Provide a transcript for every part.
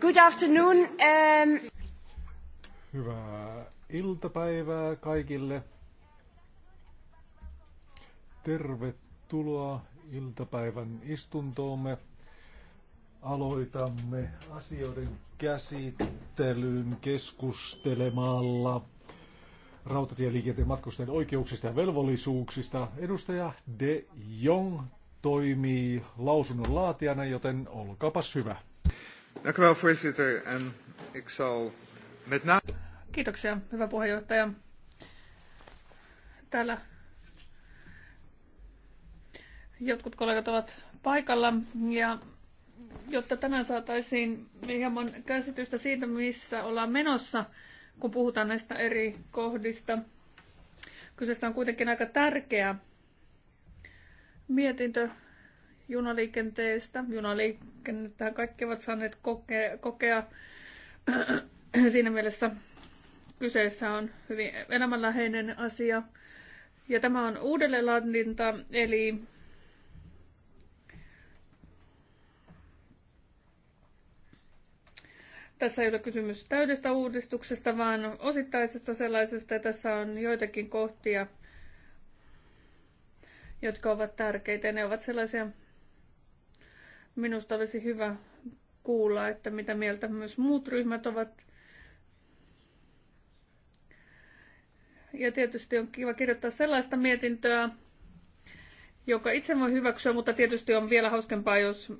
Good afternoon. Um... Hyvää iltapäivää kaikille. Tervetuloa iltapäivän istuntoomme. Aloitamme asioiden käsittelyn keskustelemalla rautatieliikenteen matkustajien oikeuksista ja velvollisuuksista. Edustaja De Jong toimii lausunnon laatijana, joten olkaapas hyvä. Dank u wel, voorzitter. En ik zal met name... Kiitoksia, hyvä puheenjohtaja. Täällä jotkut kollegat ovat paikalla ja jotta tänään saataisiin hieman käsitystä siitä, missä ollaan menossa, kun puhutaan näistä eri kohdista. Kyseessä on kuitenkin aika tärkeä mietintö, junaliikenteestä. Junaliikennettä kaikki ovat saaneet kokea, kokea siinä mielessä kyseessä on hyvin elämänläheinen asia. Ja tämä on uudelleenlaadinta, eli tässä ei ole kysymys täydestä uudistuksesta, vaan osittaisesta sellaisesta. Ja tässä on joitakin kohtia, jotka ovat tärkeitä. Ne ovat sellaisia Minusta olisi hyvä kuulla, että mitä mieltä myös muut ryhmät ovat. Ja tietysti on kiva kirjoittaa sellaista mietintöä, joka itse voi hyväksyä, mutta tietysti on vielä hauskempaa, jos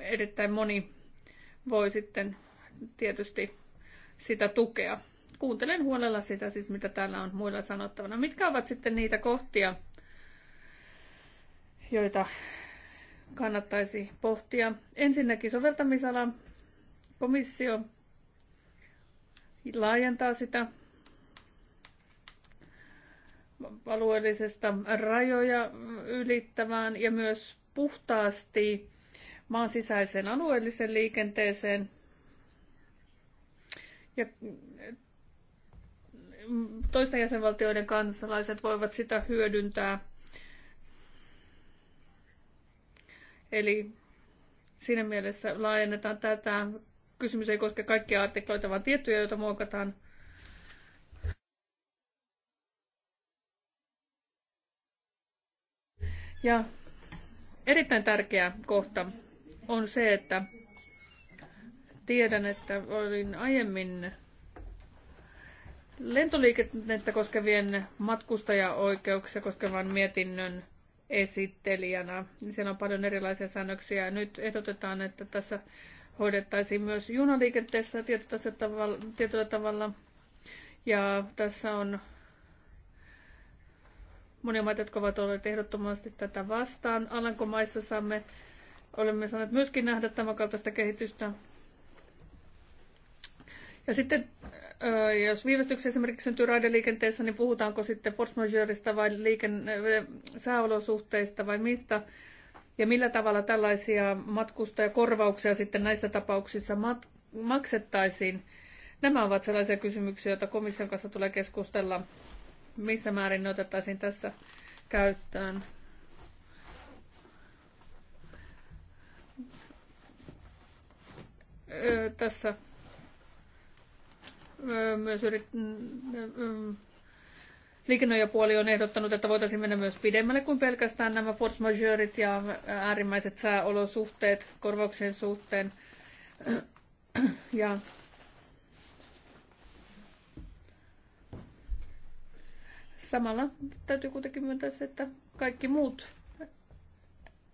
erittäin moni voi sitten tietysti sitä tukea. Kuuntelen huolella sitä siis, mitä täällä on muilla sanottavana. Mitkä ovat sitten niitä kohtia, joita kannattaisi pohtia. Ensinnäkin soveltamisala komissio laajentaa sitä alueellisesta rajoja ylittävään ja myös puhtaasti maan sisäiseen alueelliseen liikenteeseen. Ja toisten jäsenvaltioiden kansalaiset voivat sitä hyödyntää Eli siinä mielessä laajennetaan tätä. Kysymys ei koske kaikkia artikloita, vaan tiettyjä, joita muokataan. Ja erittäin tärkeä kohta on se, että tiedän, että olin aiemmin lentoliikennettä koskevien matkustajaoikeuksia koskevan mietinnön esittelijänä. Siellä on paljon erilaisia säännöksiä. Nyt ehdotetaan, että tässä hoidettaisiin myös junaliikenteessä tietyllä tavalla, Ja tässä on monia maita, jotka ovat olleet ehdottomasti tätä vastaan. Alankomaissa saamme, olemme saaneet myöskin nähdä tämän kaltaista kehitystä. Ja sitten jos viivästyksessä esimerkiksi syntyy raideliikenteessä, niin puhutaanko sitten force majeureista vai liiken, sääolosuhteista vai mistä? Ja millä tavalla tällaisia matkustajakorvauksia sitten näissä tapauksissa maksettaisiin? Nämä ovat sellaisia kysymyksiä, joita komission kanssa tulee keskustella, missä määrin ne otettaisiin tässä käyttöön. Öö, tässä myös yrit- liikennöijäpuoli on ehdottanut, että voitaisiin mennä myös pidemmälle kuin pelkästään nämä force majeurit ja äärimmäiset sääolosuhteet korvauksien suhteen. Ja samalla täytyy kuitenkin myöntää se, että kaikki muut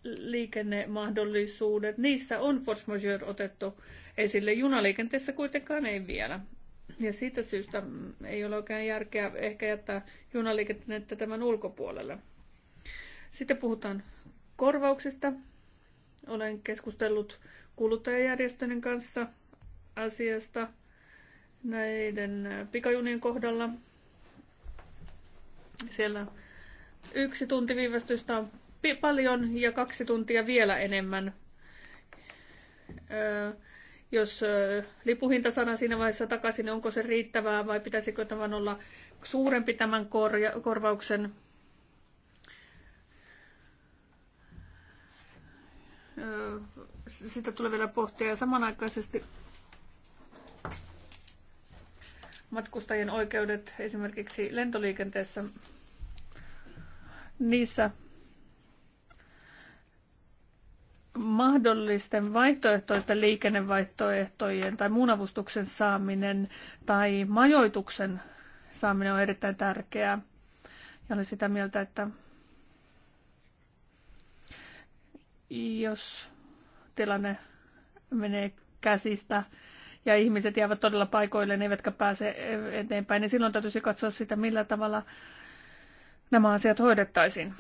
liikennemahdollisuudet, niissä on force majeure otettu esille. Junaliikenteessä kuitenkaan ei vielä. Ja siitä syystä ei ole oikein järkeä ehkä jättää junaliikennettä tämän ulkopuolelle. Sitten puhutaan korvauksista. Olen keskustellut kuluttajajärjestöjen kanssa asiasta näiden pikajunien kohdalla. Siellä yksi tunti viivästystä on paljon ja kaksi tuntia vielä enemmän. Öö, jos lipuhinta saadaan siinä vaiheessa takaisin, niin onko se riittävää vai pitäisikö tämän olla suurempi tämän korja- korvauksen? Sitä tulee vielä pohtia ja samanaikaisesti matkustajien oikeudet esimerkiksi lentoliikenteessä, niissä mahdollisten vaihtoehtoisten liikennevaihtoehtojen tai muun avustuksen saaminen tai majoituksen saaminen on erittäin tärkeää. Ja olen sitä mieltä, että jos tilanne menee käsistä ja ihmiset jäävät todella paikoilleen eivätkä pääse eteenpäin, niin silloin täytyisi katsoa sitä, millä tavalla nämä asiat hoidettaisiin.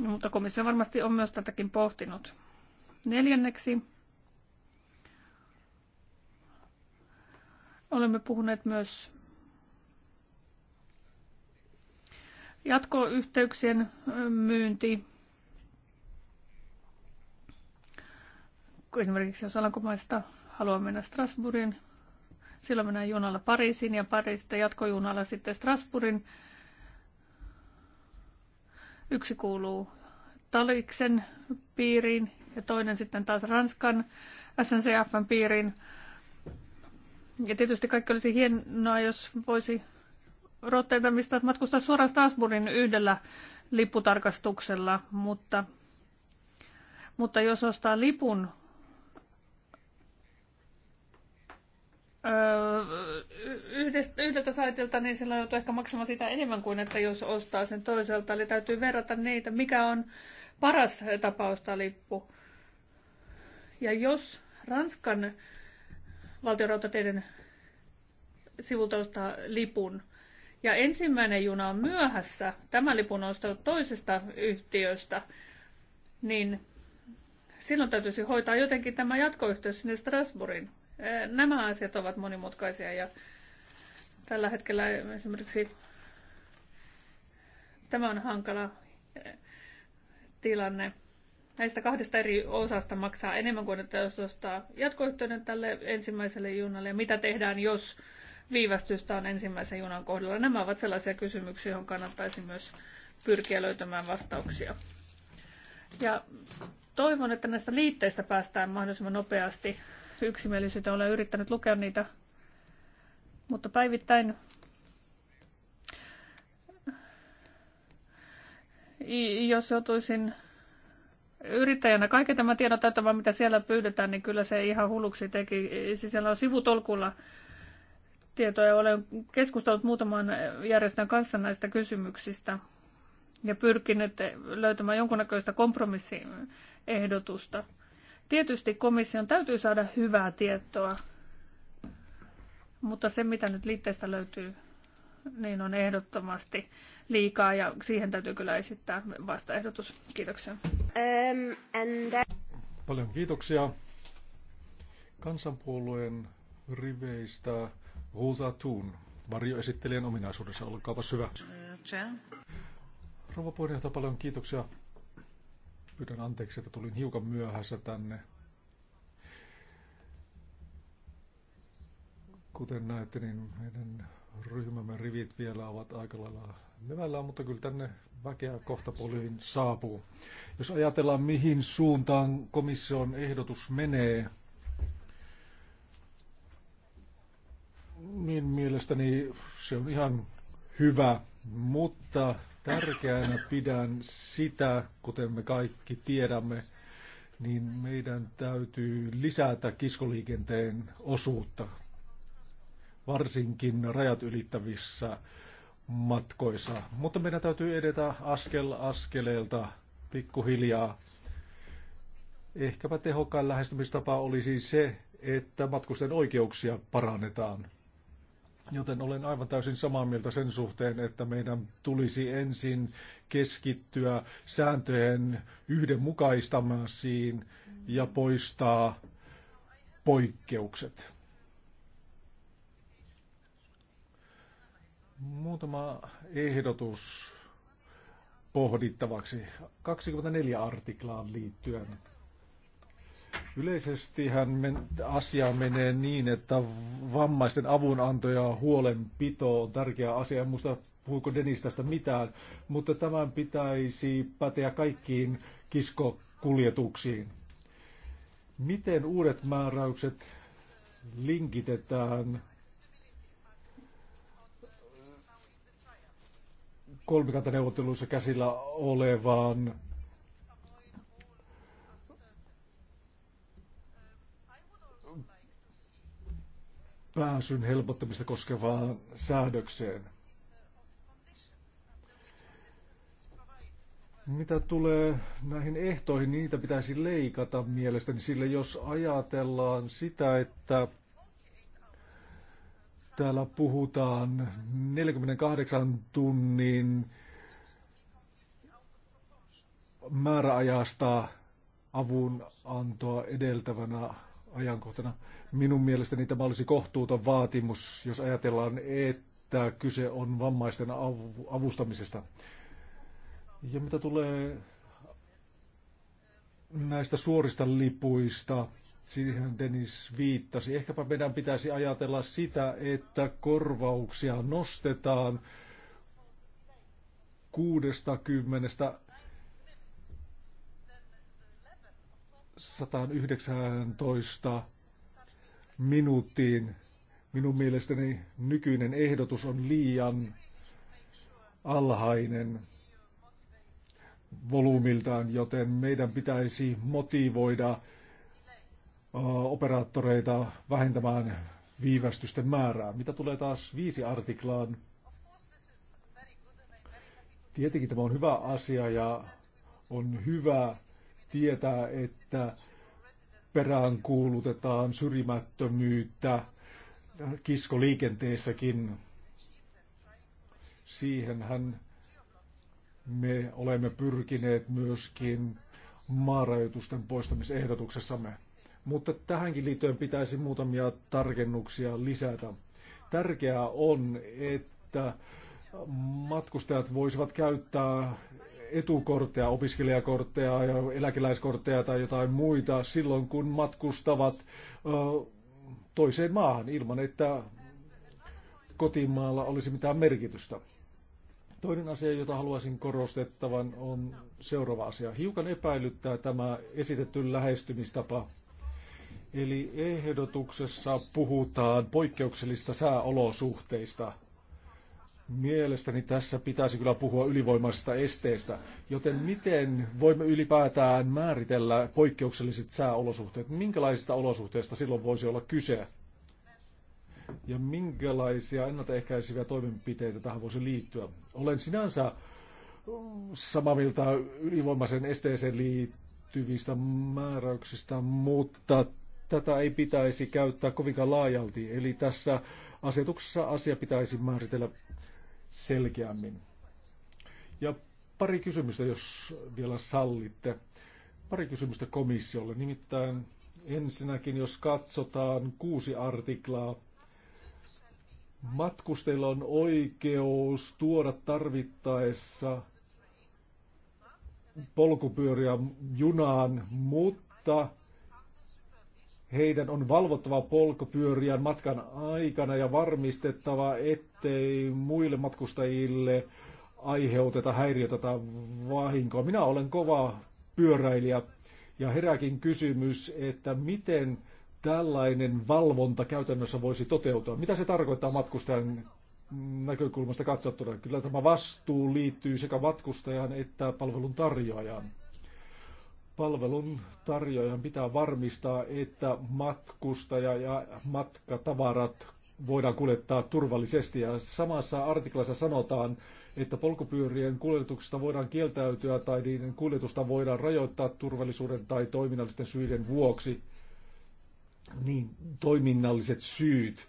No, mutta komissio varmasti on myös tätäkin pohtinut. Neljänneksi olemme puhuneet myös jatkoyhteyksien myynti. Esimerkiksi jos Alankomaista haluaa mennä Strasbourgin, silloin mennään junalla Pariisiin ja Pariisista jatkojunalla sitten Strasbourgin Yksi kuuluu Taliksen piiriin ja toinen sitten taas Ranskan SNCFn piiriin. Ja tietysti kaikki olisi hienoa, jos voisi Rotterdamista matkustaa suoraan Strasbourgin yhdellä lipputarkastuksella, mutta, mutta jos ostaa lipun yhdestä, yhdeltä saitilta, niin silloin joutuu ehkä maksamaan sitä enemmän kuin, että jos ostaa sen toiselta. Eli täytyy verrata niitä, mikä on paras tapausta lippu. Ja jos Ranskan valtionrautateiden sivulta ostaa lipun, ja ensimmäinen juna on myöhässä, tämä lipun on ostanut toisesta yhtiöstä, niin silloin täytyisi hoitaa jotenkin tämä jatkoyhteys sinne Strasbourgin. Nämä asiat ovat monimutkaisia ja Tällä hetkellä esimerkiksi tämä on hankala eh, tilanne. Näistä kahdesta eri osasta maksaa enemmän kuin että jos ostaa jatkoyhteyden tälle ensimmäiselle junalle ja mitä tehdään, jos viivästystä on ensimmäisen junan kohdalla. Nämä ovat sellaisia kysymyksiä, joihin kannattaisi myös pyrkiä löytämään vastauksia. Ja toivon, että näistä liitteistä päästään mahdollisimman nopeasti yksimielisyyteen. Olen yrittänyt lukea niitä mutta päivittäin jos joutuisin yrittäjänä kaiken tämän tiedon täyttämään, mitä siellä pyydetään, niin kyllä se ihan hulluksi teki. Siis siellä on sivutolkulla tietoja. Olen keskustellut muutaman järjestön kanssa näistä kysymyksistä ja pyrkinyt löytämään jonkunnäköistä kompromissiehdotusta. Tietysti komission täytyy saada hyvää tietoa mutta se, mitä nyt liitteestä löytyy, niin on ehdottomasti liikaa ja siihen täytyy kyllä esittää vastaehdotus. Kiitoksia. Um, and that... Paljon kiitoksia kansanpuolueen riveistä Rosa Thun varjoesittelijän ominaisuudessa. Olkaapa hyvä. Rouva puheenjohtaja, paljon kiitoksia. Pyydän anteeksi, että tulin hiukan myöhässä tänne. Kuten näette, niin meidän ryhmämme rivit vielä ovat aika lailla levällään, mutta kyllä tänne väkeä kohta poliin saapuu. Jos ajatellaan, mihin suuntaan komission ehdotus menee, niin mielestäni se on ihan hyvä, mutta tärkeänä pidän sitä, kuten me kaikki tiedämme, niin meidän täytyy lisätä kiskoliikenteen osuutta varsinkin rajat ylittävissä matkoissa. Mutta meidän täytyy edetä askel askeleelta pikkuhiljaa. Ehkäpä tehokkain lähestymistapa olisi se, että matkusten oikeuksia parannetaan. Joten olen aivan täysin samaa mieltä sen suhteen, että meidän tulisi ensin keskittyä sääntöjen siinä ja poistaa poikkeukset. Muutama ehdotus pohdittavaksi. 24 artiklaan liittyen. Yleisestihän men, asia menee niin, että vammaisten avunantoja ja huolenpito on tärkeä asia. En muista, puhuiko Denis tästä mitään, mutta tämän pitäisi päteä kaikkiin kiskokuljetuksiin. Miten uudet määräykset linkitetään kolmikantaneuvotteluissa käsillä olevaan pääsyn helpottamista koskevaan säädökseen. Mitä tulee näihin ehtoihin, niitä pitäisi leikata mielestäni, sille, jos ajatellaan sitä, että Täällä puhutaan 48 tunnin määräajasta avun antoa edeltävänä ajankohtana. Minun mielestäni tämä olisi kohtuuton vaatimus, jos ajatellaan, että kyse on vammaisten avustamisesta. Ja mitä tulee näistä suorista lipuista, Siihen Dennis viittasi. Ehkäpä meidän pitäisi ajatella sitä, että korvauksia nostetaan 60 119 minuuttiin. Minun mielestäni nykyinen ehdotus on liian alhainen volyymiltaan, joten meidän pitäisi motivoida operaattoreita vähentämään viivästysten määrää. Mitä tulee taas viisi artiklaan, tietenkin tämä on hyvä asia ja on hyvä tietää, että peräänkuulutetaan syrjimättömyyttä kiskoliikenteessäkin. Siihenhän me olemme pyrkineet myöskin maarajoitusten poistamisehdotuksessamme mutta tähänkin liittyen pitäisi muutamia tarkennuksia lisätä. Tärkeää on, että matkustajat voisivat käyttää etukortteja, opiskelijakortteja ja eläkeläiskortteja tai jotain muita silloin, kun matkustavat toiseen maahan ilman, että kotimaalla olisi mitään merkitystä. Toinen asia, jota haluaisin korostettavan, on seuraava asia. Hiukan epäilyttää tämä esitetty lähestymistapa Eli ehdotuksessa puhutaan poikkeuksellista sääolosuhteista. Mielestäni tässä pitäisi kyllä puhua ylivoimaisesta esteestä. joten miten voimme ylipäätään määritellä poikkeukselliset sääolosuhteet? Minkälaisista olosuhteista silloin voisi olla kyse? Ja minkälaisia ennaltaehkäisiviä toimenpiteitä tähän voisi liittyä? Olen sinänsä samaa mieltä ylivoimaisen esteeseen liittyvistä määräyksistä, mutta tätä ei pitäisi käyttää kovinkaan laajalti. Eli tässä asetuksessa asia pitäisi määritellä selkeämmin. Ja pari kysymystä, jos vielä sallitte. Pari kysymystä komissiolle. Nimittäin ensinnäkin, jos katsotaan kuusi artiklaa, matkustajilla on oikeus tuoda tarvittaessa polkupyöriä junaan, mutta heidän on valvottava polkupyöriä matkan aikana ja varmistettava, ettei muille matkustajille aiheuteta häiriötä tai vahinkoa. Minä olen kova pyöräilijä ja herääkin kysymys, että miten tällainen valvonta käytännössä voisi toteutua? Mitä se tarkoittaa matkustajan näkökulmasta katsottuna? Kyllä tämä vastuu liittyy sekä matkustajan että palvelun tarjoajan palvelun tarjoajan pitää varmistaa, että matkustaja ja matkatavarat voidaan kuljettaa turvallisesti. Ja samassa artiklassa sanotaan, että polkupyörien kuljetuksesta voidaan kieltäytyä tai niiden kuljetusta voidaan rajoittaa turvallisuuden tai toiminnallisten syiden vuoksi. Niin, toiminnalliset syyt.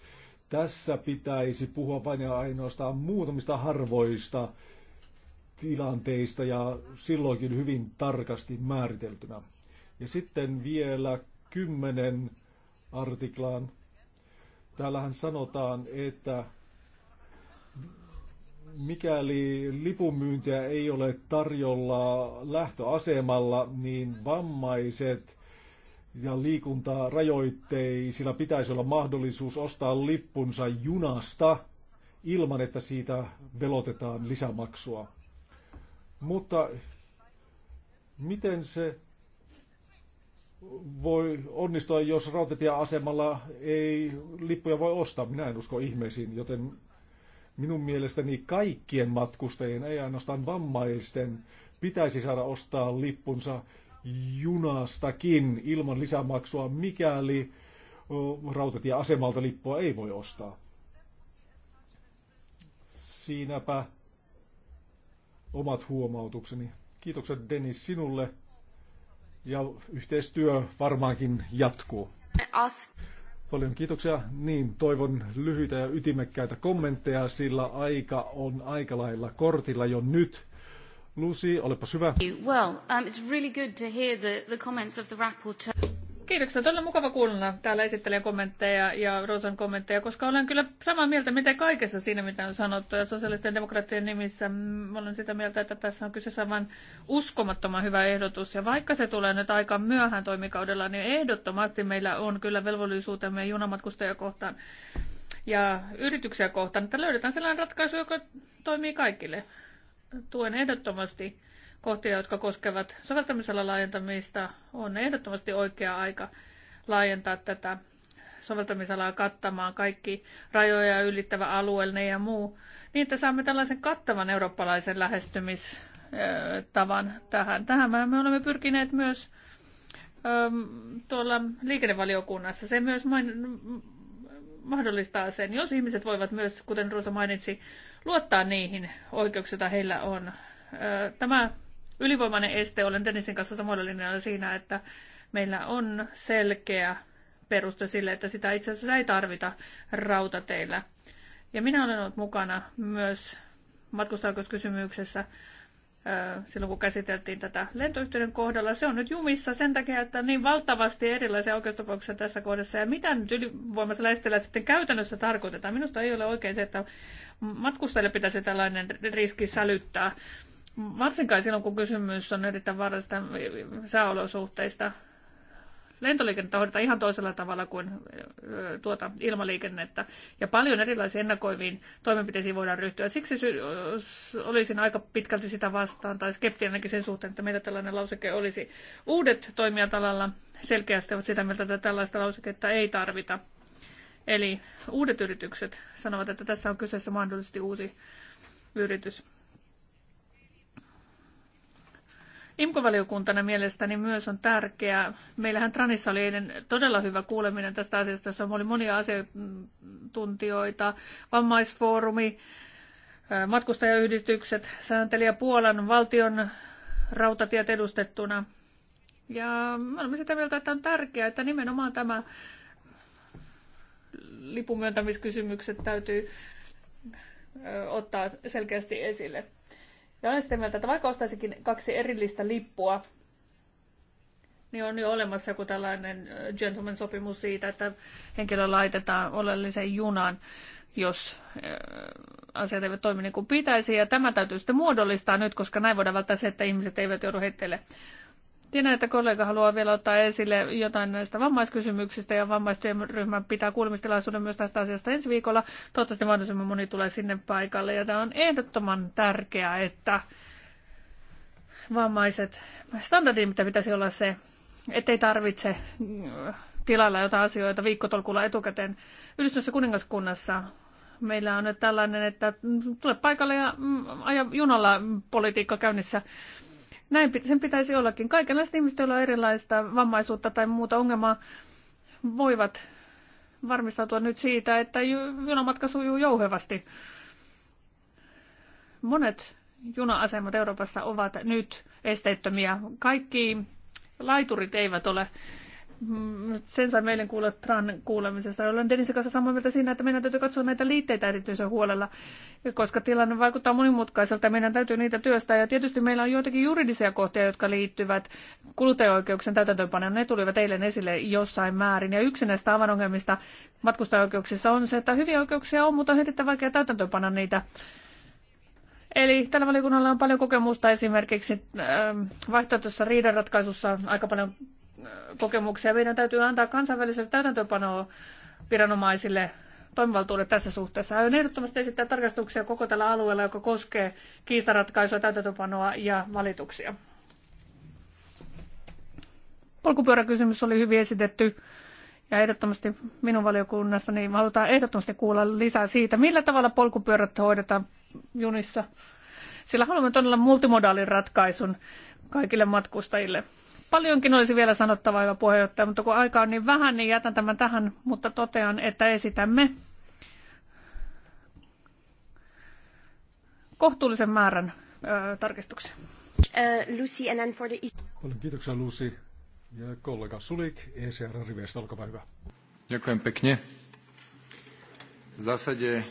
Tässä pitäisi puhua vain ja ainoastaan muutamista harvoista tilanteista ja silloinkin hyvin tarkasti määriteltynä. Ja sitten vielä kymmenen artiklaan. Täällähän sanotaan, että mikäli lipunmyyntiä ei ole tarjolla lähtöasemalla, niin vammaiset ja liikuntarajoitteisilla pitäisi olla mahdollisuus ostaa lippunsa junasta ilman, että siitä velotetaan lisämaksua. Mutta miten se voi onnistua, jos rautatieasemalla ei lippuja voi ostaa? Minä en usko ihmeisiin, joten minun mielestäni kaikkien matkustajien, ei ainoastaan vammaisten, pitäisi saada ostaa lippunsa junastakin ilman lisämaksua, mikäli rautatieasemalta lippua ei voi ostaa. Siinäpä omat huomautukseni. Kiitokset Dennis sinulle ja yhteistyö varmaankin jatkuu. Paljon kiitoksia. Niin, toivon lyhyitä ja ytimekkäitä kommentteja, sillä aika on aika lailla kortilla jo nyt. Lucy, olepas hyvä. Well, um, it's really good to hear the, the comments of the rapporteur. Kiitoksia. Todella mukava kuulla täällä esittelijän kommentteja ja Rosan kommentteja, koska olen kyllä samaa mieltä mitä kaikessa siinä, mitä on sanottu. Ja sosiaalisten demokraattien nimissä mm, olen sitä mieltä, että tässä on kyseessä vain uskomattoman hyvä ehdotus. Ja vaikka se tulee nyt aika myöhään toimikaudella, niin ehdottomasti meillä on kyllä velvollisuutemme junamatkustajia kohtaan ja yrityksiä kohtaan, että löydetään sellainen ratkaisu, joka toimii kaikille. Tuen ehdottomasti kohtia, jotka koskevat soveltamisalan laajentamista, on ehdottomasti oikea aika laajentaa tätä soveltamisalaa kattamaan kaikki rajoja ylittävä alueelle ja muu, niin että saamme tällaisen kattavan eurooppalaisen lähestymistavan tähän. Tähän me olemme pyrkineet myös tuolla liikennevaliokunnassa. Se myös main, mahdollistaa sen, jos ihmiset voivat myös, kuten Ruosa mainitsi, luottaa niihin oikeuksia, joita heillä on. Tämä ylivoimainen este. Olen Denisin kanssa samoilla linjalla siinä, että meillä on selkeä peruste sille, että sitä itse asiassa ei tarvita rautateillä. Ja minä olen ollut mukana myös matkustajakoskysymyksessä silloin, kun käsiteltiin tätä lentoyhtiön kohdalla. Se on nyt jumissa sen takia, että on niin valtavasti erilaisia oikeustapauksia tässä kohdassa. Ja mitä nyt ylivoimaisella esteellä sitten käytännössä tarkoitetaan? Minusta ei ole oikein se, että matkustajille pitäisi tällainen riski sälyttää varsinkaan silloin, kun kysymys on erittäin vaarallisista sääolosuhteista. Lentoliikennettä hoidetaan ihan toisella tavalla kuin tuota ilmaliikennettä, ja paljon erilaisiin ennakoiviin toimenpiteisiin voidaan ryhtyä. Siksi olisin aika pitkälti sitä vastaan, tai skeptinenkin sen suhteen, että meillä tällainen lauseke olisi. Uudet toimijat alalla selkeästi ovat sitä mieltä, että tällaista lauseketta ei tarvita. Eli uudet yritykset sanovat, että tässä on kyseessä mahdollisesti uusi yritys. IMKO-valiokuntana mielestäni myös on tärkeää. Meillähän Tranissa oli eilen todella hyvä kuuleminen tästä asiasta, jossa oli monia asiantuntijoita, vammaisfoorumi, matkustajayhdistykset, sääntelijä Puolan valtion rautatiet edustettuna. Ja me olemme sitä mieltä, että on tärkeää, että nimenomaan tämä lipunmyöntämiskysymykset täytyy ottaa selkeästi esille. Ja olen sitä mieltä, että vaikka ostaisinkin kaksi erillistä lippua, niin on jo olemassa joku tällainen gentleman-sopimus siitä, että henkilö laitetaan oleelliseen junaan, jos asiat eivät toimi niin kuin pitäisi. Ja tämä täytyy sitten muodollistaa nyt, koska näin voidaan välttää se, että ihmiset eivät joudu heitteille Tiedän, että kollega haluaa vielä ottaa esille jotain näistä vammaiskysymyksistä ja vammaistyöryhmä pitää kuulemistilaisuuden myös tästä asiasta ensi viikolla. Toivottavasti mahdollisimman moni tulee sinne paikalle ja tämä on ehdottoman tärkeää, että vammaiset standardin, mitä pitäisi olla se, ettei tarvitse äh, tilalla jotain asioita viikkotolkulla etukäteen. Yhdistyneessä kuningaskunnassa meillä on nyt tällainen, että tule paikalle ja mm, aja junalla politiikka käynnissä näin sen pitäisi ollakin. Kaikenlaiset ihmiset, joilla on erilaista vammaisuutta tai muuta ongelmaa, voivat varmistautua nyt siitä, että junamatka sujuu jouhevasti. Monet juna-asemat Euroopassa ovat nyt esteettömiä. Kaikki laiturit eivät ole Mm, sen sain meille kuulla Tran kuulemisesta. Olen Denisin kanssa samaa mieltä siinä, että meidän täytyy katsoa näitä liitteitä erityisen huolella, koska tilanne vaikuttaa monimutkaiselta. Meidän täytyy niitä työstää. Ja tietysti meillä on joitakin juridisia kohtia, jotka liittyvät kuluttajaoikeuksien täytäntöönpanoon. Ne tulivat eilen esille jossain määrin. Ja yksi näistä ongelmista matkustajaoikeuksissa on se, että hyviä oikeuksia on, mutta on erittäin vaikea täytäntöönpanoa niitä. Eli tällä valiokunnalla on paljon kokemusta esimerkiksi ähm, vaihtoehtoisessa riidanratkaisussa aika paljon kokemuksia. Meidän täytyy antaa kansainväliselle täytäntöpanoa viranomaisille toimivaltuudet tässä suhteessa. Aion ehdottomasti esittää tarkastuksia koko tällä alueella, joka koskee kiistaratkaisua, täytäntöpanoa ja valituksia. Polkupyöräkysymys oli hyvin esitetty ja ehdottomasti minun valiokunnassa, niin halutaan ehdottomasti kuulla lisää siitä, millä tavalla polkupyörät hoidetaan junissa. Sillä haluamme todella multimodaalin ratkaisun kaikille matkustajille. Paljonkin olisi vielä sanottavaa, hyvä puheenjohtaja, mutta kun aika on niin vähän, niin jätän tämän tähän, mutta totean, että esitämme kohtuullisen määrän ö, tarkistuksia. Uh, Lucy, and then for the... Paljon kiitoksia Lucy ja kollega Sulik ECR-riveistä, olkaa hyvä. Ďakujem pekne. V zásade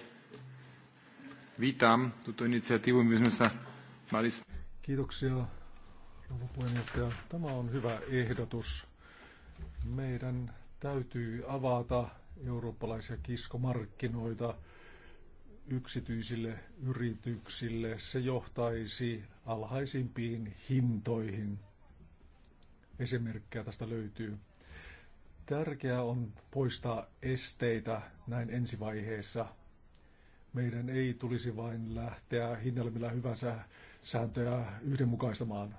vítam túto iniciatívu, my sme sa mali... Kiitoksia rouva puheenjohtaja. Tämä on hyvä ehdotus. Meidän täytyy avata eurooppalaisia kiskomarkkinoita yksityisille yrityksille. Se johtaisi alhaisimpiin hintoihin. Esimerkkejä tästä löytyy. Tärkeää on poistaa esteitä näin ensivaiheessa. Meidän ei tulisi vain lähteä hinnalla millä hyvänsä sääntöjä yhdenmukaistamaan.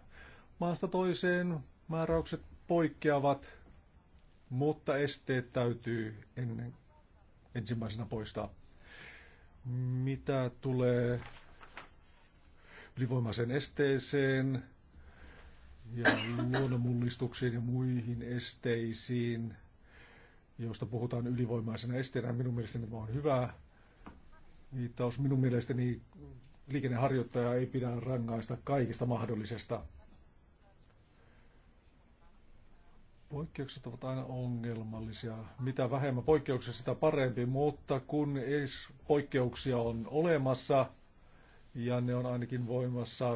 Maasta toiseen määräykset poikkeavat, mutta esteet täytyy ennen, ensimmäisenä poistaa. Mitä tulee ylivoimaiseen esteeseen ja luonnonmullistuksiin ja muihin esteisiin, joista puhutaan ylivoimaisena esteenä, minun mielestäni on hyvä viittaus. Minun mielestäni liikenneharjoittaja ei pidä rangaista kaikista mahdollisesta Poikkeukset ovat aina ongelmallisia. Mitä vähemmän poikkeuksia, sitä parempi, mutta kun edes poikkeuksia on olemassa, ja ne on ainakin voimassa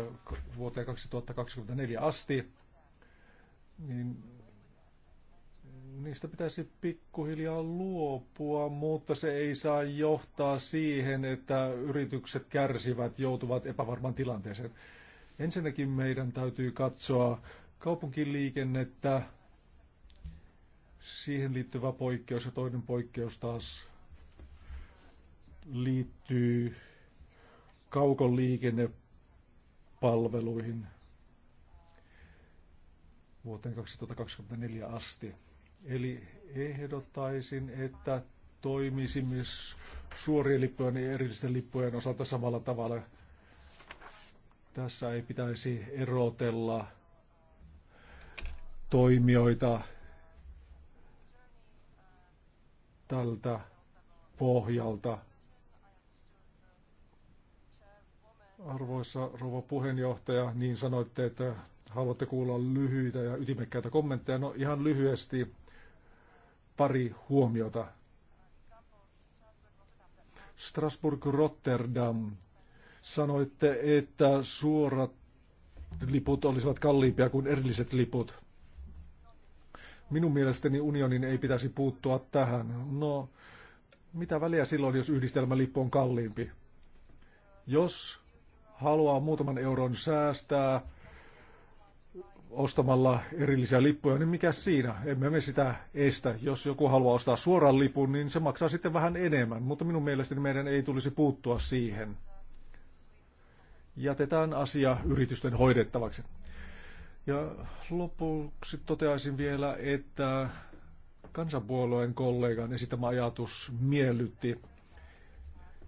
vuoteen 2024 asti, niin niistä pitäisi pikkuhiljaa luopua, mutta se ei saa johtaa siihen, että yritykset kärsivät, joutuvat epävarmaan tilanteeseen. Ensinnäkin meidän täytyy katsoa kaupunkiliikennettä, siihen liittyvä poikkeus ja toinen poikkeus taas liittyy liikennepalveluihin vuoteen 2024 asti. Eli ehdottaisin, että myös suorien lippujen ja erillisten lippujen osalta samalla tavalla. Tässä ei pitäisi erotella toimijoita tältä pohjalta. Arvoisa rouva puheenjohtaja, niin sanoitte, että haluatte kuulla lyhyitä ja ytimekkäitä kommentteja. No ihan lyhyesti pari huomiota. Strasbourg-Rotterdam. Sanoitte, että suorat liput olisivat kalliimpia kuin erilliset liput. Minun mielestäni unionin ei pitäisi puuttua tähän. No, mitä väliä silloin, jos yhdistelmälippu on kalliimpi? Jos haluaa muutaman euron säästää ostamalla erillisiä lippuja, niin mikä siinä? Emme me sitä estä. Jos joku haluaa ostaa suoran lipun, niin se maksaa sitten vähän enemmän, mutta minun mielestäni meidän ei tulisi puuttua siihen. Jätetään asia yritysten hoidettavaksi. Ja lopuksi toteaisin vielä, että kansanpuolueen kollegan esittämä ajatus miellytti.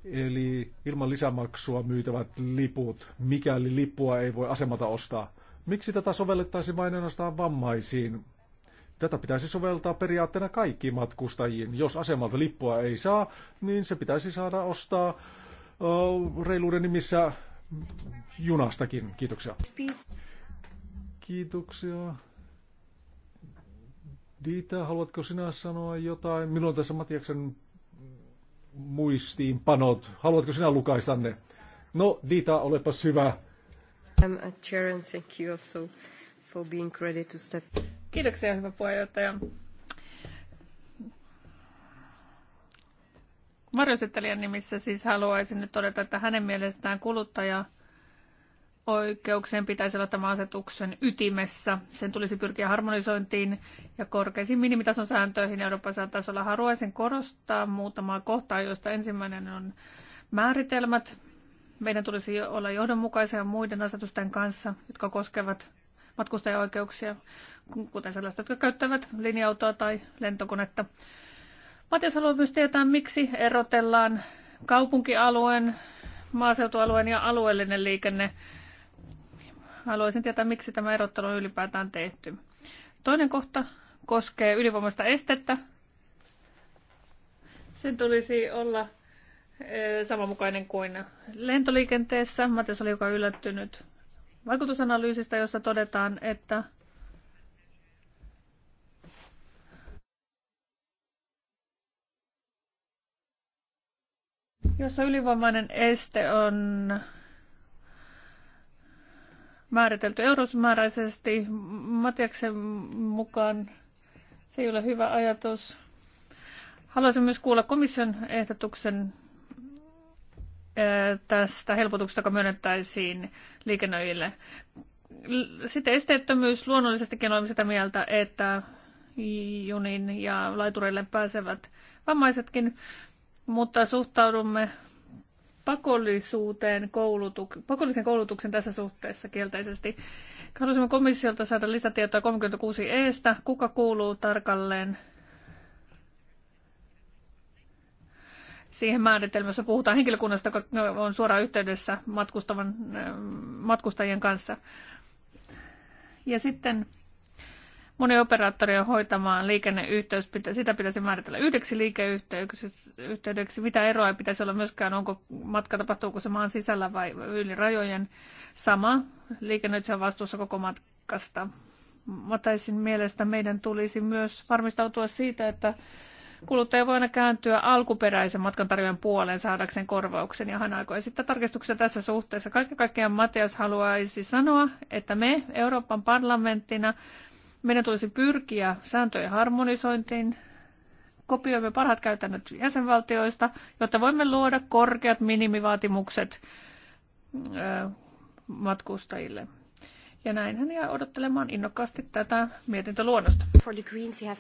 Eli ilman lisämaksua myytävät liput, mikäli lippua ei voi asemata ostaa. Miksi tätä sovellettaisiin vain ainoastaan vammaisiin? Tätä pitäisi soveltaa periaatteena kaikkiin matkustajiin. Jos asemalta lippua ei saa, niin se pitäisi saada ostaa reiluuden nimissä junastakin. Kiitoksia. Kiitoksia. Diita, haluatko sinä sanoa jotain? Minulla on tässä Matiaksen muistiinpanot. Haluatko sinä lukaista ne? No, Diita, olepas hyvä. Kiitoksia, hyvä puheenjohtaja. Varjosettelijan nimissä siis haluaisin nyt todeta, että hänen mielestään kuluttaja oikeuksien pitäisi olla tämän asetuksen ytimessä. Sen tulisi pyrkiä harmonisointiin ja korkeisiin minimitason sääntöihin Euroopan tasolla. Haluaisin korostaa muutamaa kohtaa, joista ensimmäinen on määritelmät. Meidän tulisi olla johdonmukaisia muiden asetusten kanssa, jotka koskevat matkustajaoikeuksia, kuten sellaiset, jotka käyttävät linja-autoa tai lentokonetta. Matias haluaa myös tietää, miksi erotellaan kaupunkialueen, maaseutualueen ja alueellinen liikenne Haluaisin tietää, miksi tämä erottelu on ylipäätään tehty. Toinen kohta koskee ylivoimaista estettä. Sen tulisi olla eh, samanmukainen kuin lentoliikenteessä. tässä oli joka yllättynyt vaikutusanalyysistä, jossa todetaan, että jossa ylivoimainen este on määritelty eurosmääräisesti. Matiaksen mukaan se ei ole hyvä ajatus. Haluaisin myös kuulla komission ehdotuksen tästä helpotuksesta, joka myönnettäisiin liikennöille. Sitten esteettömyys. Luonnollisestikin olemme sitä mieltä, että junin ja laitureille pääsevät vammaisetkin, mutta suhtaudumme pakollisuuteen koulutuk- pakollisen koulutuksen tässä suhteessa kielteisesti. Haluaisimme komissiolta saada lisätietoa 36 eestä, kuka kuuluu tarkalleen siihen määritelmässä puhutaan henkilökunnasta, joka on suoraan yhteydessä matkustavan, matkustajien kanssa. Ja sitten moni operaattori on hoitamaan liikenneyhteys, sitä pitäisi määritellä yhdeksi liikeyhteydeksi, mitä eroa ei pitäisi olla myöskään, onko matka tapahtuuko se maan sisällä vai yli rajojen. Sama liikennöitsijä on vastuussa koko matkasta. Mataisin mielestä meidän tulisi myös varmistautua siitä, että kuluttaja voi aina kääntyä alkuperäisen tarjoajan puoleen saadakseen korvauksen ja hän alkoi sitten tarkistuksia tässä suhteessa. Kaiken kaikkiaan Matias haluaisi sanoa, että me Euroopan parlamenttina meidän tulisi pyrkiä sääntöjen harmonisointiin. Kopioimme parhaat käytännöt jäsenvaltioista, jotta voimme luoda korkeat minimivaatimukset matkustajille. Ja hän jää odottelemaan innokkaasti tätä mietintöluonnosta. For the Greens, have...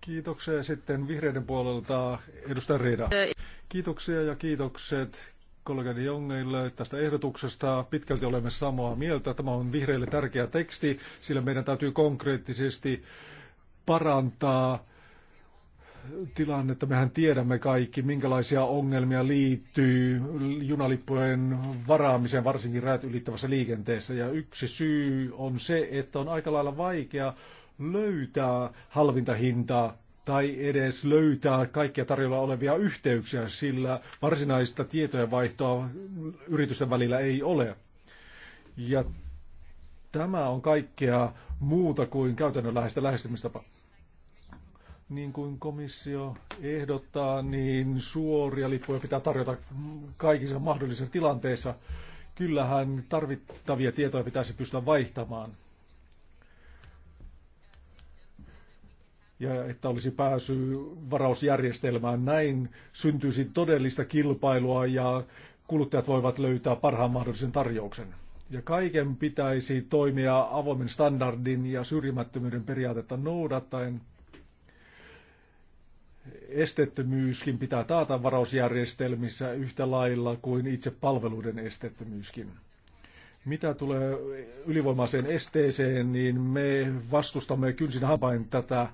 Kiitoksia sitten vihreiden puolelta edustaja Riida. Kiitoksia ja kiitokset kollegani Jongeille tästä ehdotuksesta. Pitkälti olemme samaa mieltä. Tämä on vihreille tärkeä teksti, sillä meidän täytyy konkreettisesti parantaa tilannetta. Mehän tiedämme kaikki, minkälaisia ongelmia liittyy junalippujen varaamiseen, varsinkin räät ylittävässä liikenteessä. Ja yksi syy on se, että on aika lailla vaikea löytää halvinta hintaa tai edes löytää kaikkia tarjolla olevia yhteyksiä, sillä varsinaista tietojenvaihtoa yritysten välillä ei ole. Ja tämä on kaikkea muuta kuin käytännönläheistä lähestymistapaa niin kuin komissio ehdottaa, niin suoria lippuja pitää tarjota kaikissa mahdollisissa tilanteissa. Kyllähän tarvittavia tietoja pitäisi pystyä vaihtamaan. ja että olisi pääsy varausjärjestelmään. Näin syntyisi todellista kilpailua ja kuluttajat voivat löytää parhaan mahdollisen tarjouksen. Ja kaiken pitäisi toimia avoimen standardin ja syrjimättömyyden periaatetta noudattaen. Estettömyyskin pitää taata varausjärjestelmissä yhtä lailla kuin itse palveluiden estettömyyskin. Mitä tulee ylivoimaiseen esteeseen, niin me vastustamme kynsin hapain tätä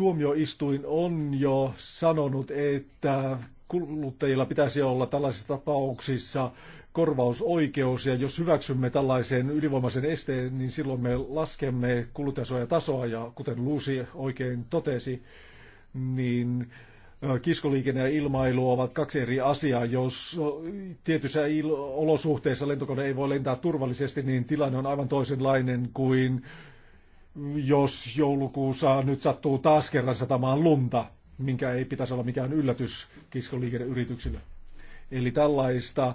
tuomioistuin on jo sanonut, että kuluttajilla pitäisi olla tällaisissa tapauksissa korvausoikeus, ja jos hyväksymme tällaisen ylivoimaisen esteen, niin silloin me laskemme kuluttajasuojatasoa, ja kuten Luusi oikein totesi, niin kiskoliikenne ja ilmailu ovat kaksi eri asiaa. Jos tietyissä olosuhteissa lentokone ei voi lentää turvallisesti, niin tilanne on aivan toisenlainen kuin jos joulukuussa nyt sattuu taas kerran satamaan lunta, minkä ei pitäisi olla mikään yllätys kiskoliikenneyrityksille. Eli tällaista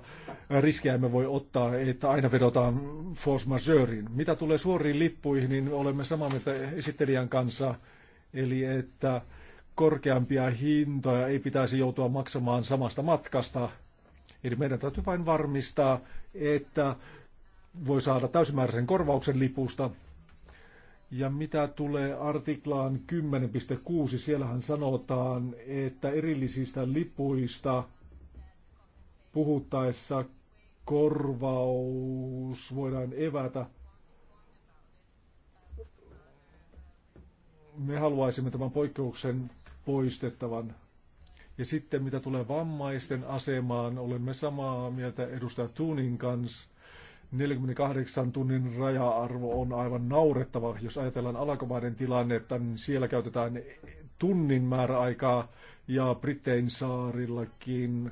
riskiä emme voi ottaa, että aina vedotaan force majeuriin. Mitä tulee suoriin lippuihin, niin olemme samaa mieltä esittelijän kanssa, eli että korkeampia hintoja ei pitäisi joutua maksamaan samasta matkasta. Eli meidän täytyy vain varmistaa, että voi saada täysimääräisen korvauksen lipusta, ja mitä tulee artiklaan 10.6, siellähän sanotaan, että erillisistä lipuista puhuttaessa korvaus voidaan evätä. Me haluaisimme tämän poikkeuksen poistettavan. Ja sitten mitä tulee vammaisten asemaan, olemme samaa mieltä edustaja Tuunin kanssa 48 tunnin raja-arvo on aivan naurettava. Jos ajatellaan alakomaiden tilannetta, niin siellä käytetään tunnin määräaikaa ja Brittein saarillakin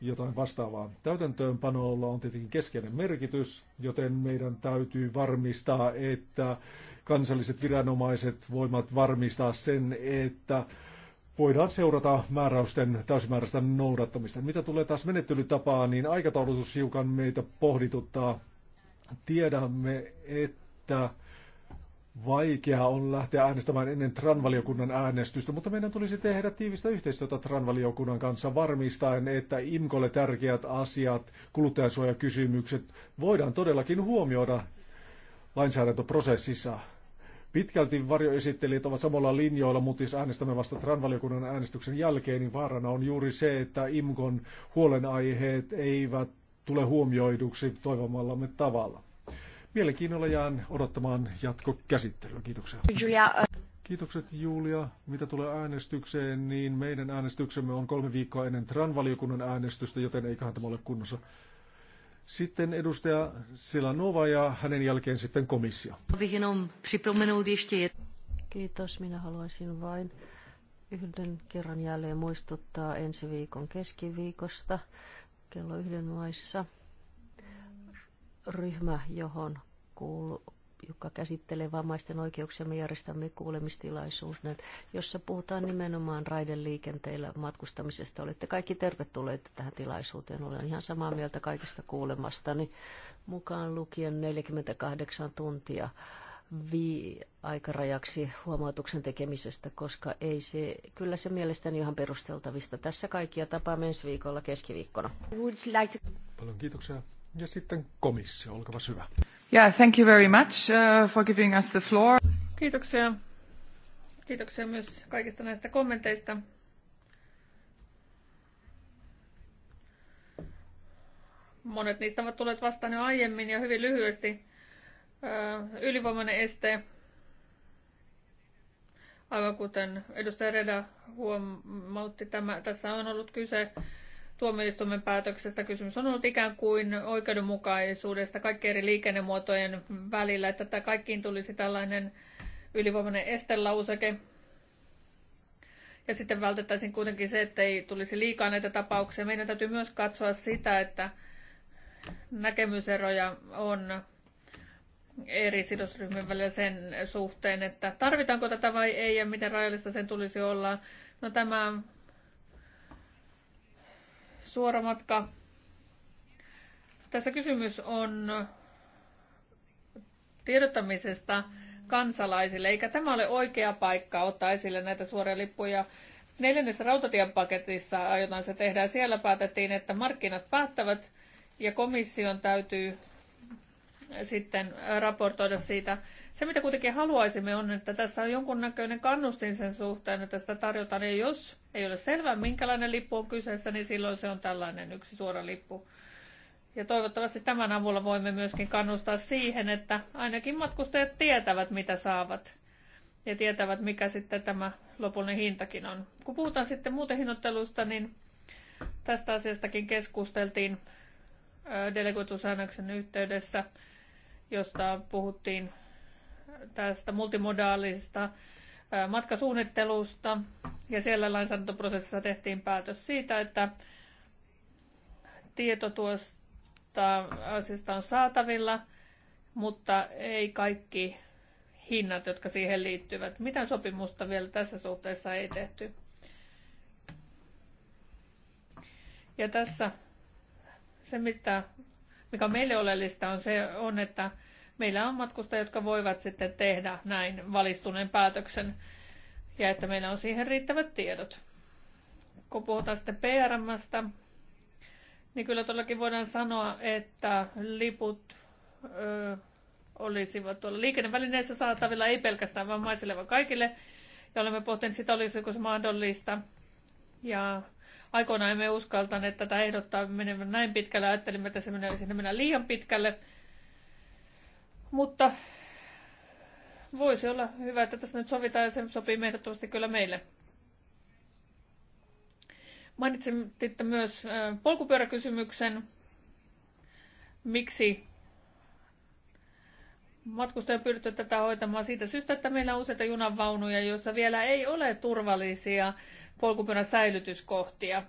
jotain vastaavaa. Täytäntöönpanolla on tietenkin keskeinen merkitys, joten meidän täytyy varmistaa, että kansalliset viranomaiset voivat varmistaa sen, että voidaan seurata määräysten täysimääräistä noudattamista. Mitä tulee taas menettelytapaan, niin aikataulutus hiukan meitä pohdituttaa. Tiedämme, että vaikea on lähteä äänestämään ennen Tranvaliokunnan äänestystä, mutta meidän tulisi tehdä tiivistä yhteistyötä Tranvaliokunnan kanssa varmistaen, että IMKOlle tärkeät asiat, kuluttajansuojakysymykset voidaan todellakin huomioida lainsäädäntöprosessissa. Pitkälti varjoesittelijät ovat samalla linjoilla, mutta jos äänestämme vasta Tranvaliokunnan äänestyksen jälkeen, niin vaarana on juuri se, että IMKON huolenaiheet eivät tule huomioiduksi toivomallamme tavalla. Mielenkiinnolla jään odottamaan jatkokäsittelyä. Kiitoksia. Julia. Kiitokset Julia. Mitä tulee äänestykseen, niin meidän äänestyksemme on kolme viikkoa ennen TRAN-valiokunnan äänestystä, joten eiköhän tämä ole kunnossa. Sitten edustaja Silanova ja hänen jälkeen sitten komissio. Kiitos. Minä haluaisin vain yhden kerran jälleen muistuttaa ensi viikon keskiviikosta kello yhden maissa ryhmä, johon kuuluu, joka käsittelee vammaisten oikeuksia. Me järjestämme kuulemistilaisuuden, jossa puhutaan nimenomaan raideliikenteillä matkustamisesta. Olette kaikki tervetulleita tähän tilaisuuteen. Olen ihan samaa mieltä kaikista kuulemastani, mukaan lukien 48 tuntia vi- aikarajaksi huomautuksen tekemisestä, koska ei se, kyllä se mielestäni ihan perusteltavista. Tässä kaikkia tapaamme ensi viikolla keskiviikkona. Paljon kiitoksia. Ja sitten komissio, olkaa hyvä. Yeah, thank you very much uh, for giving us the floor. Kiitoksia. Kiitoksia myös kaikista näistä kommenteista. Monet niistä ovat tulleet vastaan jo aiemmin ja hyvin lyhyesti ylivoimainen este, aivan kuten edustaja Reda huomautti, tämä, tässä on ollut kyse tuomioistuimen päätöksestä. Kysymys on ollut ikään kuin oikeudenmukaisuudesta kaikkien eri liikennemuotojen välillä, että kaikkiin tulisi tällainen ylivoimainen estelauseke. Ja sitten vältettäisiin kuitenkin se, että ei tulisi liikaa näitä tapauksia. Meidän täytyy myös katsoa sitä, että näkemyseroja on eri sidosryhmien välillä sen suhteen, että tarvitaanko tätä vai ei ja miten rajallista sen tulisi olla. No tämä suoramatka Tässä kysymys on tiedottamisesta kansalaisille, eikä tämä ole oikea paikka ottaa esille näitä suoria lippuja. Neljännessä rautatien paketissa aiotaan se tehdä siellä päätettiin, että markkinat päättävät ja komission täytyy sitten äh, raportoida siitä. Se, mitä kuitenkin haluaisimme, on, että tässä on jonkunnäköinen kannustin sen suhteen, että sitä tarjotaan. Ja jos ei ole selvää, minkälainen lippu on kyseessä, niin silloin se on tällainen yksi suora lippu. Ja toivottavasti tämän avulla voimme myöskin kannustaa siihen, että ainakin matkustajat tietävät, mitä saavat ja tietävät, mikä sitten tämä lopullinen hintakin on. Kun puhutaan sitten muuten hinnoittelusta, niin tästä asiastakin keskusteltiin äh, delegoitusäännöksen yhteydessä josta puhuttiin tästä multimodaalista matkasuunnittelusta. Ja siellä lainsäädäntöprosessissa tehtiin päätös siitä, että tieto tuosta asiasta on saatavilla, mutta ei kaikki hinnat, jotka siihen liittyvät. Mitä sopimusta vielä tässä suhteessa ei tehty? Ja tässä se, mistä mikä on meille oleellista on se, on, että meillä on matkustajia, jotka voivat sitten tehdä näin valistuneen päätöksen ja että meillä on siihen riittävät tiedot. Kun puhutaan sitten PRMstä, niin kyllä todellakin voidaan sanoa, että liput ö, olisivat tuolla liikennevälineissä saatavilla, ei pelkästään vammaisille, vaan kaikille. Ja olemme pohtineet sitä, olisiko se mahdollista. Ja Aikoinaan emme uskaltaneet tätä ehdottaa menemään näin pitkälle. Ajattelimme, että se menee sinne mennä liian pitkälle. Mutta voisi olla hyvä, että tässä nyt sovitaan ja se sopii ehdottomasti kyllä meille. Mainitsin sitten myös polkupyöräkysymyksen. Miksi matkustaja pyydetty tätä hoitamaan siitä syystä, että meillä on useita junanvaunuja, joissa vielä ei ole turvallisia polkupyörän säilytyskohtia.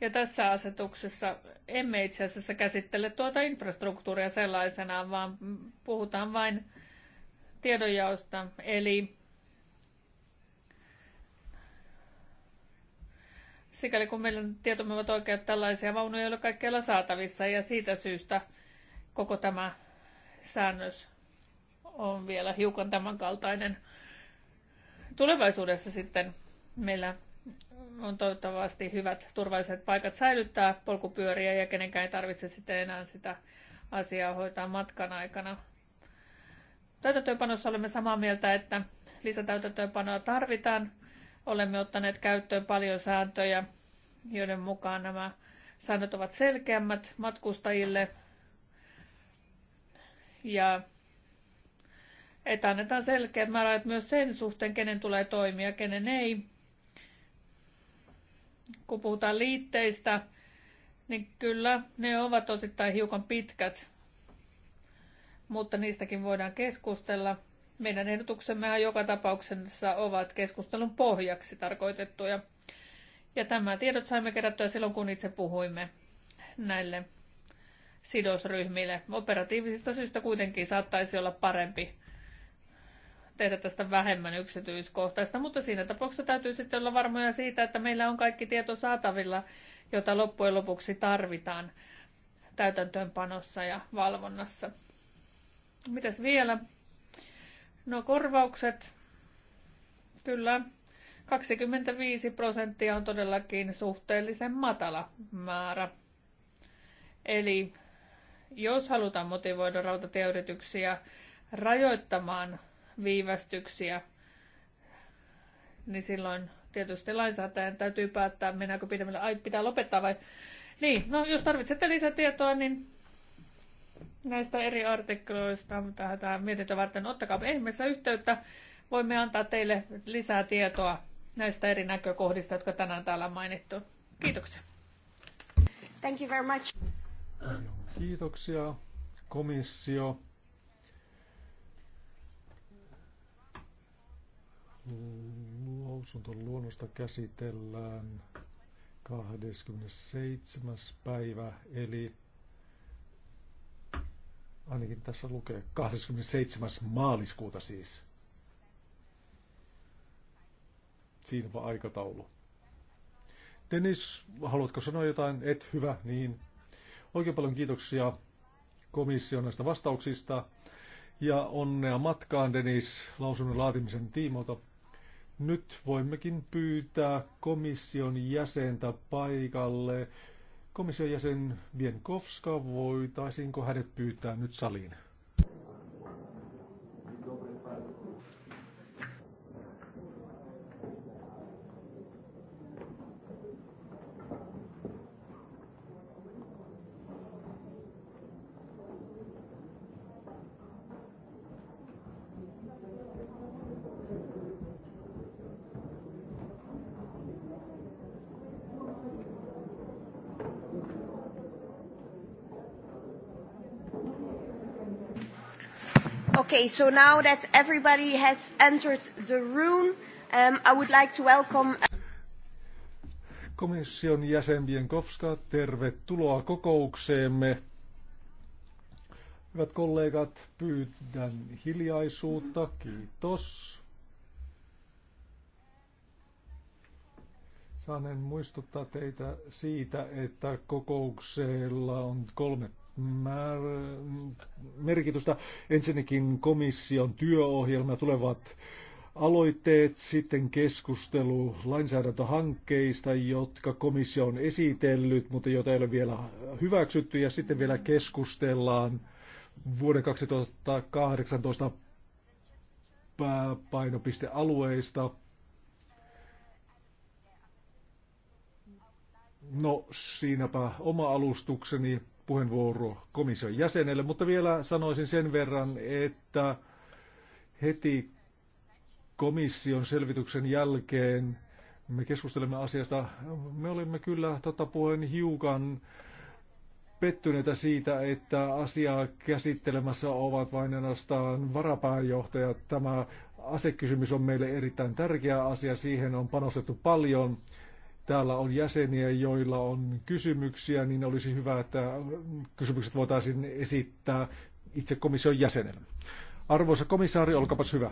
Ja tässä asetuksessa emme itse asiassa käsittele tuota infrastruktuuria sellaisenaan, vaan puhutaan vain tiedonjaosta. Eli sikäli kun meillä tietomme ovat oikeat, tällaisia vaunuja ei ole kaikkialla saatavissa ja siitä syystä koko tämä säännös on vielä hiukan tämänkaltainen. Tulevaisuudessa sitten meillä on toivottavasti hyvät turvalliset paikat säilyttää polkupyöriä ja kenenkään ei tarvitse sitten enää sitä asiaa hoitaa matkan aikana. Täytäntöönpanossa olemme samaa mieltä, että lisätäytäntöönpanoa tarvitaan. Olemme ottaneet käyttöön paljon sääntöjä, joiden mukaan nämä säännöt ovat selkeämmät matkustajille. Ja että annetaan selkeät määräajat myös sen suhteen, kenen tulee toimia, kenen ei. Kun puhutaan liitteistä, niin kyllä ne ovat osittain hiukan pitkät, mutta niistäkin voidaan keskustella. Meidän ehdotuksemme joka tapauksessa ovat keskustelun pohjaksi tarkoitettuja. Ja tämä tiedot saimme kerättyä silloin, kun itse puhuimme näille sidosryhmille. Operatiivisista syistä kuitenkin saattaisi olla parempi tehdä tästä vähemmän yksityiskohtaista, mutta siinä tapauksessa täytyy sitten olla varmoja siitä, että meillä on kaikki tieto saatavilla, jota loppujen lopuksi tarvitaan täytäntöönpanossa ja valvonnassa. Mitäs vielä? No korvaukset. Kyllä, 25 prosenttia on todellakin suhteellisen matala määrä. Eli jos halutaan motivoida rautatieyrityksiä rajoittamaan viivästyksiä, niin silloin tietysti lainsäätäjän täytyy päättää, mennäänkö pidemmälle, ai pitää lopettaa vai... Niin, no jos tarvitsette lisätietoa, niin näistä eri artikkeloista tähän, tähän mietintä varten, ottakaa ihmeessä yhteyttä. Voimme antaa teille lisää tietoa näistä eri näkökohdista, jotka tänään täällä on mainittu. Kiitoksia. Thank you very much. Kiitoksia komissio. luonnosta käsitellään 27. päivä, eli ainakin tässä lukee 27. maaliskuuta siis. Siinäpä aikataulu. Dennis, haluatko sanoa jotain? Et hyvä, niin. Oikein paljon kiitoksia komission näistä vastauksista. Ja onnea matkaan, Denis, lausunnon laatimisen tiimoilta. Nyt voimmekin pyytää komission jäsentä paikalle. Komission jäsen Vienkovska, voitaisinko hänet pyytää nyt saliin? Okay, so now that everybody has entered the room, um, I would like to welcome... Uh, Komission jäsen Bienkowska, tervetuloa kokoukseemme. Hyvät kollegat, pyydän hiljaisuutta. Kiitos. Saanen muistuttaa teitä siitä, että kokouksella on kolme merkitystä. Ensinnäkin komission työohjelma tulevat aloitteet, sitten keskustelu lainsäädäntöhankkeista, jotka komissio on esitellyt, mutta joita ei ole vielä hyväksytty, ja sitten vielä keskustellaan vuoden 2018 pääpainopistealueista. No, siinäpä oma alustukseni puheenvuoro komission jäsenelle, mutta vielä sanoisin sen verran, että heti komission selvityksen jälkeen me keskustelemme asiasta. Me olimme kyllä tota, puheen hiukan pettyneitä siitä, että asiaa käsittelemässä ovat vain ainoastaan varapääjohtajat. Tämä asekysymys on meille erittäin tärkeä asia, siihen on panostettu paljon täällä on jäseniä, joilla on kysymyksiä, niin olisi hyvä, että kysymykset voitaisiin esittää itse komission jäsenelle. Arvoisa komissaari, olkapas hyvä.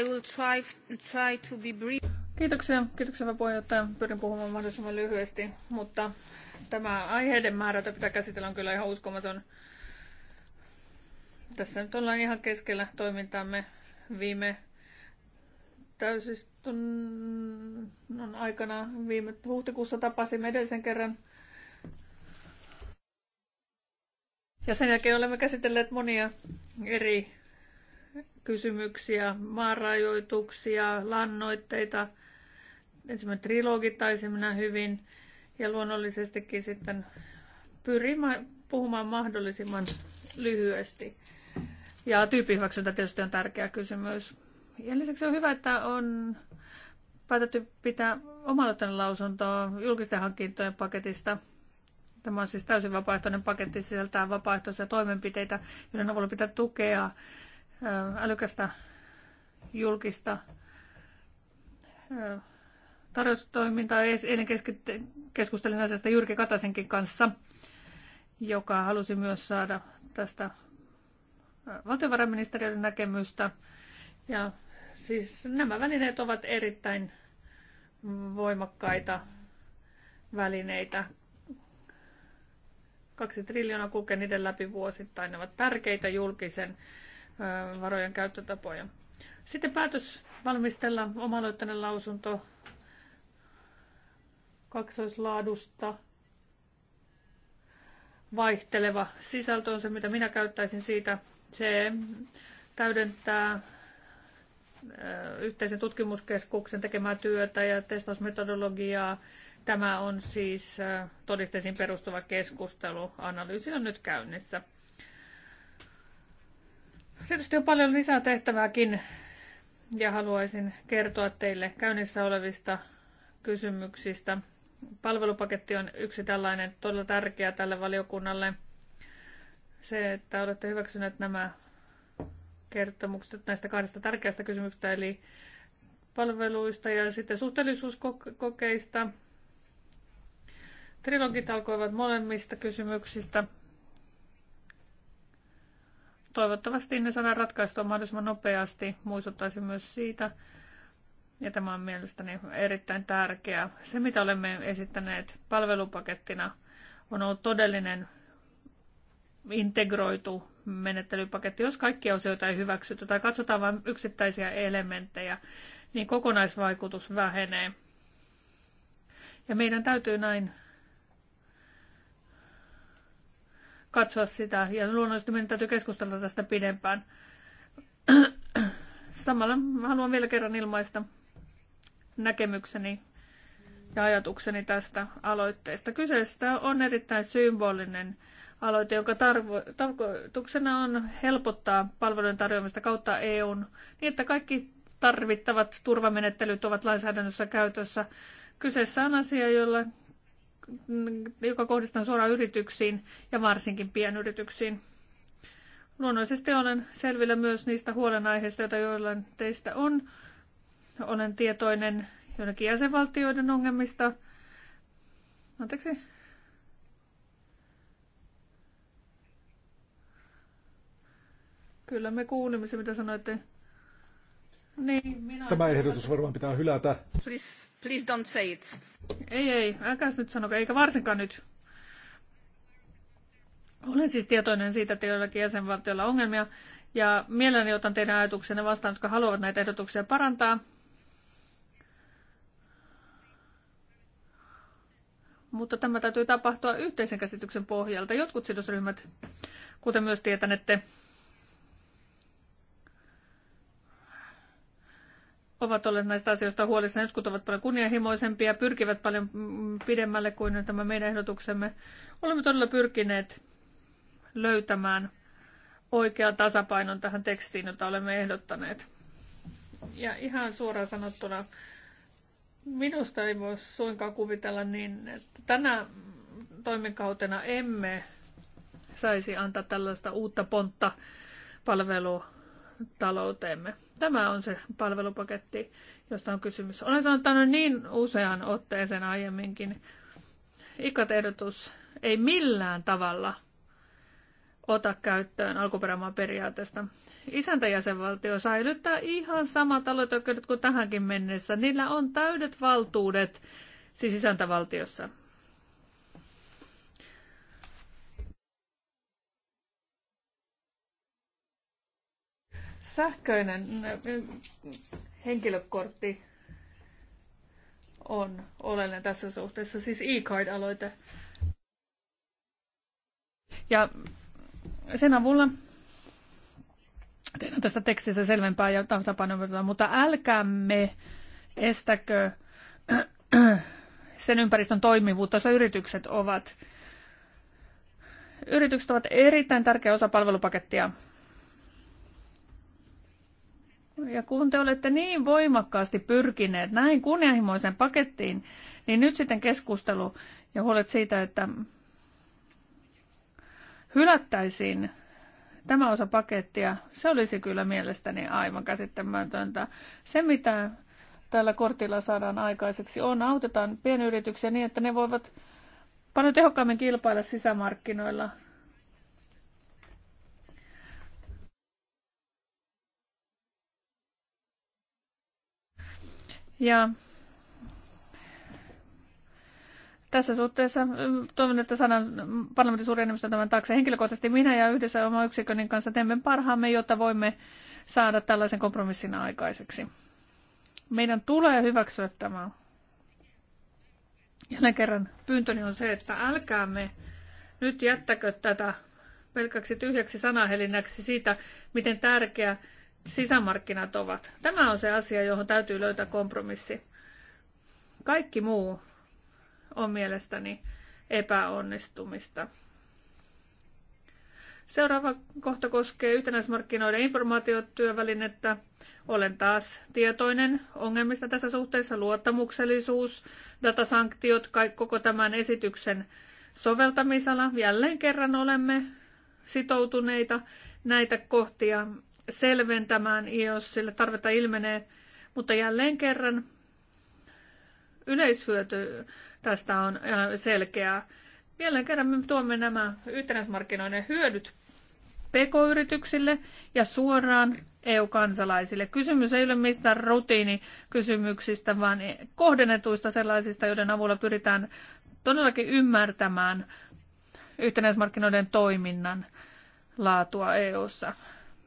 I will try, try to be brief. Kiitoksia, kiitoksia hyvä puheenjohtaja. Pyrin puhumaan mahdollisimman lyhyesti, mutta tämä aiheiden määrä, jota pitää käsitellä, on kyllä ihan uskomaton. Tässä nyt ollaan ihan keskellä toimintaamme viime täysistunnon aikana viime huhtikuussa tapasimme edellisen kerran. Ja sen jälkeen olemme käsitelleet monia eri kysymyksiä, maanrajoituksia, lannoitteita. Ensimmäinen trilogi taisi minä hyvin ja luonnollisestikin sitten pyrimme puhumaan mahdollisimman lyhyesti. Ja tyyppihyväksyntä tietysti on tärkeä kysymys. Ja lisäksi on hyvä, että on päätetty pitää omaloittainen lausunto julkisten hankintojen paketista. Tämä on siis täysin vapaaehtoinen paketti, sisältää vapaaehtoisia toimenpiteitä, joiden avulla pitää tukea älykästä julkista tarjoustoimintaa. Eilen keskustelin asiasta Jyrki Katasenkin kanssa, joka halusi myös saada tästä valtiovarainministeriön näkemystä. Ja Siis nämä välineet ovat erittäin voimakkaita välineitä. Kaksi triljoonaa kulkee niiden läpi vuosittain. Ne ovat tärkeitä julkisen varojen käyttötapoja. Sitten päätös valmistella omaloittainen lausunto kaksoislaadusta. Vaihteleva sisältö on se, mitä minä käyttäisin siitä. Se täydentää yhteisen tutkimuskeskuksen tekemää työtä ja testausmetodologiaa. Tämä on siis todisteisiin perustuva keskustelu. Analyysi on nyt käynnissä. Tietysti on paljon lisää tehtävääkin ja haluaisin kertoa teille käynnissä olevista kysymyksistä. Palvelupaketti on yksi tällainen todella tärkeä tälle valiokunnalle. Se, että olette hyväksyneet nämä kertomukset näistä kahdesta tärkeästä kysymyksestä, eli palveluista ja sitten suhteellisuuskokeista. Trilogit alkoivat molemmista kysymyksistä. Toivottavasti ne saadaan ratkaistua mahdollisimman nopeasti. Muistuttaisin myös siitä, ja tämä on mielestäni erittäin tärkeää. Se, mitä olemme esittäneet palvelupakettina, on ollut todellinen integroitu menettelypaketti, jos kaikkia osioita ei hyväksytä tai katsotaan vain yksittäisiä elementtejä, niin kokonaisvaikutus vähenee. Ja meidän täytyy näin katsoa sitä. Ja luonnollisesti meidän täytyy keskustella tästä pidempään. Samalla haluan vielä kerran ilmaista näkemykseni ja ajatukseni tästä aloitteesta. Kyseessä on erittäin symbolinen aloite, jonka tarvo- tarkoituksena on helpottaa palvelujen tarjoamista kautta EUn niin, että kaikki tarvittavat turvamenettelyt ovat lainsäädännössä käytössä. Kyseessä on asia, jolla, joka kohdistaa suoraan yrityksiin ja varsinkin pienyrityksiin. Luonnollisesti olen selvillä myös niistä huolenaiheista, joita joillain teistä on. Olen tietoinen joidenkin jäsenvaltioiden ongelmista. Anteeksi, Kyllä me kuulimme se, mitä sanoitte. Niin, minä Tämä ehdotus varmaan pitää hylätä. Please, please don't say it. Ei, ei, älkääs nyt sanoa, eikä varsinkaan nyt. Olen siis tietoinen siitä, että joillakin jäsenvaltioilla on ongelmia, ja mielelläni otan teidän ajatuksenne vastaan, jotka haluavat näitä ehdotuksia parantaa. Mutta tämä täytyy tapahtua yhteisen käsityksen pohjalta. Jotkut sidosryhmät, kuten myös tietänette, ovat olleet näistä asioista huolissaan. Jotkut ovat paljon kunnianhimoisempia, pyrkivät paljon pidemmälle kuin tämä meidän ehdotuksemme. Olemme todella pyrkineet löytämään oikean tasapainon tähän tekstiin, jota olemme ehdottaneet. Ja ihan suoraan sanottuna, minusta ei voi suinkaan kuvitella niin, että tänä toimikautena emme saisi antaa tällaista uutta pontta palvelua talouteemme. Tämä on se palvelupaketti, josta on kysymys. Olen sanonut niin usean otteeseen aiemminkin. Ikatehdotus ei millään tavalla ota käyttöön alkuperämaan periaatteesta. Isäntäjäsenvaltio säilyttää ihan samat aloiteoikeudet kuin tähänkin mennessä. Niillä on täydet valtuudet siis isäntävaltiossa. Sähköinen eh, henkilökortti on oleellinen tässä suhteessa, siis e-card-aloite. Ja sen avulla tehdään tästä tekstistä selvempää ja tasapainoa, mutta älkäämme estäkö sen ympäristön toimivuutta, jossa yritykset ovat. Yritykset ovat erittäin tärkeä osa palvelupakettia ja kun te olette niin voimakkaasti pyrkineet näin kunnianhimoiseen pakettiin, niin nyt sitten keskustelu ja huolet siitä, että hylättäisiin tämä osa pakettia, se olisi kyllä mielestäni aivan käsittämätöntä. Se, mitä tällä kortilla saadaan aikaiseksi, on autetaan pienyrityksiä niin, että ne voivat paljon tehokkaammin kilpailla sisämarkkinoilla Ja tässä suhteessa mm, toivon, että sanan parlamentin suuri enemmistö tämän taakse. Henkilökohtaisesti minä ja yhdessä oma yksikönin kanssa teemme parhaamme, jotta voimme saada tällaisen kompromissin aikaiseksi. Meidän tulee hyväksyä tämä. Jälleen kerran pyyntöni on se, että älkäämme nyt jättäkö tätä pelkäksi tyhjäksi sanahelinäksi siitä, miten tärkeä sisämarkkinat ovat. Tämä on se asia, johon täytyy löytää kompromissi. Kaikki muu on mielestäni epäonnistumista. Seuraava kohta koskee yhtenäismarkkinoiden informaatiotyövälinettä. Olen taas tietoinen ongelmista tässä suhteessa. Luottamuksellisuus, datasanktiot, koko tämän esityksen soveltamisala. Jälleen kerran olemme sitoutuneita näitä kohtia selventämään, jos sille tarvetta ilmenee. Mutta jälleen kerran yleishyöty tästä on äh, selkeää. Jälleen kerran me tuomme nämä yhtenäismarkkinoiden hyödyt PK-yrityksille ja suoraan EU-kansalaisille. Kysymys ei ole mistään rutiinikysymyksistä, vaan kohdennetuista sellaisista, joiden avulla pyritään todellakin ymmärtämään yhtenäismarkkinoiden toiminnan laatua EU:ssa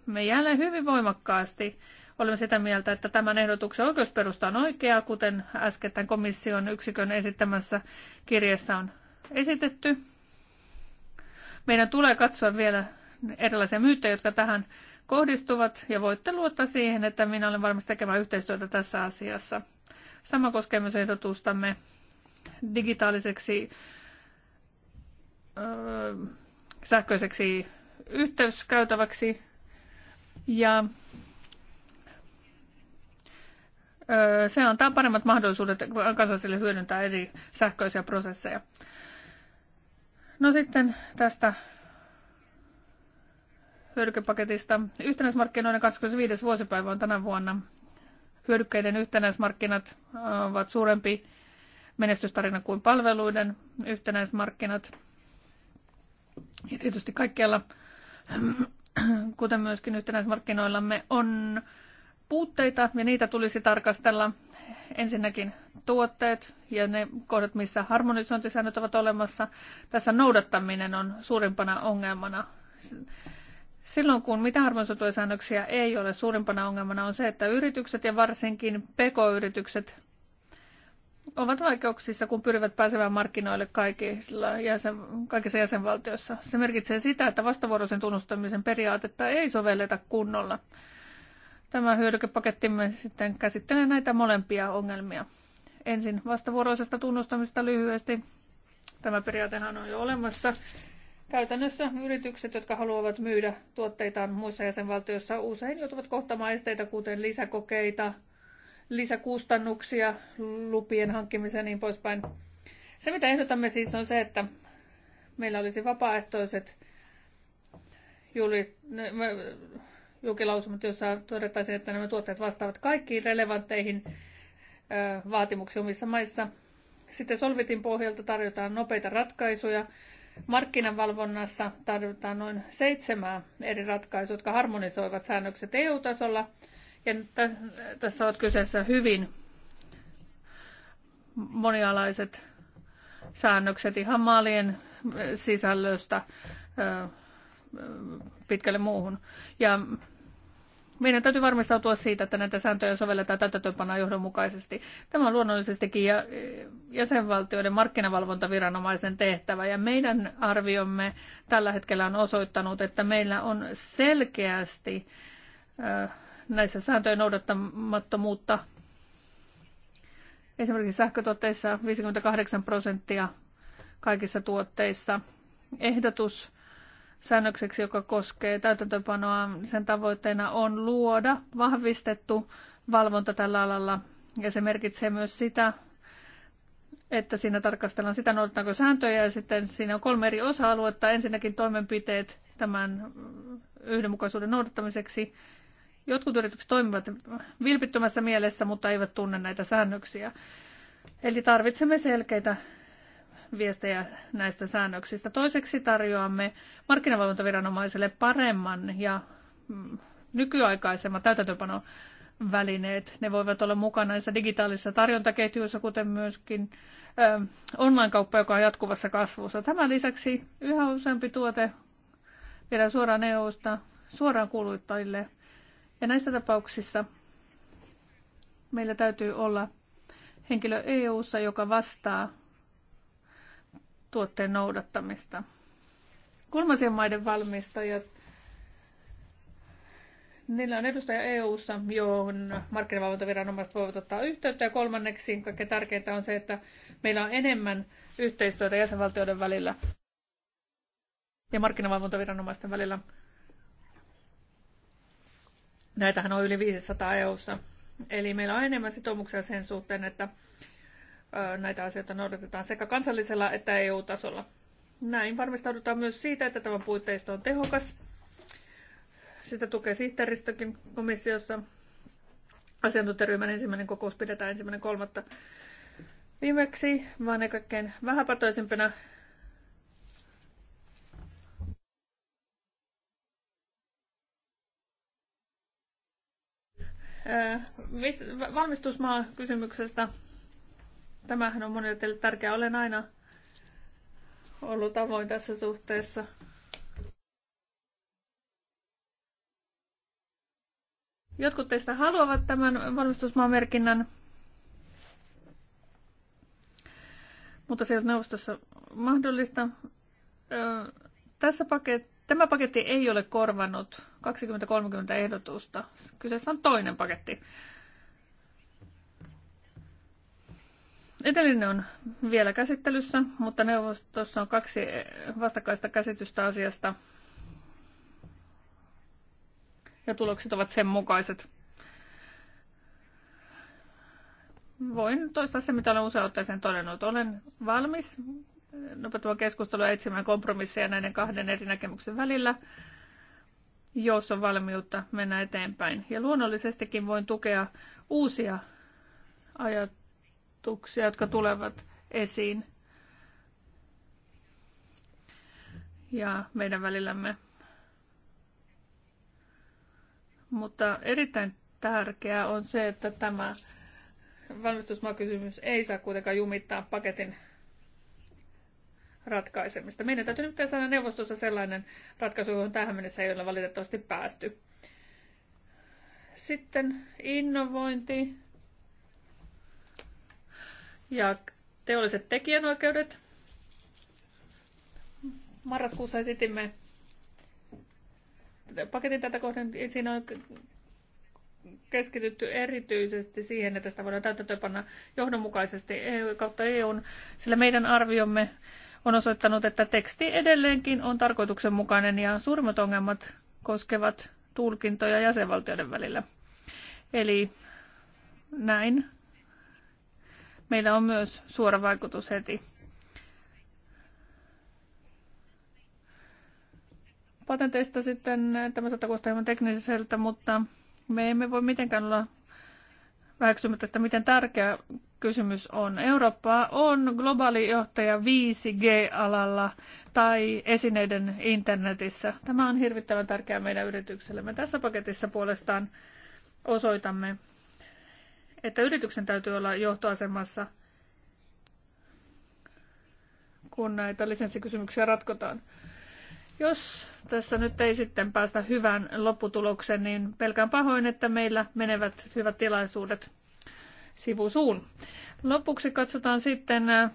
me jälleen hyvin voimakkaasti olemme sitä mieltä, että tämän ehdotuksen oikeusperusta on oikea, kuten tämän komission yksikön esittämässä kirjassa on esitetty. Meidän tulee katsoa vielä erilaisia myyttejä, jotka tähän kohdistuvat, ja voitte luottaa siihen, että minä olen valmis tekemään yhteistyötä tässä asiassa. Sama koskee myös ehdotustamme digitaaliseksi öö, sähköiseksi yhteyskäytäväksi ja se antaa paremmat mahdollisuudet kansalaisille hyödyntää eri sähköisiä prosesseja. No sitten tästä hyödykepaketista. Yhtenäismarkkinoiden 25. vuosipäivä on tänä vuonna. Hyödykkeiden yhtenäismarkkinat ovat suurempi menestystarina kuin palveluiden yhtenäismarkkinat. Ja tietysti kaikkialla kuten myöskin yhtenäismarkkinoillamme, on puutteita ja niitä tulisi tarkastella. Ensinnäkin tuotteet ja ne kohdat, missä harmonisointisäännöt ovat olemassa. Tässä noudattaminen on suurimpana ongelmana. Silloin kun mitä harmonisoituja säännöksiä ei ole, suurimpana ongelmana on se, että yritykset ja varsinkin pk-yritykset ovat vaikeuksissa, kun pyrivät pääsemään markkinoille kaikilla jäsen, kaikissa jäsenvaltioissa. Se merkitsee sitä, että vastavuoroisen tunnustamisen periaatetta ei sovelleta kunnolla. Tämä hyödykepakettimme sitten käsittelee näitä molempia ongelmia. Ensin vastavuoroisesta tunnustamista lyhyesti. Tämä periaatehan on jo olemassa. Käytännössä yritykset, jotka haluavat myydä tuotteitaan muissa jäsenvaltioissa, usein joutuvat kohtamaan esteitä, kuten lisäkokeita, lisäkustannuksia lupien hankkimiseen ja niin poispäin. Se, mitä ehdotamme siis on se, että meillä olisi vapaaehtoiset julkilausumat, joissa todettaisiin, että nämä tuotteet vastaavat kaikkiin relevantteihin vaatimuksiin omissa maissa. Sitten Solvitin pohjalta tarjotaan nopeita ratkaisuja. Markkinavalvonnassa tarvitaan noin seitsemää eri ratkaisua, jotka harmonisoivat säännökset EU-tasolla – ja tässä ovat kyseessä hyvin monialaiset säännökset ihan maalien sisällöstä pitkälle muuhun. Ja meidän täytyy varmistautua siitä, että näitä sääntöjä sovelletaan täytäntöönpanoa johdonmukaisesti. Tämä on luonnollisestikin jäsenvaltioiden markkinavalvontaviranomaisen tehtävä ja meidän arviomme tällä hetkellä on osoittanut, että meillä on selkeästi näissä sääntöjen noudattamattomuutta. Esimerkiksi sähkötuotteissa 58 prosenttia kaikissa tuotteissa. Ehdotus säännökseksi, joka koskee täytäntöpanoa, sen tavoitteena on luoda vahvistettu valvonta tällä alalla. Ja se merkitsee myös sitä, että siinä tarkastellaan sitä, noudattaako sääntöjä, ja sitten siinä on kolme eri osa-aluetta. Ensinnäkin toimenpiteet tämän yhdenmukaisuuden noudattamiseksi, Jotkut yritykset toimivat vilpittömässä mielessä, mutta eivät tunne näitä säännöksiä. Eli tarvitsemme selkeitä viestejä näistä säännöksistä. Toiseksi tarjoamme markkinavalvontaviranomaiselle paremman ja mm, nykyaikaisemman täytäntöpano välineet. Ne voivat olla mukana näissä digitaalisissa tarjontaketjuissa, kuten myöskin ö, ähm, online-kauppa, joka on jatkuvassa kasvussa. Tämän lisäksi yhä useampi tuote viedään suoraan eu suoraan kuluttajille ja näissä tapauksissa meillä täytyy olla henkilö EU-ssa, joka vastaa tuotteen noudattamista. Kolmansien maiden valmistajat, niillä on edustaja EU-ssa, johon markkinavalvontaviranomaiset voivat ottaa yhteyttä. Ja kolmanneksi kaikkein tärkeintä on se, että meillä on enemmän yhteistyötä jäsenvaltioiden välillä ja markkinavalvontaviranomaisten välillä Näitähän on yli 500 EUssa. Eli meillä on enemmän sitoumuksia sen suhteen, että näitä asioita noudatetaan sekä kansallisella että EU-tasolla. Näin varmistaudutaan myös siitä, että tämä puitteisto on tehokas. Sitä tukee sihteeristökin komissiossa. Asiantuntijaryhmän ensimmäinen kokous pidetään ensimmäinen kolmatta viimeksi, vaan ne kaikkein vähäpätöisimpänä valmistusmaa kysymyksestä. Tämähän on monille teille tärkeä. Olen aina ollut avoin tässä suhteessa. Jotkut teistä haluavat tämän valmistusmaamerkinnän, mutta se on neuvostossa mahdollista. Tässä paket, Tämä paketti ei ole korvannut 2030 ehdotusta. Kyseessä on toinen paketti. Edellinen on vielä käsittelyssä, mutta neuvostossa on kaksi vastakkaista käsitystä asiasta. Ja tulokset ovat sen mukaiset. Voin toistaa se, mitä olen usein otteeseen todennut. Olen valmis Nopeutua keskustelua etsimään kompromisseja näiden kahden eri näkemyksen välillä, jos on valmiutta mennä eteenpäin. Ja luonnollisestikin voin tukea uusia ajatuksia, jotka tulevat esiin ja meidän välillämme. Mutta erittäin tärkeää on se, että tämä valmistusmaakysymys ei saa kuitenkaan jumittaa paketin ratkaisemista. Meidän täytyy nyt saada neuvostossa sellainen ratkaisu, johon tähän mennessä ei ole valitettavasti päästy. Sitten innovointi ja teolliset tekijänoikeudet. Marraskuussa esitimme paketin tätä kohden. Siinä on keskitytty erityisesti siihen, että sitä voidaan täytäntöönpanna johdonmukaisesti EU kautta EUn, sillä meidän arviomme on osoittanut, että teksti edelleenkin on tarkoituksenmukainen ja suurimmat ongelmat koskevat tulkintoja jäsenvaltioiden välillä. Eli näin. Meillä on myös suora vaikutus heti. Patenteista sitten tämä kuulostaa hieman tekniseltä, mutta me emme voi mitenkään olla väheksymättä sitä, miten tärkeä kysymys on. Eurooppa on globaali johtaja 5G-alalla tai esineiden internetissä. Tämä on hirvittävän tärkeää meidän yrityksellemme. Tässä paketissa puolestaan osoitamme, että yrityksen täytyy olla johtoasemassa, kun näitä lisenssikysymyksiä ratkotaan. Jos tässä nyt ei sitten päästä hyvään lopputulokseen, niin pelkään pahoin, että meillä menevät hyvät tilaisuudet sivusuun. Lopuksi katsotaan sitten äh,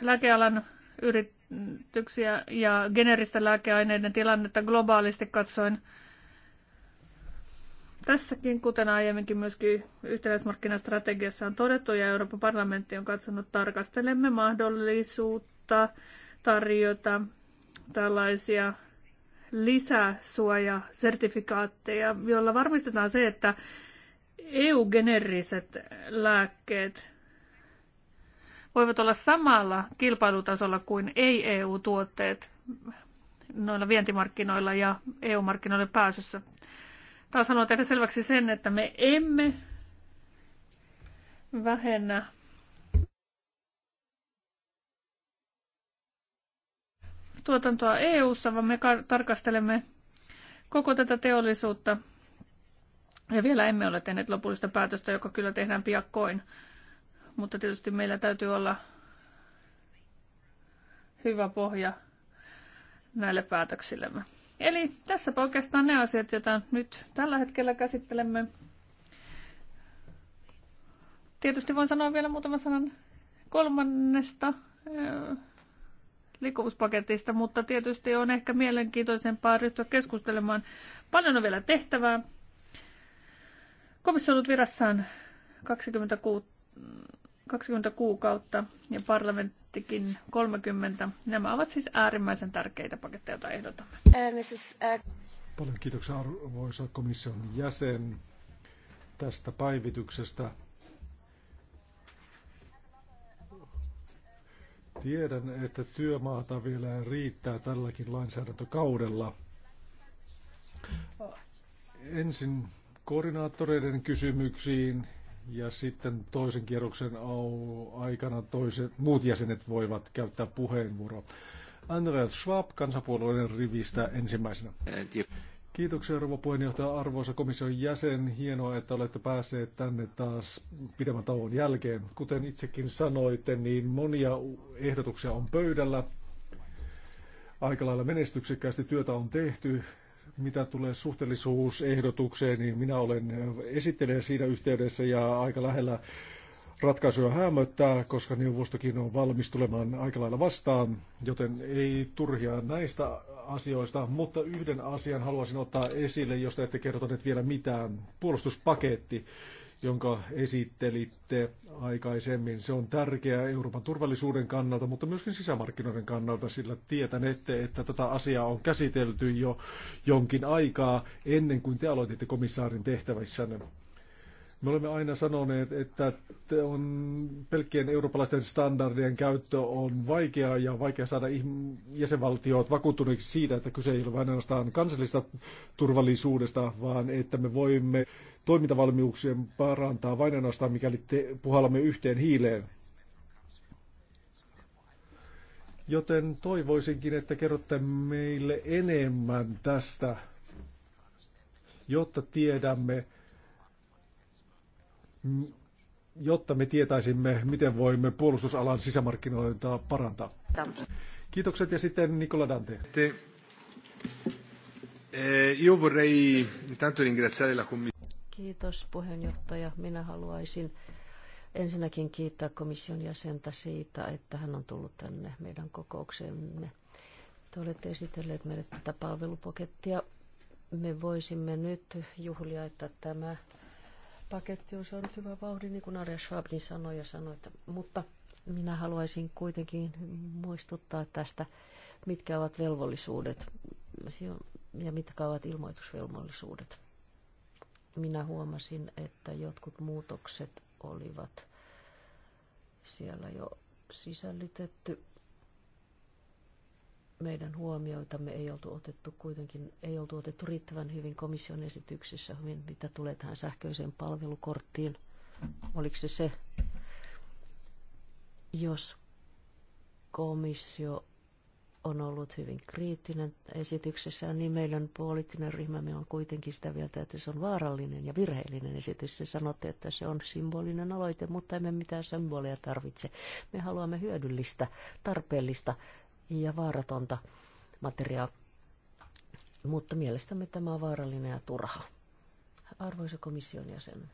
lääkealan yrityksiä ja generisten lääkeaineiden tilannetta globaalisti katsoen. Tässäkin, kuten aiemminkin myöskin yhtenäismarkkinastrategiassa on todettu ja Euroopan parlamentti on katsonut, tarkastelemme mahdollisuutta tarjota tällaisia lisäsuojasertifikaatteja, joilla varmistetaan se, että EU-generiset lääkkeet voivat olla samalla kilpailutasolla kuin ei-EU-tuotteet noilla vientimarkkinoilla ja EU-markkinoille pääsyssä. Taas haluan tehdä selväksi sen, että me emme vähennä tuotantoa EU-ssa, vaan me tarkastelemme koko tätä teollisuutta. Ja vielä emme ole tehneet lopullista päätöstä, joka kyllä tehdään piakkoin. Mutta tietysti meillä täytyy olla hyvä pohja näille päätöksillemme. Eli tässä oikeastaan ne asiat, joita nyt tällä hetkellä käsittelemme. Tietysti voin sanoa vielä muutaman sanan kolmannesta liikkuvuuspaketista, mutta tietysti on ehkä mielenkiintoisempaa ryhtyä keskustelemaan. Paljon on vielä tehtävää. Komissio on ollut virassaan 20, ku, 20 kuukautta ja parlamenttikin 30. Nämä ovat siis äärimmäisen tärkeitä paketteja, joita ehdotamme. Paljon kiitoksia arvoisa komission jäsen tästä päivityksestä. Tiedän, että työmaata vielä riittää tälläkin lainsäädäntökaudella. Ensin koordinaattoreiden kysymyksiin ja sitten toisen kierroksen aikana toiset, muut jäsenet voivat käyttää puheenvuoroa. Andreas Schwab kansapuolueiden rivistä ensimmäisenä. Äh, Kiitoksia rouva puheenjohtaja, arvoisa komission jäsen. Hienoa, että olette päässeet tänne taas pidemmän tauon jälkeen. Kuten itsekin sanoitte, niin monia ehdotuksia on pöydällä. Aika lailla menestyksekkäästi työtä on tehty. Mitä tulee suhteellisuusehdotukseen, niin minä olen esittelijä siinä yhteydessä ja aika lähellä ratkaisuja hämöttää, koska neuvostokin on valmis tulemaan aika lailla vastaan, joten ei turhia näistä asioista, mutta yhden asian haluaisin ottaa esille, josta ette kertoneet vielä mitään. Puolustuspaketti, jonka esittelitte aikaisemmin. Se on tärkeää Euroopan turvallisuuden kannalta, mutta myöskin sisämarkkinoiden kannalta, sillä tietänette, että tätä asiaa on käsitelty jo jonkin aikaa ennen kuin te aloititte komissaarin tehtävissänne. Me olemme aina sanoneet, että on pelkkien eurooppalaisten standardien käyttö on vaikeaa ja vaikea saada jäsenvaltiot vakuuttuneiksi siitä, että kyse ei ole vain ainoastaan kansallisesta turvallisuudesta, vaan että me voimme toimintavalmiuksien parantaa vain ainoastaan, mikäli te puhallamme yhteen hiileen. Joten toivoisinkin, että kerrotte meille enemmän tästä, jotta tiedämme, jotta me tietäisimme, miten voimme puolustusalan sisämarkkinoita parantaa. Kiitokset ja sitten Nicola Dante. Eh, Kiitos puheenjohtaja. Minä haluaisin ensinnäkin kiittää komission jäsentä siitä, että hän on tullut tänne meidän kokouksemme. Te olette esitelleet meille tätä palvelupakettia. Me voisimme nyt juhlia, että tämä paketti on saanut hyvän vauhdin, niin kuin Arja Schwabkin sanoi ja sanoi, että, mutta minä haluaisin kuitenkin muistuttaa tästä, mitkä ovat velvollisuudet ja mitkä ovat ilmoitusvelvollisuudet. Minä huomasin, että jotkut muutokset olivat siellä jo sisällytetty meidän huomioitamme ei oltu otettu kuitenkin, ei oltu otettu riittävän hyvin komission esityksessä, hyvin, mitä tulee tähän sähköiseen palvelukorttiin. Oliko se se, jos komissio on ollut hyvin kriittinen esityksessä, niin meidän poliittinen ryhmämme on kuitenkin sitä mieltä, että se on vaarallinen ja virheellinen esitys. Se sanotte, että se on symbolinen aloite, mutta emme mitään symbolia tarvitse. Me haluamme hyödyllistä, tarpeellista ja vaaratonta materiaa. Mutta mielestämme tämä on vaarallinen ja turha. Arvoisa komission jäsen,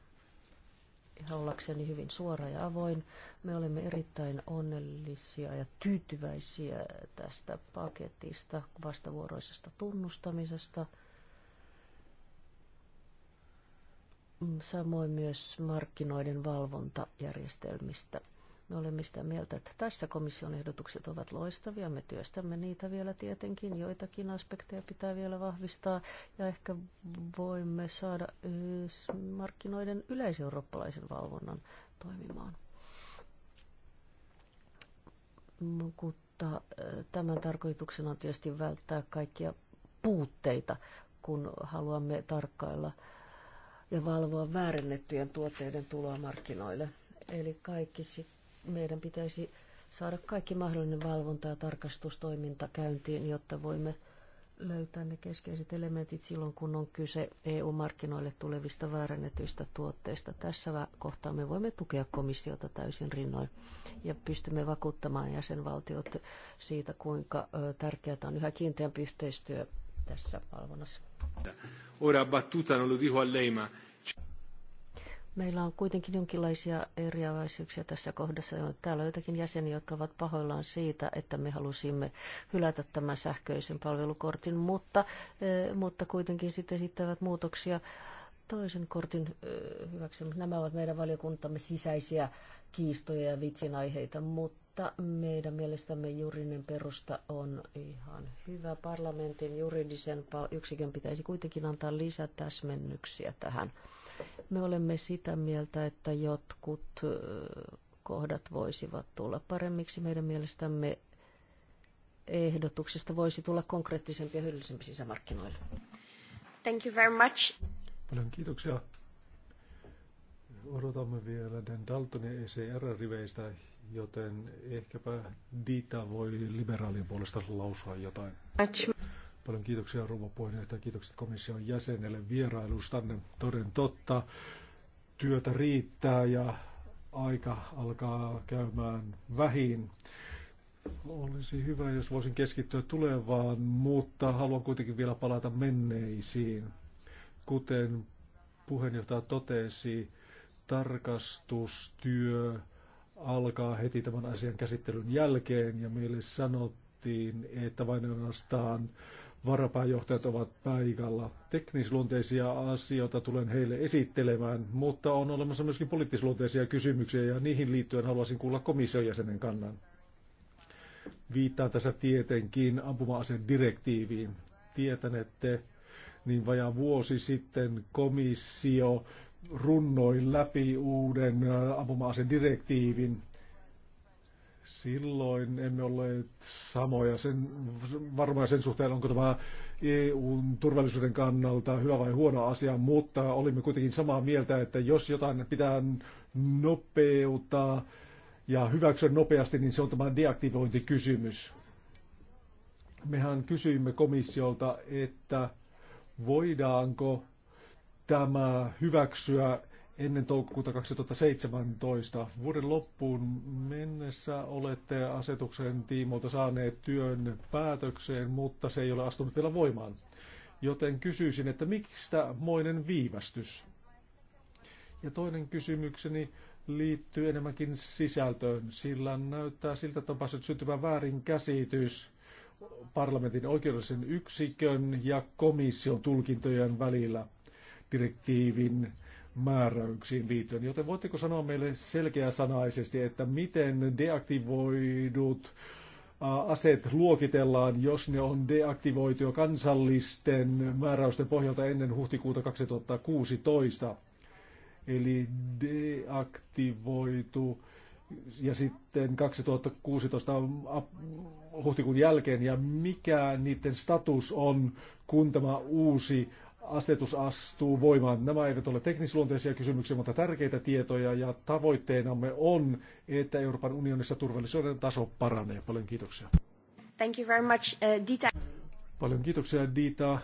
ihan ollakseni hyvin suora ja avoin, me olemme erittäin onnellisia ja tyytyväisiä tästä paketista, vastavuoroisesta tunnustamisesta. Samoin myös markkinoiden valvontajärjestelmistä – me olemme sitä mieltä, että tässä komission ehdotukset ovat loistavia. Me työstämme niitä vielä tietenkin. Joitakin aspekteja pitää vielä vahvistaa ja ehkä voimme saada markkinoiden yleiseurooppalaisen valvonnan toimimaan. Mutta äh, tämän tarkoituksena on tietysti välttää kaikkia puutteita, kun haluamme tarkkailla ja valvoa väärennettyjen tuotteiden tuloa markkinoille. Eli kaikki sitten meidän pitäisi saada kaikki mahdollinen valvonta- ja tarkastustoiminta käyntiin, jotta voimme löytää ne keskeiset elementit silloin, kun on kyse EU-markkinoille tulevista väärännetyistä tuotteista. Tässä kohtaa me voimme tukea komissiota täysin rinnoin ja pystymme vakuuttamaan jäsenvaltiot siitä, kuinka tärkeää on yhä kiinteämpi yhteistyö tässä valvonnassa. Ora battuta non lo dico a lei, ma Meillä on kuitenkin jonkinlaisia eriäväisyyksiä tässä kohdassa. Täällä on jotakin jäseniä, jotka ovat pahoillaan siitä, että me halusimme hylätä tämän sähköisen palvelukortin, mutta, e, mutta kuitenkin sitten esittävät muutoksia toisen kortin e, hyväksi. Nämä ovat meidän valiokuntamme sisäisiä kiistoja ja vitsinaiheita, aiheita, mutta meidän mielestämme juridinen perusta on ihan hyvä. Parlamentin juridisen yksikön pitäisi kuitenkin antaa lisätäsmennyksiä tähän me olemme sitä mieltä, että jotkut kohdat voisivat tulla paremmiksi. Meidän mielestämme ehdotuksesta voisi tulla konkreettisempi ja hyödyllisempi sisämarkkinoille. Thank you very much. Paljon kiitoksia. Odotamme vielä Dan Daltonin ECR-riveistä, joten ehkäpä Dita voi liberaalien puolesta lausua jotain. Paljon kiitoksia rouva puheenjohtaja, kiitokset komission jäsenelle vierailustanne. Toden totta, työtä riittää ja aika alkaa käymään vähin. Olisi hyvä, jos voisin keskittyä tulevaan, mutta haluan kuitenkin vielä palata menneisiin. Kuten puheenjohtaja totesi, tarkastustyö alkaa heti tämän asian käsittelyn jälkeen ja meille sanottiin, että vain ainoastaan varapääjohtajat ovat paikalla. Teknisluonteisia asioita tulen heille esittelemään, mutta on olemassa myöskin poliittisluonteisia kysymyksiä ja niihin liittyen haluaisin kuulla komission jäsenen kannan. Viittaan tässä tietenkin ampuma-aseen direktiiviin. että niin vajaa vuosi sitten komissio runnoi läpi uuden ampuma-aseen direktiivin, Silloin emme olleet samoja sen, varmaan sen suhteen, onko tämä EUn turvallisuuden kannalta hyvä vai huono asia, mutta olimme kuitenkin samaa mieltä, että jos jotain pitää nopeuttaa ja hyväksyä nopeasti, niin se on tämä deaktivointikysymys. Mehän kysyimme komissiolta, että voidaanko tämä hyväksyä ennen toukokuuta 2017. Vuoden loppuun mennessä olette asetuksen tiimoilta saaneet työn päätökseen, mutta se ei ole astunut vielä voimaan. Joten kysyisin, että tämä? moinen viivästys? Ja toinen kysymykseni liittyy enemmänkin sisältöön, sillä näyttää siltä, että on päässyt syntymään väärinkäsitys parlamentin oikeudellisen yksikön ja komission tulkintojen välillä direktiivin määräyksiin liittyen. Joten voitteko sanoa meille selkeäsanaisesti, että miten deaktivoidut aseet luokitellaan, jos ne on deaktivoitu jo kansallisten määräysten pohjalta ennen huhtikuuta 2016? Eli deaktivoitu ja sitten 2016 huhtikuun jälkeen ja mikä niiden status on, kun tämä uusi asetus astuu voimaan. Nämä eivät ole teknisluonteisia kysymyksiä, mutta tärkeitä tietoja ja tavoitteenamme on, että Euroopan unionissa turvallisuuden taso paranee. Paljon kiitoksia. Thank you very much, uh, Dita. Paljon kiitoksia Dita.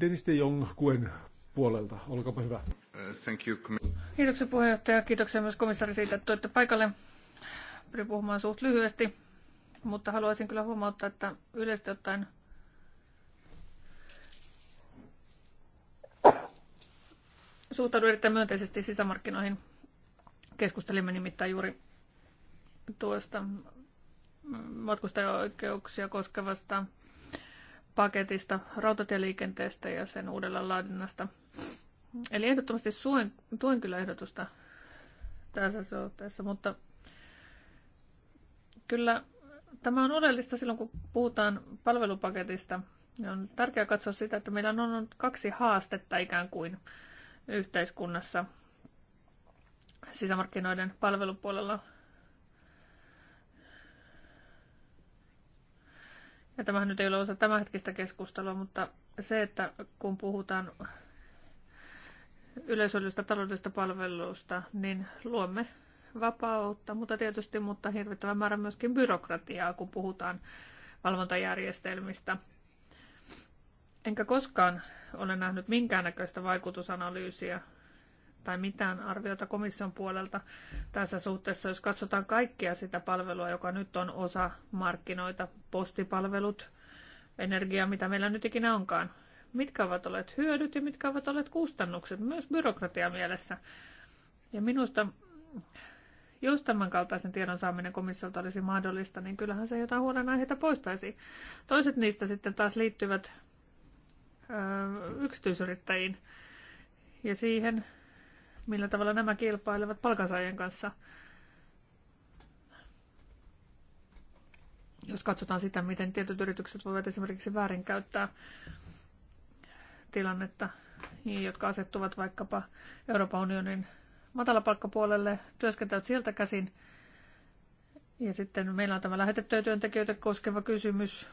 Dennis de Jong Kuen puolelta. Olkaapa hyvä. Uh, thank you. Kiitoksia puheenjohtaja. Kiitoksia myös komissaari siitä, että tuitte paikalle. Pyrin puhumaan suht lyhyesti, mutta haluaisin kyllä huomauttaa, että yleisesti ottaen suhtaudun erittäin myönteisesti sisämarkkinoihin. Keskustelimme nimittäin juuri tuosta matkustajaoikeuksia koskevasta paketista rautatieliikenteestä ja sen uudella laadinnasta. Eli ehdottomasti suen, tuen kyllä ehdotusta tässä suhteessa, mutta kyllä tämä on oleellista silloin, kun puhutaan palvelupaketista. On tärkeää katsoa sitä, että meillä on ollut kaksi haastetta ikään kuin yhteiskunnassa sisämarkkinoiden palvelupuolella. Ja tämähän nyt ei ole osa tämänhetkistä keskustelua, mutta se, että kun puhutaan yleisöllisestä taloudellisesta palveluista, niin luomme vapautta, mutta tietysti mutta hirvittävän määrä myöskin byrokratiaa, kun puhutaan valvontajärjestelmistä – Enkä koskaan ole nähnyt minkäännäköistä vaikutusanalyysiä tai mitään arviota komission puolelta tässä suhteessa, jos katsotaan kaikkea sitä palvelua, joka nyt on osa markkinoita, postipalvelut, energia, mitä meillä nyt ikinä onkaan. Mitkä ovat olleet hyödyt ja mitkä ovat olleet kustannukset, myös byrokratia mielessä. Ja minusta, jos tämän kaltaisen tiedon saaminen komissiolta olisi mahdollista, niin kyllähän se jotain huolenaiheita poistaisi. Toiset niistä sitten taas liittyvät yksityisyrittäjiin ja siihen, millä tavalla nämä kilpailevat palkansaajien kanssa. Jos katsotaan sitä, miten tietyt yritykset voivat esimerkiksi väärinkäyttää tilannetta, jotka asettuvat vaikkapa Euroopan unionin matalapalkkapuolelle, työskentävät sieltä käsin. Ja sitten meillä on tämä lähetettyä työntekijöitä koskeva kysymys,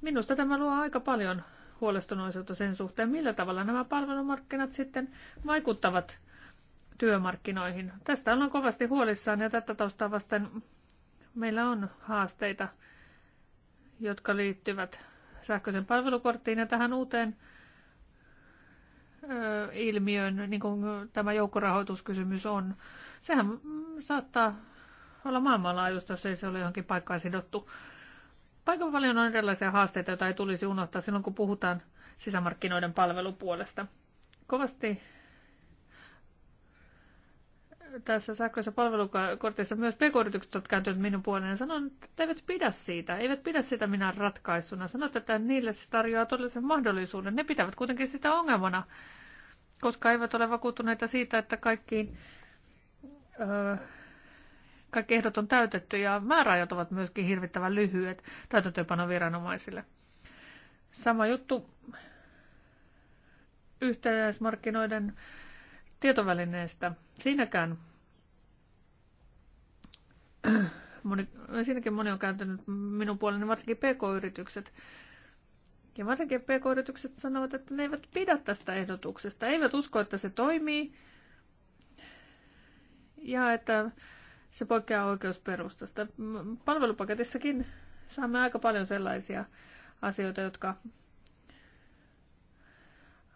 Minusta tämä luo aika paljon huolestunoisuutta sen suhteen, millä tavalla nämä palvelumarkkinat sitten vaikuttavat työmarkkinoihin. Tästä ollaan kovasti huolissaan ja tätä taustaa vasten meillä on haasteita, jotka liittyvät sähköisen palvelukorttiin ja tähän uuteen ö, ilmiöön, niin kuin tämä joukkorahoituskysymys on. Sehän saattaa olla maailmanlaajuista, jos ei se ole johonkin paikkaan sidottu aika paljon on erilaisia haasteita, joita ei tulisi unohtaa silloin, kun puhutaan sisämarkkinoiden palvelupuolesta. Kovasti tässä sähköisessä palvelukortissa myös pk-yritykset ovat kääntyneet minun puoleen ja sanon, että eivät pidä siitä, eivät pidä sitä minä ratkaisuna. Sanot, että niille se tarjoaa todellisen mahdollisuuden. Ne pitävät kuitenkin sitä ongelmana, koska eivät ole vakuuttuneita siitä, että kaikkiin öö, kaikki ehdot on täytetty ja määräajat ovat myöskin hirvittävän lyhyet täytäntöönpanoviranomaisille. Sama juttu yhteismarkkinoiden tietovälineestä. Siinäkään moni, siinäkin moni on kääntynyt minun puoleni, varsinkin pk-yritykset. Ja varsinkin pk-yritykset sanovat, että ne eivät pidä tästä ehdotuksesta, eivät usko, että se toimii. Ja että se poikkeaa oikeusperustasta. Palvelupaketissakin saamme aika paljon sellaisia asioita, jotka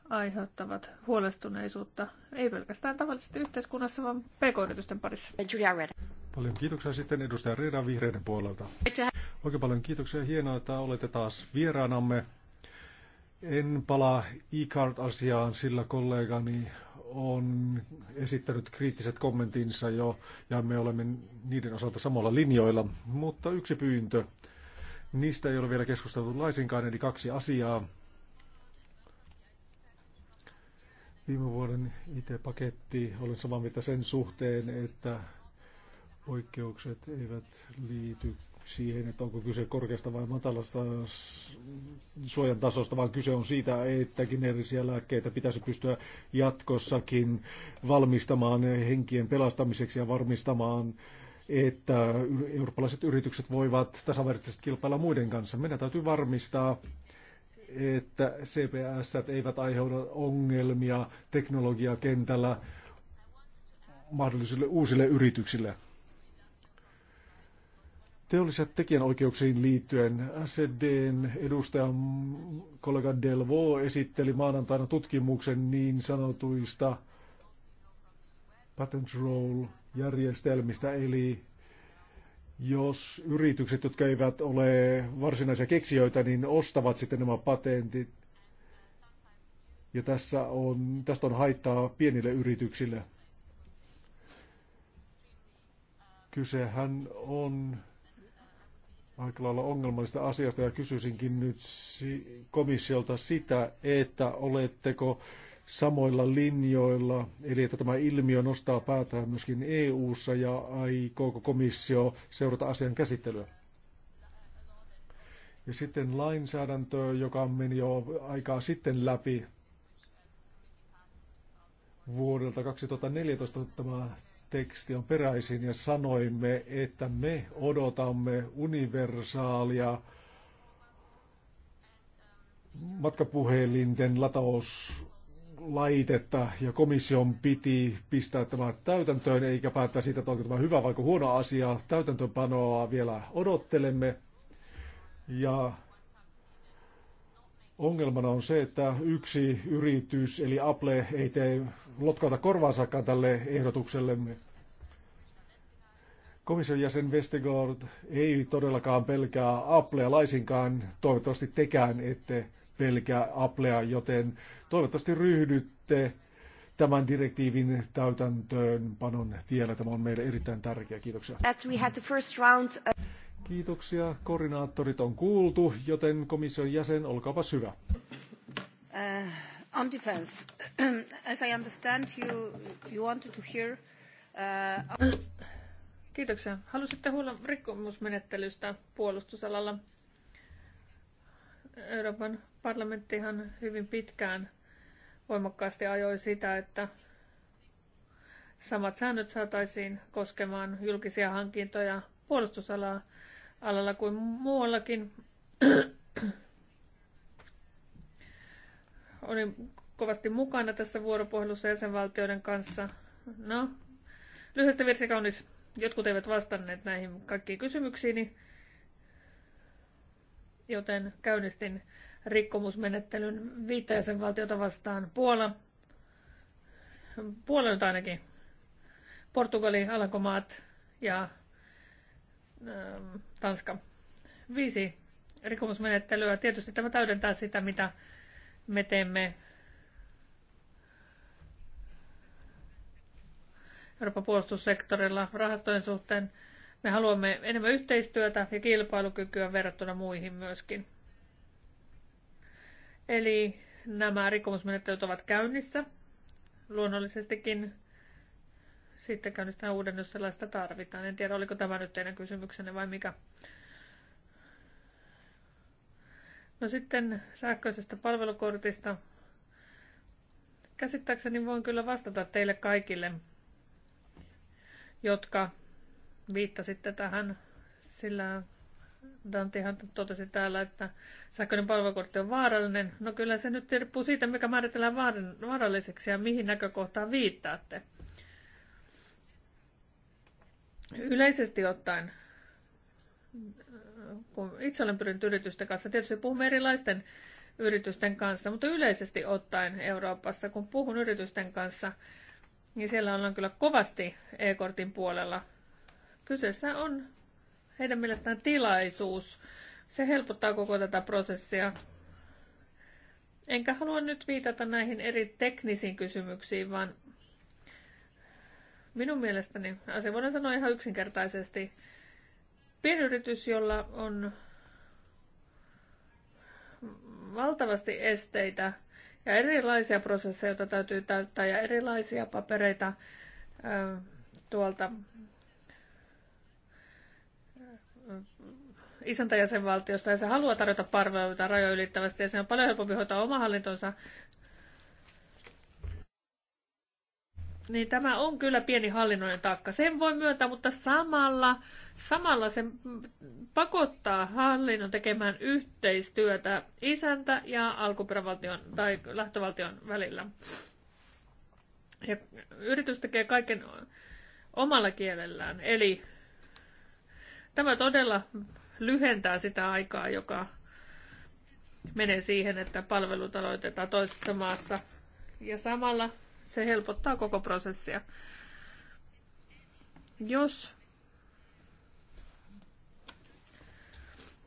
aiheuttavat huolestuneisuutta, ei pelkästään tavallisesti yhteiskunnassa, vaan pk-yritysten parissa. Paljon kiitoksia sitten edustaja Reeda vihreiden puolelta. Oikein paljon kiitoksia. Hienoa, että olette taas vieraanamme. En palaa e-card-asiaan, sillä kollegani on esittänyt kriittiset kommentinsa jo, ja me olemme niiden osalta samalla linjoilla. Mutta yksi pyyntö, niistä ei ole vielä keskusteltu laisinkaan, eli kaksi asiaa. Viime vuoden IT-paketti, olen samaa mieltä sen suhteen, että poikkeukset eivät liity siihen, että onko kyse korkeasta vai matalasta suojan tasosta, vaan kyse on siitä, että geneerisiä lääkkeitä pitäisi pystyä jatkossakin valmistamaan henkien pelastamiseksi ja varmistamaan, että eurooppalaiset yritykset voivat tasavertaisesti kilpailla muiden kanssa. Meidän täytyy varmistaa, että CPS eivät aiheuta ongelmia teknologiakentällä mahdollisille uusille yrityksille teolliset tekijänoikeuksiin liittyen SDn edustaja kollega Delvo esitteli maanantaina tutkimuksen niin sanotuista patent roll järjestelmistä, eli jos yritykset, jotka eivät ole varsinaisia keksijöitä, niin ostavat sitten nämä patentit. Ja tässä on, tästä on haittaa pienille yrityksille. Kysehän on aika lailla ongelmallista asiasta ja kysyisinkin nyt komissiolta sitä, että oletteko samoilla linjoilla, eli että tämä ilmiö nostaa päätään myöskin EU-ssa ja aikooko komissio seurata asian käsittelyä? Ja sitten lainsäädäntö, joka meni jo aikaa sitten läpi vuodelta 2014 tämä teksti on peräisin ja sanoimme, että me odotamme universaalia matkapuhelinten latauslaitetta ja komission piti pistää tämä täytäntöön eikä päättää siitä, että onko tämä hyvä vai huono asia. Täytäntöönpanoa vielä odottelemme ja Ongelmana on se, että yksi yritys, eli Apple, ei tee lotkauta korvaansakaan tälle ehdotuksellemme. Komission jäsen Vestigord ei todellakaan pelkää Applea laisinkaan, toivottavasti tekään ette pelkää Applea, joten toivottavasti ryhdytte tämän direktiivin täytäntöönpanon tiellä. Tämä on meille erittäin tärkeä. Kiitoksia. That we had the first round, uh, Kiitoksia. Koordinaattorit on kuultu, joten komission jäsen, olkaapa hyvä. Uh, on defense, as I understand you, you wanted to hear... Uh... Kiitoksia. Halusitte huolla rikkomusmenettelystä puolustusalalla. Euroopan parlamenttihan hyvin pitkään voimakkaasti ajoi sitä, että samat säännöt saataisiin koskemaan julkisia hankintoja puolustusalaa alalla kuin muuallakin. Olin kovasti mukana tässä vuoropuhelussa jäsenvaltioiden kanssa. No, lyhyestä virsi kaunis. Jotkut eivät vastanneet näihin kaikkiin kysymyksiin, joten käynnistin rikkomusmenettelyn viittä jäsenvaltiota vastaan. Puola, Puola nyt ainakin, Portugali, Alankomaat ja Ähm, Tanska. Viisi rikomusmenettelyä. Tietysti tämä täydentää sitä, mitä me teemme Euroopan puolustussektorilla rahastojen suhteen. Me haluamme enemmän yhteistyötä ja kilpailukykyä verrattuna muihin myöskin. Eli nämä rikomusmenettelyt ovat käynnissä luonnollisestikin sitten käynnistää uuden, jos sellaista tarvitaan. En tiedä, oliko tämä nyt teidän kysymyksenne vai mikä. No sitten sähköisestä palvelukortista. Käsittääkseni voin kyllä vastata teille kaikille, jotka viittasitte tähän, sillä Dantihan totesi täällä, että sähköinen palvelukortti on vaarallinen. No kyllä se nyt riippuu siitä, mikä määritellään vaaralliseksi ja mihin näkökohtaan viittaatte. Yleisesti ottaen, äh, kun itse olen pyrinyt yritysten kanssa, tietysti puhumme erilaisten yritysten kanssa, mutta yleisesti ottaen Euroopassa, kun puhun yritysten kanssa, niin siellä ollaan kyllä kovasti e-kortin puolella. Kyseessä on heidän mielestään tilaisuus. Se helpottaa koko tätä prosessia. Enkä halua nyt viitata näihin eri teknisiin kysymyksiin, vaan Minun mielestäni, asia äh, voidaan sanoa ihan yksinkertaisesti, pienyritys, jolla on valtavasti esteitä ja erilaisia prosesseja, joita täytyy täyttää ja erilaisia papereita ö, äh, tuolta äh, isäntäjäsenvaltiosta ja se haluaa tarjota palveluita rajoja ylittävästi ja se on paljon helpompi hoitaa oma hallintonsa niin tämä on kyllä pieni hallinnoinen taakka. Sen voi myöntää, mutta samalla, samalla se pakottaa hallinnon tekemään yhteistyötä isäntä ja alkuperävaltion tai lähtövaltion välillä. Ja yritys tekee kaiken omalla kielellään. Eli tämä todella lyhentää sitä aikaa, joka menee siihen, että palvelut aloitetaan toisessa maassa. Ja samalla se helpottaa koko prosessia. Jos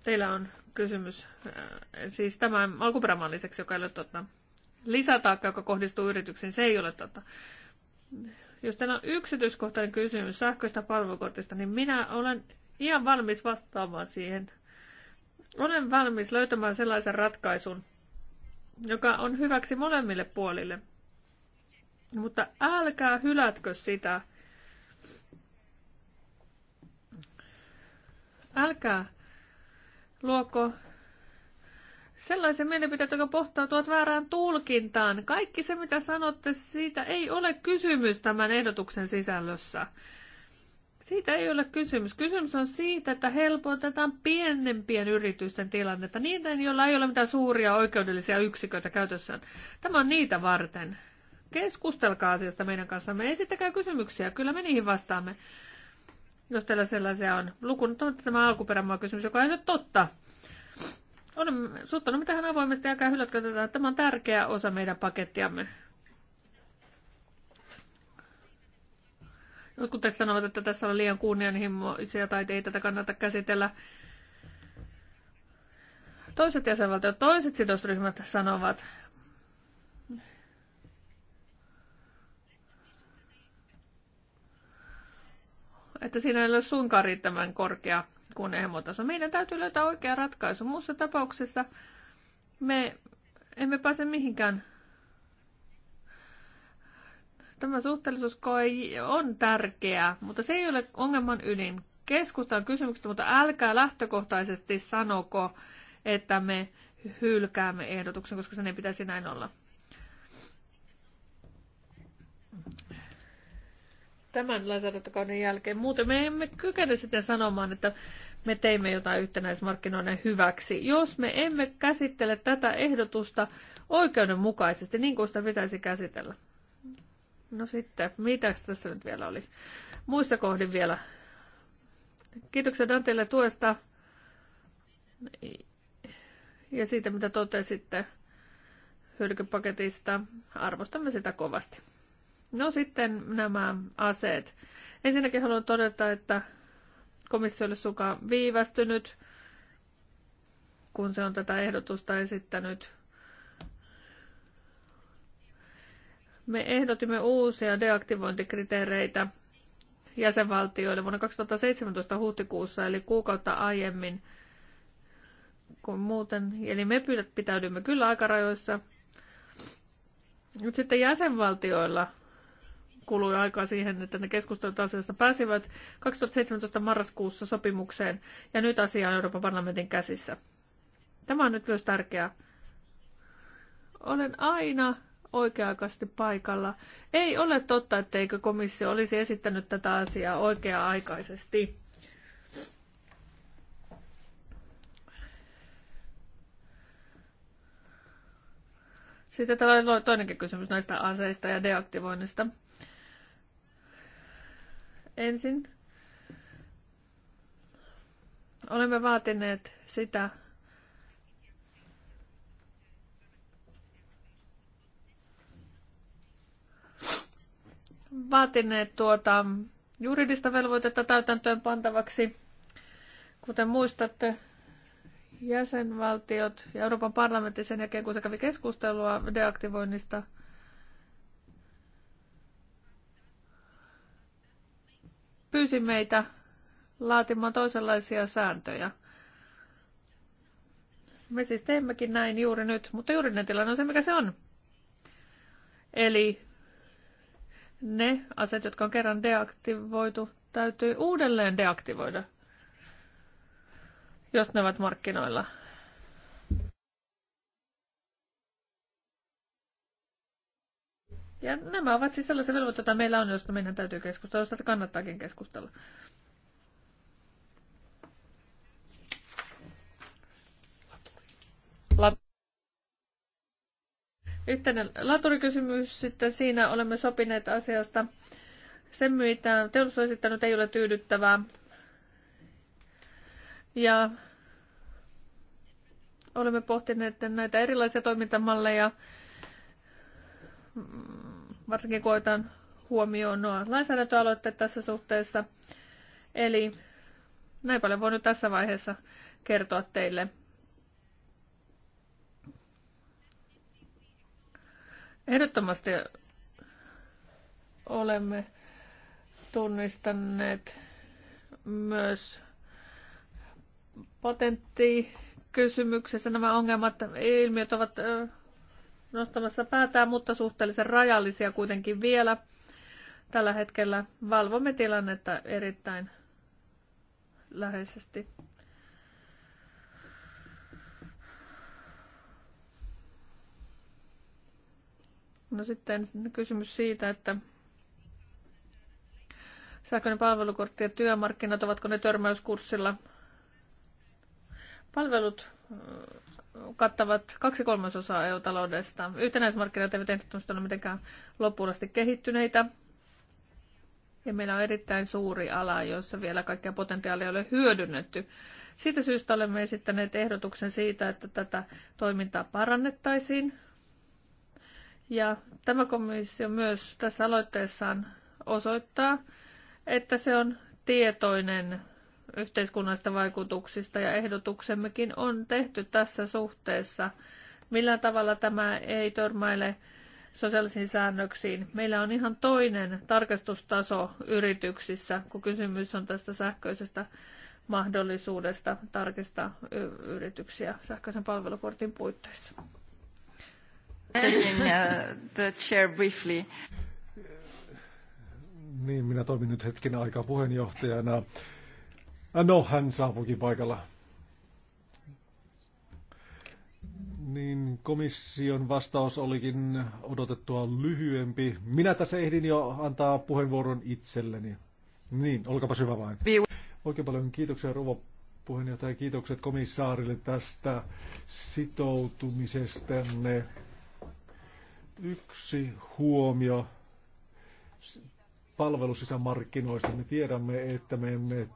teillä on kysymys, äh, siis tämä alkuperämaan lisäksi, joka ei ole tuota, lisätaakka, joka kohdistuu yrityksiin, se ei ole tuota, Jos teillä on yksityiskohtainen kysymys sähköistä palvelukortista, niin minä olen ihan valmis vastaamaan siihen. Olen valmis löytämään sellaisen ratkaisun, joka on hyväksi molemmille puolille – mutta älkää hylätkö sitä. Älkää luoko sellaisen mielipiteen, joka pohtautuvat väärään tulkintaan. Kaikki se, mitä sanotte, siitä ei ole kysymys tämän ehdotuksen sisällössä. Siitä ei ole kysymys. Kysymys on siitä, että helpotetaan pienempien yritysten tilannetta, niiden, joilla ei ole mitään suuria oikeudellisia yksiköitä käytössään. Tämä on niitä varten. Keskustelkaa asiasta meidän kanssamme. Esittäkää kysymyksiä. Kyllä me niihin vastaamme, jos teillä sellaisia on. Lukun on tämä alkuperämaa kysymys, joka ei ole totta. On suuttanut tähän avoimesti, älkää hylätkö tätä. Tämä on tärkeä osa meidän pakettiamme. Jotkut tässä sanovat, että tässä on liian kunnianhimoisia tai ei tätä kannata käsitellä. Toiset jäsenvaltiot, toiset sidosryhmät sanovat, että siinä ei ole suinkaan riittävän korkea kunnianhimotaso. Meidän täytyy löytää oikea ratkaisu. Muussa tapauksessa me emme pääse mihinkään. Tämä suhteellisuuskoe on tärkeää, mutta se ei ole ongelman ydin. Keskustaan kysymyksestä, mutta älkää lähtökohtaisesti sanoko, että me hylkäämme ehdotuksen, koska sen ei pitäisi näin olla tämän lainsäädäntökauden jälkeen. Muuten me emme kykene sitten sanomaan, että me teimme jotain yhtenäismarkkinoiden hyväksi, jos me emme käsittele tätä ehdotusta oikeudenmukaisesti, niin kuin sitä pitäisi käsitellä. No sitten, mitä tässä nyt vielä oli? Muissa kohdin vielä. Kiitoksia Danteille tuesta ja siitä, mitä totesitte hyödykepaketista. Arvostamme sitä kovasti. No sitten nämä aseet. Ensinnäkin haluan todeta, että komissio olisi sukaan viivästynyt, kun se on tätä ehdotusta esittänyt. Me ehdotimme uusia deaktivointikriteereitä jäsenvaltioille vuonna 2017 huhtikuussa, eli kuukautta aiemmin kuin muuten. Eli me pitäydymme kyllä aikarajoissa. Nyt sitten jäsenvaltioilla kului aikaa siihen, että ne keskustelut asiasta pääsivät 2017 marraskuussa sopimukseen ja nyt asia on Euroopan parlamentin käsissä. Tämä on nyt myös tärkeää. Olen aina oikea-aikaisesti paikalla. Ei ole totta, etteikö komissio olisi esittänyt tätä asiaa oikea-aikaisesti. Sitten täällä oli toinenkin kysymys näistä aseista ja deaktivoinnista. Ensin olemme vaatineet sitä, vaatineet tuota juridista velvoitetta täytäntöön pantavaksi. Kuten muistatte, jäsenvaltiot ja Euroopan parlamentti sen jälkeen, kun se kävi keskustelua deaktivoinnista – pyysi meitä laatimaan toisenlaisia sääntöjä. Me siis teemmekin näin juuri nyt, mutta juuri ne tilanne on se, mikä se on. Eli ne aset, jotka on kerran deaktivoitu, täytyy uudelleen deaktivoida, jos ne ovat markkinoilla. Ja nämä ovat siis sellaisia velvoitteita, joita meillä on, joista meidän täytyy keskustella, joista kannattaakin keskustella. Yhteinen laturikysymys sitten siinä olemme sopineet asiasta. Sen, mitä teollisuus on esittänyt, ei ole tyydyttävää. Ja olemme pohtineet näitä erilaisia toimintamalleja mm, varsinkin kun huomioon nuo lainsäädäntöaloitteet tässä suhteessa. Eli näin paljon voin nyt tässä vaiheessa kertoa teille. Ehdottomasti olemme tunnistaneet myös patenttikysymyksessä nämä ongelmat, ilmiöt ovat nostamassa päätään, mutta suhteellisen rajallisia kuitenkin vielä. Tällä hetkellä valvomme tilannetta erittäin läheisesti. No sitten kysymys siitä, että sähköinen palvelukortti ja työmarkkinat, ovatko ne törmäyskurssilla? Palvelut kattavat kaksi kolmasosaa EU-taloudesta. Yhtenäismarkkinat eivät ehdottomasti ole mitenkään lopullisesti kehittyneitä. Ja meillä on erittäin suuri ala, jossa vielä kaikkea potentiaalia ei ole hyödynnetty. Siitä syystä olemme esittäneet ehdotuksen siitä, että tätä toimintaa parannettaisiin. Ja tämä komissio myös tässä aloitteessaan osoittaa, että se on tietoinen yhteiskunnallisista vaikutuksista ja ehdotuksemmekin on tehty tässä suhteessa. Millä tavalla tämä ei törmäile sosiaalisiin säännöksiin? Meillä on ihan toinen tarkastustaso yrityksissä, kun kysymys on tästä sähköisestä mahdollisuudesta tarkistaa yrityksiä sähköisen palvelukortin puitteissa. Taking uh, the chair briefly. Niin, minä toimin nyt hetken aikaa puheenjohtajana. Ah, no, hän saapuikin paikalla. Niin komission vastaus olikin odotettua lyhyempi. Minä tässä ehdin jo antaa puheenvuoron itselleni. Niin, olkapa hyvä vain. Oikein paljon kiitoksia rouva puheenjohtaja ja kiitokset komissaarille tästä sitoutumisestanne. Yksi huomio palvelusisämarkkinoista. Me tiedämme, että me emme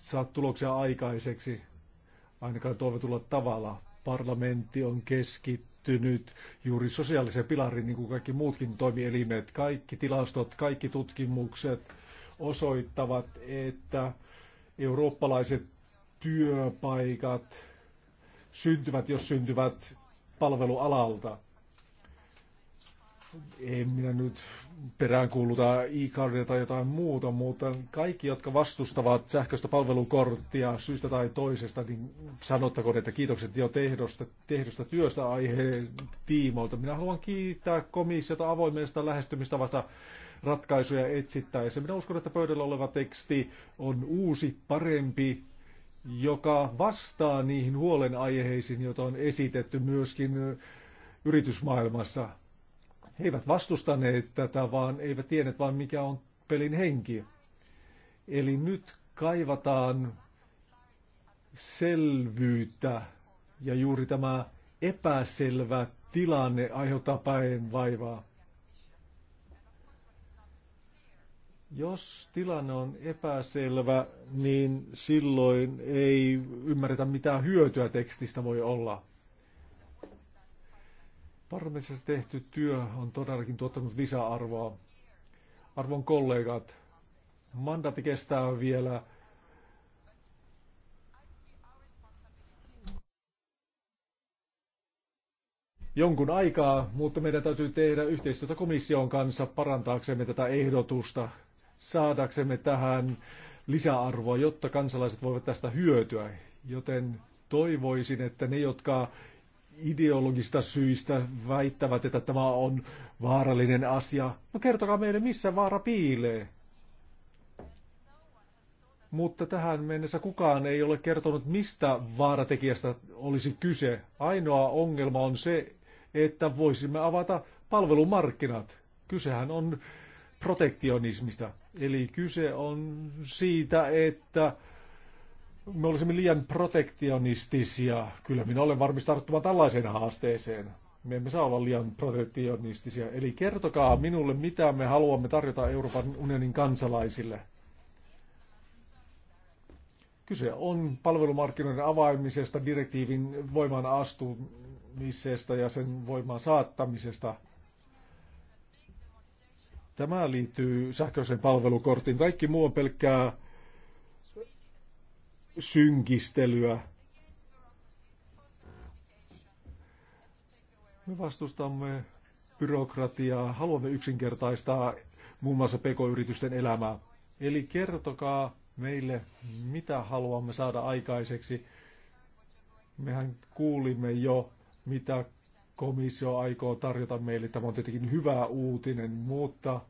saa tuloksia aikaiseksi, ainakaan toivotulla tavalla. Parlamentti on keskittynyt juuri sosiaaliseen pilariin, niin kuin kaikki muutkin toimielimet. Kaikki tilastot, kaikki tutkimukset osoittavat, että eurooppalaiset työpaikat syntyvät, jos syntyvät palvelualalta en minä nyt peräänkuuluta e-cardia tai jotain muuta, mutta kaikki, jotka vastustavat sähköistä palvelukorttia syystä tai toisesta, niin sanottakoon, että kiitokset jo tehdosta, tehdosta työstä aiheen tiimoilta. Minä haluan kiittää komissiota avoimesta lähestymistavasta ratkaisuja etsittäessä. Minä uskon, että pöydällä oleva teksti on uusi, parempi, joka vastaa niihin huolenaiheisiin, joita on esitetty myöskin yritysmaailmassa he eivät vastustaneet tätä, vaan eivät tienneet vain mikä on pelin henki. Eli nyt kaivataan selvyyttä ja juuri tämä epäselvä tilanne aiheuttaa päin vaivaa. Jos tilanne on epäselvä, niin silloin ei ymmärretä mitä hyötyä tekstistä voi olla. Parlamentissa tehty työ on todellakin tuottanut lisäarvoa. Arvon kollegat, mandaatti kestää vielä jonkun aikaa, mutta meidän täytyy tehdä yhteistyötä komission kanssa parantaaksemme tätä ehdotusta, saadaksemme tähän lisäarvoa, jotta kansalaiset voivat tästä hyötyä. Joten toivoisin, että ne, jotka ideologista syistä väittävät, että tämä on vaarallinen asia. No kertokaa meille, missä vaara piilee. Mutta tähän mennessä kukaan ei ole kertonut, mistä vaaratekijästä olisi kyse. Ainoa ongelma on se, että voisimme avata palvelumarkkinat. Kysehän on protektionismista. Eli kyse on siitä, että me olisimme liian protektionistisia. Kyllä minä olen varmis tarttumaan tällaiseen haasteeseen. Me emme saa olla liian protektionistisia. Eli kertokaa minulle, mitä me haluamme tarjota Euroopan unionin kansalaisille. Kyse on palvelumarkkinoiden avaamisesta, direktiivin voimaan astumisesta ja sen voimaan saattamisesta. Tämä liittyy sähköisen palvelukorttiin. Kaikki muu on pelkkää synkistelyä. Me vastustamme byrokratiaa, haluamme yksinkertaistaa muun muassa pk-yritysten elämää. Eli kertokaa meille, mitä haluamme saada aikaiseksi. Mehän kuulimme jo, mitä komissio aikoo tarjota meille. Tämä on tietenkin hyvä uutinen, mutta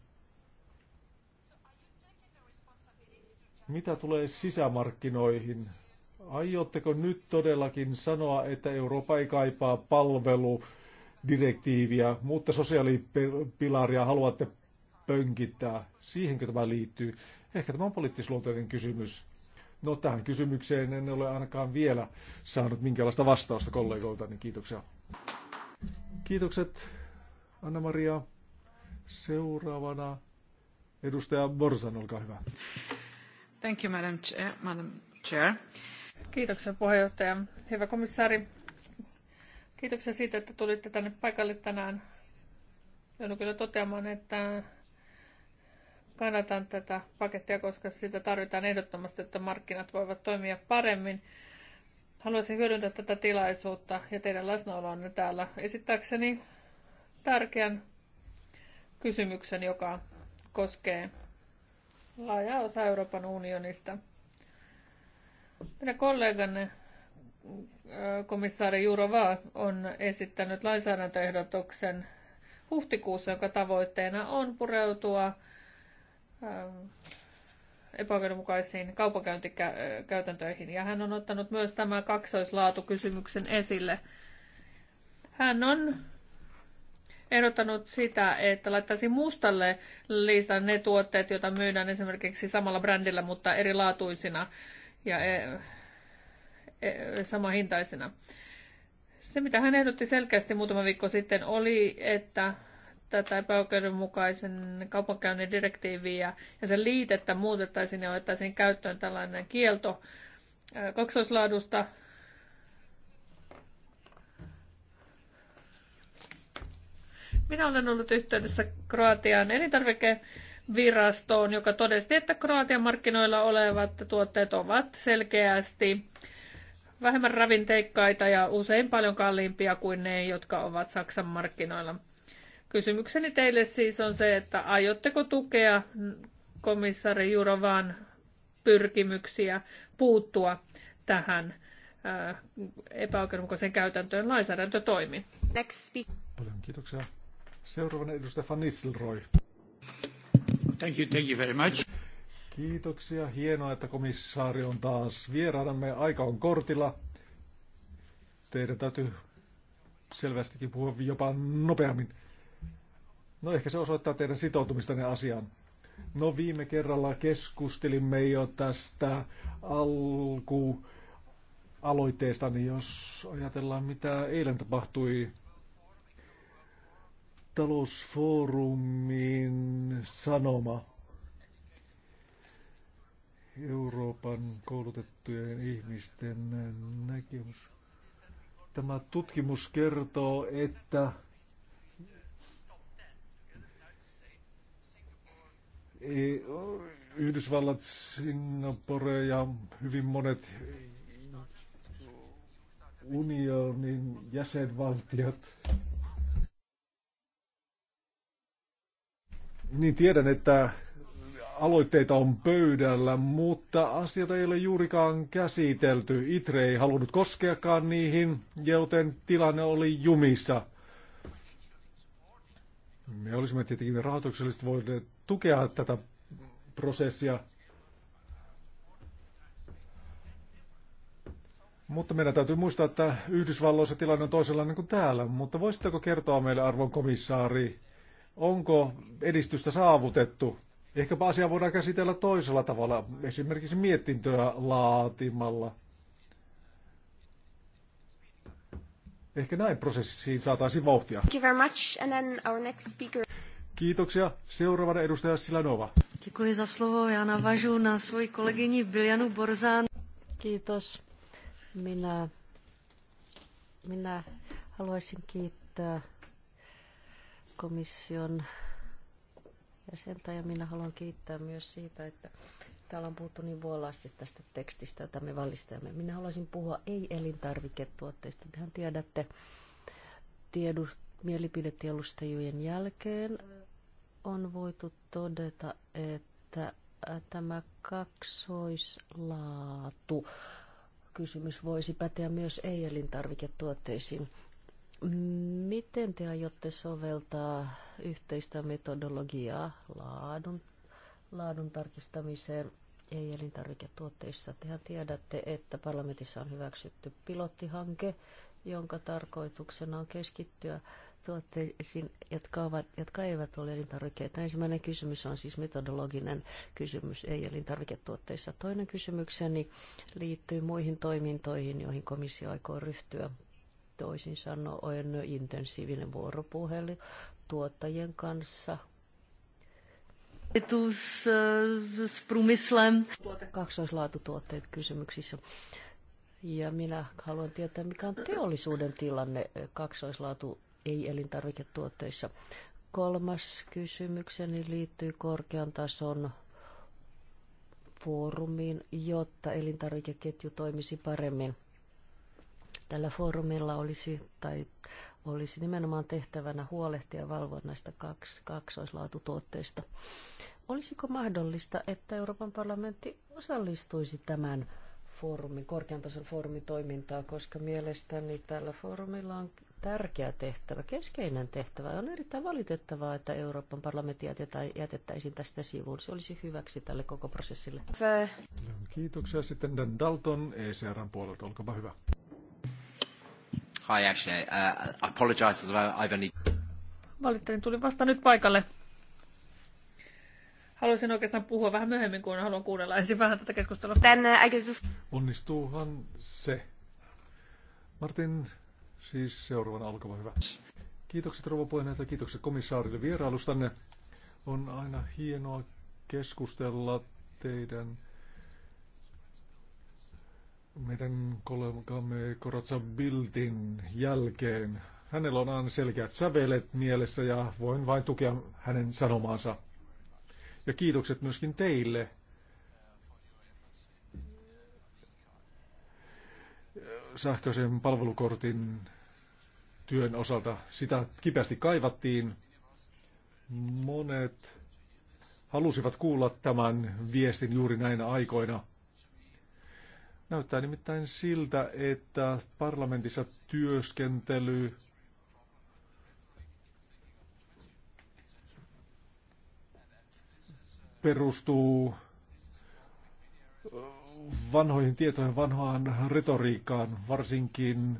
Mitä tulee sisämarkkinoihin? Aiotteko nyt todellakin sanoa, että Eurooppa ei kaipaa palveludirektiiviä, mutta sosiaalipilaria haluatte pönkittää? Siihenkö tämä liittyy? Ehkä tämä on poliittisluonteinen kysymys. No tähän kysymykseen en ole ainakaan vielä saanut minkäänlaista vastausta kollegoilta, niin kiitoksia. Kiitokset Anna-Maria. Seuraavana edustaja Borsan, olkaa hyvä. Kiitoksia puheenjohtaja. Hyvä komissaari, kiitoksia siitä, että tulitte tänne paikalle tänään. Joudun kyllä toteamaan, että kannatan tätä pakettia, koska sitä tarvitaan ehdottomasti, että markkinat voivat toimia paremmin. Haluaisin hyödyntää tätä tilaisuutta ja teidän läsnäolonne täällä esittääkseni tärkeän kysymyksen, joka koskee laaja osa Euroopan unionista. Meidän kolleganne komissaari Jurova on esittänyt lainsäädäntöehdotuksen huhtikuussa, jonka tavoitteena on pureutua epäoikeudenmukaisiin kaupankäyntikäytäntöihin. Ja hän on ottanut myös tämän kaksoislaatukysymyksen esille. Hän on ehdottanut sitä, että laittaisi mustalle listan ne tuotteet, joita myydään esimerkiksi samalla brändillä, mutta erilaatuisina ja e- e- samahintaisina. Se, mitä hän ehdotti selkeästi muutama viikko sitten, oli, että tätä epäoikeudenmukaisen kaupankäynnin direktiiviä ja sen liitettä muutettaisiin ja otettaisiin käyttöön tällainen kielto kaksoislaadusta Minä olen ollut yhteydessä Kroatian elintarvikevirastoon, joka todisti, että Kroatian markkinoilla olevat tuotteet ovat selkeästi vähemmän ravinteikkaita ja usein paljon kalliimpia kuin ne, jotka ovat Saksan markkinoilla. Kysymykseni teille siis on se, että aiotteko tukea komissaari Jurovan pyrkimyksiä puuttua tähän äh, epäoikeudenmukaisen käytäntöön lainsäädäntötoimiin. Next speak. Paljon kiitoksia. Seuraavana edustaja Van Nistelrooy. Thank you, thank you very much. Kiitoksia. Hienoa, että komissaari on taas vieraanamme. Aika on kortilla. Teidän täytyy selvästikin puhua jopa nopeammin. No ehkä se osoittaa teidän sitoutumistanne asiaan. No viime kerralla keskustelimme jo tästä alku aloitteesta, niin jos ajatellaan mitä eilen tapahtui talousfoorumin sanoma Euroopan koulutettujen ihmisten näkemys. Tämä tutkimus kertoo, että e- Yhdysvallat, Singapore ja hyvin monet unionin jäsenvaltiot Niin tiedän, että aloitteita on pöydällä, mutta asiat ei ole juurikaan käsitelty. Itre ei halunnut koskeakaan niihin, joten tilanne oli jumissa. Me olisimme tietenkin rahoituksellisesti voineet tukea tätä prosessia, Mutta meidän täytyy muistaa, että Yhdysvalloissa tilanne on toisella, niin kuin täällä. Mutta voisitteko kertoa meille, arvon komissaari, Onko edistystä saavutettu? Ehkäpä asia voidaan käsitellä toisella tavalla, esimerkiksi mietintöä laatimalla. Ehkä näin prosessiin saataisiin vauhtia. Thank you very much. And then our next speaker. Kiitoksia. Seuraavana edustaja Silanova. Děkuji za slovo. Já navažu na svoji kolegyni Biljanu Borzán. Kiitos. Minä, minä haluaisin kiittää komission jäsentä ja minä haluan kiittää myös siitä, että täällä on puhuttu niin vuolaasti tästä tekstistä, jota me valistamme. Minä haluaisin puhua ei-elintarviketuotteista. Tehän tiedätte tiedu, mielipidetiedustajujen jälkeen on voitu todeta, että tämä kaksoislaatu kysymys voisi päteä myös ei-elintarviketuotteisiin. Miten te aiotte soveltaa yhteistä metodologiaa laadun, laadun tarkistamiseen ei-elintarviketuotteissa? Tehän tiedätte, että parlamentissa on hyväksytty pilottihanke, jonka tarkoituksena on keskittyä tuotteisiin, jotka, ovat, jotka eivät ole elintarvikkeita. Ensimmäinen kysymys on siis metodologinen kysymys, ei elintarviketuotteissa. Toinen kysymykseni liittyy muihin toimintoihin, joihin komissio aikoo ryhtyä Toisin sanoen intensiivinen vuoropuhelu tuottajien kanssa. Kaksoislaatutuotteet kysymyksissä. Ja minä haluan tietää, mikä on teollisuuden tilanne kaksoislaatu ei-elintarviketuotteissa. Kolmas kysymykseni liittyy korkean tason foorumiin, jotta elintarvikeketju toimisi paremmin. Tällä foorumilla olisi, tai olisi nimenomaan tehtävänä huolehtia valvoa näistä kaks, kaksoislaatutuotteista. Olisiko mahdollista, että Euroopan parlamentti osallistuisi tämän foorumin, korkean tason foorumin toimintaa, koska mielestäni tällä foorumilla on tärkeä tehtävä, keskeinen tehtävä. On erittäin valitettavaa, että Euroopan parlamentti jätettäisiin tästä sivuun. Se olisi hyväksi tälle koko prosessille. Kiitoksia sitten Dan Dalton ECRn puolelta. Olkaa hyvä. Hi, actually, uh, I apologize as well. I've only... Valittelin, tulin vasta nyt paikalle. Haluaisin oikeastaan puhua vähän myöhemmin, kun haluan kuunnella ensin vähän tätä keskustelua. Tänne äkitys. Uh, Onnistuuhan se. Martin, siis seuraavana alkava hyvä. Kiitokset rouva puheenjohtaja, kiitokset komissaarille vierailustanne. On aina hienoa keskustella teidän meidän kollegamme Koratsa Bildin jälkeen. Hänellä on aina selkeät sävelet mielessä ja voin vain tukea hänen sanomaansa. Ja kiitokset myöskin teille. Sähköisen palvelukortin työn osalta sitä kipeästi kaivattiin. Monet halusivat kuulla tämän viestin juuri näinä aikoina. Näyttää nimittäin siltä, että parlamentissa työskentely perustuu vanhoihin tietoihin, vanhaan retoriikkaan, varsinkin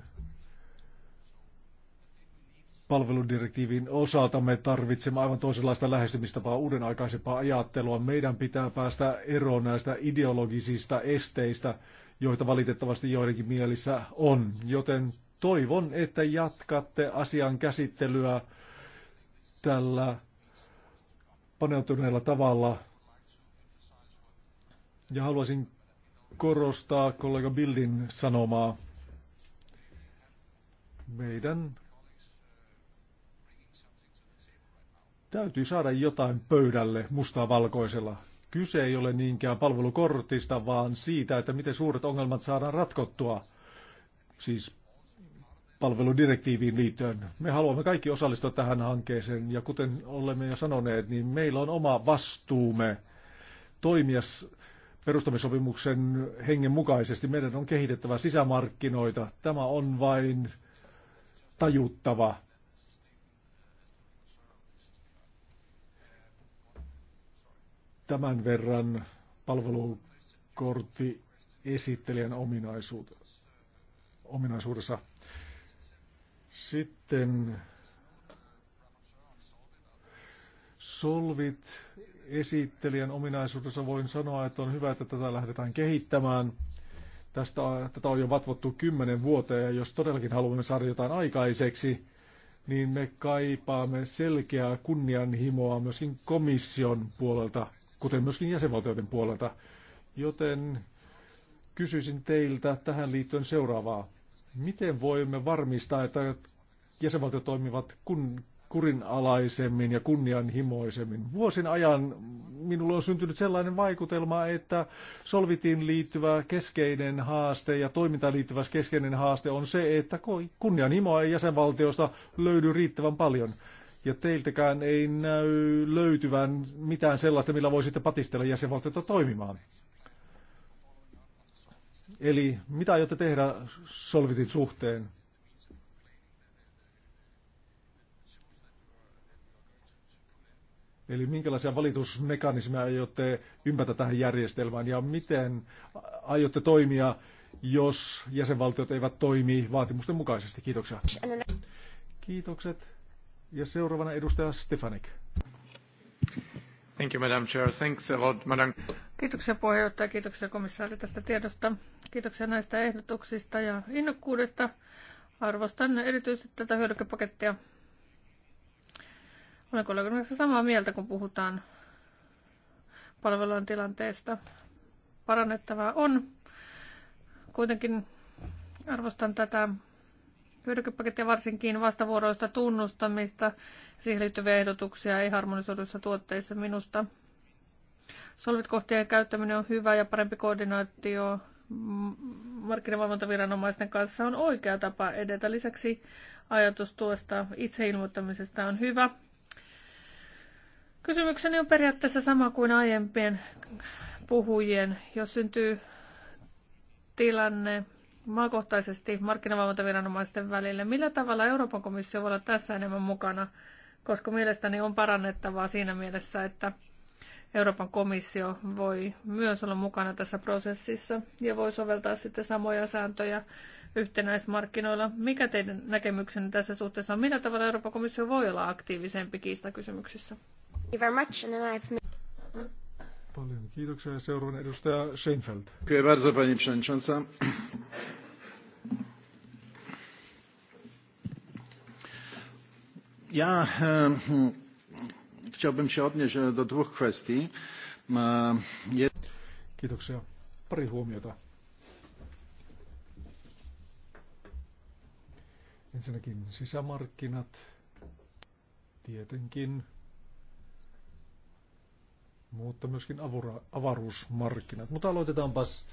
palveludirektiivin osalta me tarvitsemme aivan toisenlaista lähestymistapaa, uuden aikaisempaa ajattelua. Meidän pitää päästä eroon näistä ideologisista esteistä, joita valitettavasti joidenkin mielissä on. Joten toivon, että jatkatte asian käsittelyä tällä paneutuneella tavalla. Ja haluaisin korostaa kollega Bildin sanomaa. Meidän täytyy saada jotain pöydälle mustaa valkoisella. Kyse ei ole niinkään palvelukortista, vaan siitä, että miten suuret ongelmat saadaan ratkottua, siis palveludirektiiviin liittyen. Me haluamme kaikki osallistua tähän hankkeeseen, ja kuten olemme jo sanoneet, niin meillä on oma vastuumme toimia perustamissopimuksen hengen mukaisesti. Meidän on kehitettävä sisämarkkinoita. Tämä on vain tajuttava tämän verran palvelukortti esittelijän ominaisuudessa. Sitten Solvit esittelijän ominaisuudessa voin sanoa, että on hyvä, että tätä lähdetään kehittämään. Tästä, tätä on jo vatvottu kymmenen vuoteen ja jos todellakin haluamme saada jotain aikaiseksi, niin me kaipaamme selkeää kunnianhimoa myöskin komission puolelta kuten myöskin jäsenvaltioiden puolelta. Joten kysyisin teiltä tähän liittyen seuraavaa. Miten voimme varmistaa, että jäsenvaltiot toimivat kun, kurinalaisemmin ja kunnianhimoisemmin? Vuosin ajan minulle on syntynyt sellainen vaikutelma, että solvitin liittyvä keskeinen haaste ja toimintaan liittyvä keskeinen haaste on se, että kunnianhimoa ei jäsenvaltiosta löydy riittävän paljon. Ja teiltäkään ei näy löytyvän mitään sellaista, millä voisitte patistella jäsenvaltiota toimimaan. Eli mitä aiotte tehdä Solvitin suhteen? Eli minkälaisia valitusmekanismeja aiotte ympätä tähän järjestelmään ja miten aiotte toimia, jos jäsenvaltiot eivät toimi vaatimusten mukaisesti? Kiitoksia. Kiitokset. Ja seuraavana edustaja Stefanik. Thank you, Madam Chair. Thanks a lot, Madam. Kiitoksia puheenjohtaja, kiitoksia komissaari tästä tiedosta. Kiitoksia näistä ehdotuksista ja innokkuudesta. Arvostan erityisesti tätä hyödykepakettia. Olen kollegan kanssa samaa mieltä, kun puhutaan palvelujen tilanteesta. Parannettavaa on. Kuitenkin arvostan tätä ja varsinkin vastavuoroista tunnustamista, siihen liittyviä ehdotuksia ei harmonisoiduissa tuotteissa minusta. Solvit-kohtien käyttäminen on hyvä ja parempi koordinaatio markkinavalvontaviranomaisten kanssa on oikea tapa edetä. Lisäksi ajatus tuosta itseilmoittamisesta on hyvä. Kysymykseni on periaatteessa sama kuin aiempien puhujien. Jos syntyy tilanne, maakohtaisesti markkinavalvontaviranomaisten välille. Millä tavalla Euroopan komissio voi olla tässä enemmän mukana? Koska mielestäni on parannettavaa siinä mielessä, että Euroopan komissio voi myös olla mukana tässä prosessissa ja voi soveltaa sitten samoja sääntöjä yhtenäismarkkinoilla. Mikä teidän näkemyksenne tässä suhteessa on? Millä tavalla Euroopan komissio voi olla aktiivisempi kiistakysymyksissä? kiitoksia. Seuraavan edustaja Scheinfeld. Dziękuję bardzo, pani przewodnicząca. Ja e, chciałbym się odnieść e, do dwóch kwestii. E, kiitoksia. Pari huomiota. Ensinnäkin sisämarkkinat, tietenkin mutta myöskin avura, avaruusmarkkinat. Mutta aloitetaanpas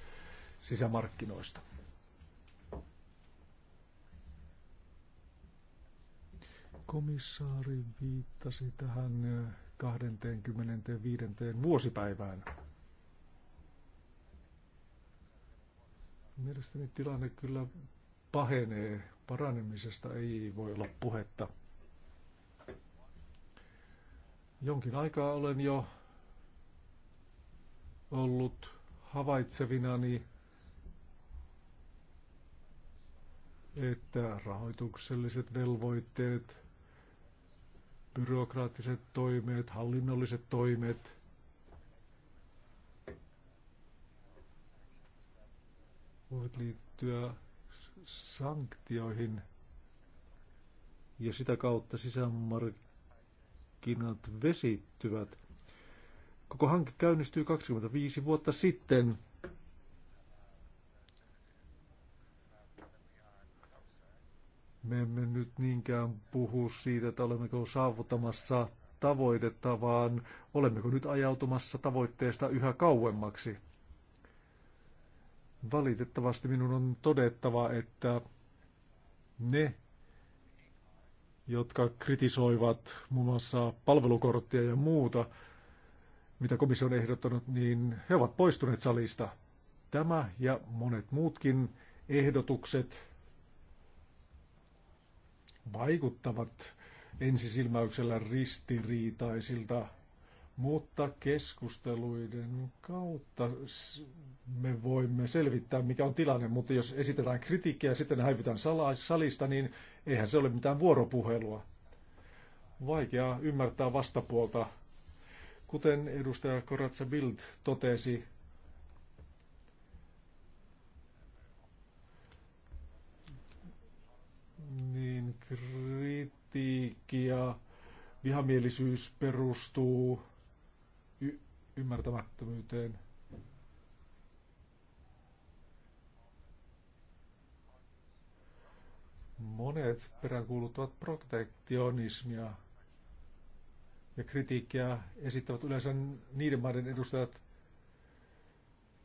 sisämarkkinoista. Komissaari viittasi tähän 25. vuosipäivään. Mielestäni tilanne kyllä pahenee. Paranemisesta ei voi olla puhetta. Jonkin aikaa olen jo ollut havaitsevinani, että rahoitukselliset velvoitteet, byrokraattiset toimet, hallinnolliset toimet voivat liittyä sanktioihin ja sitä kautta sisämarkkinat vesittyvät – Koko hanke käynnistyy 25 vuotta sitten. Me emme nyt niinkään puhu siitä, että olemmeko saavuttamassa tavoitetta, vaan olemmeko nyt ajautumassa tavoitteesta yhä kauemmaksi. Valitettavasti minun on todettava, että ne, jotka kritisoivat muun mm. muassa palvelukorttia ja muuta, mitä komissio on ehdottanut, niin he ovat poistuneet salista. Tämä ja monet muutkin ehdotukset vaikuttavat ensisilmäyksellä ristiriitaisilta, mutta keskusteluiden kautta me voimme selvittää, mikä on tilanne. Mutta jos esitetään kritiikkiä ja sitten häivytään salista, niin eihän se ole mitään vuoropuhelua. Vaikea ymmärtää vastapuolta Kuten edustaja Koratsa Bild totesi, niin kritiikki ja vihamielisyys perustuu y- ymmärtämättömyyteen. Monet peräänkuuluttavat protektionismia ja kritiikkiä esittävät yleensä niiden maiden edustajat,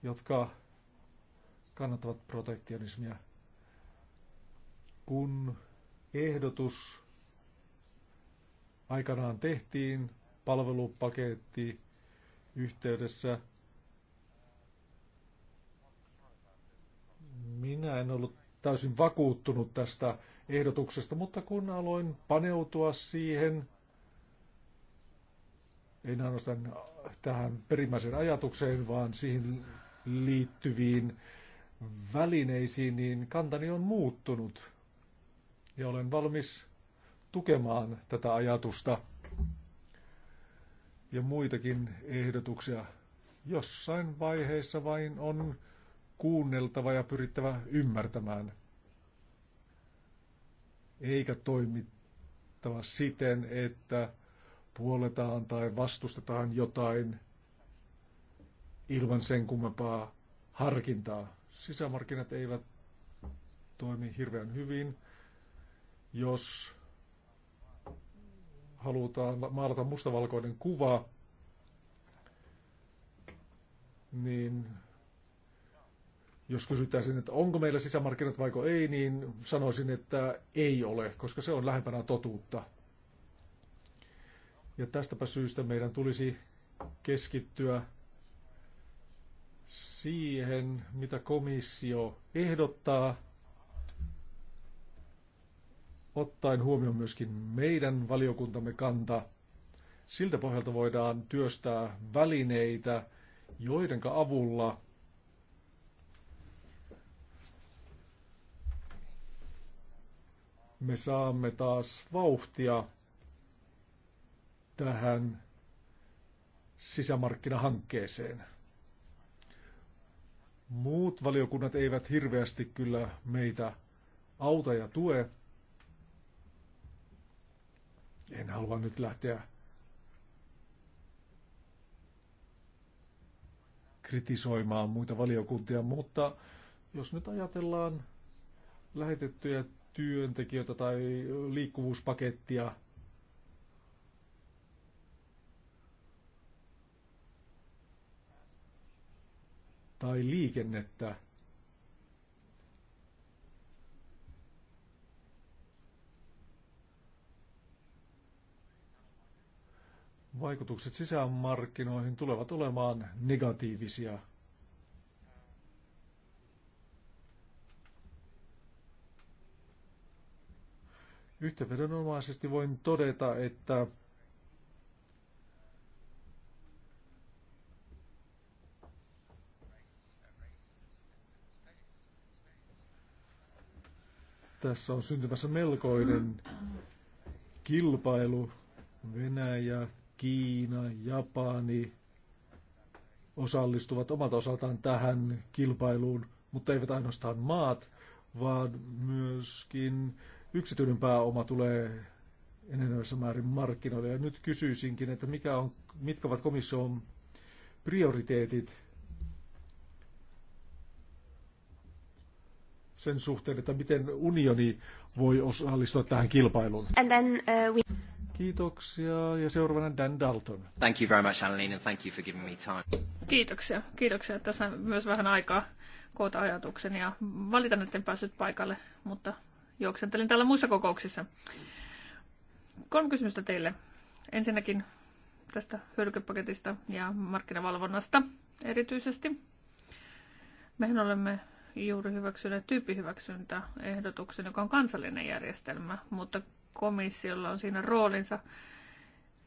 jotka kannattavat protektionismia. Kun ehdotus aikanaan tehtiin palvelupaketti yhteydessä, minä en ollut täysin vakuuttunut tästä ehdotuksesta, mutta kun aloin paneutua siihen, en ainoastaan tähän perimmäiseen ajatukseen, vaan siihen liittyviin välineisiin, niin kantani on muuttunut. Ja olen valmis tukemaan tätä ajatusta ja muitakin ehdotuksia. Jossain vaiheessa vain on kuunneltava ja pyrittävä ymmärtämään, eikä toimittava siten, että puoletaan tai vastustetaan jotain ilman sen kummempaa harkintaa. Sisämarkkinat eivät toimi hirveän hyvin, jos halutaan maalata mustavalkoinen kuva, niin jos kysytään että onko meillä sisämarkkinat vaiko ei, niin sanoisin, että ei ole, koska se on lähempänä totuutta. Ja tästäpä syystä meidän tulisi keskittyä siihen, mitä komissio ehdottaa, ottaen huomioon myöskin meidän valiokuntamme kanta. Siltä pohjalta voidaan työstää välineitä, joidenka avulla me saamme taas vauhtia tähän sisämarkkinahankkeeseen. Muut valiokunnat eivät hirveästi kyllä meitä auta ja tue. En halua nyt lähteä kritisoimaan muita valiokuntia, mutta jos nyt ajatellaan lähetettyjä työntekijöitä tai liikkuvuuspakettia, tai liikennettä. Vaikutukset sisämarkkinoihin tulevat olemaan negatiivisia. Yhteenvedonomaisesti voin todeta, että Tässä on syntymässä melkoinen kilpailu. Venäjä, Kiina, Japani osallistuvat omalta osaltaan tähän kilpailuun, mutta eivät ainoastaan maat, vaan myöskin yksityinen pääoma tulee enenevässä määrin markkinoille. Ja nyt kysyisinkin, että mikä on, mitkä ovat komission prioriteetit sen suhteen, että miten unioni voi osallistua tähän kilpailuun. And then, uh, we... Kiitoksia ja seuraavana Dan Dalton. Thank you very much Annalena and thank you for giving me time. Kiitoksia. Kiitoksia. Tässä on myös vähän aikaa koota ajatukseni ja valitan, että en päässyt paikalle, mutta juoksentelin täällä muissa kokouksissa. Kolme kysymystä teille. Ensinnäkin tästä hyödykepaketista ja markkinavalvonnasta erityisesti. Mehän olemme juuri hyväksyneet tyyppihyväksyntäehdotuksen, joka on kansallinen järjestelmä, mutta komissiolla on siinä roolinsa.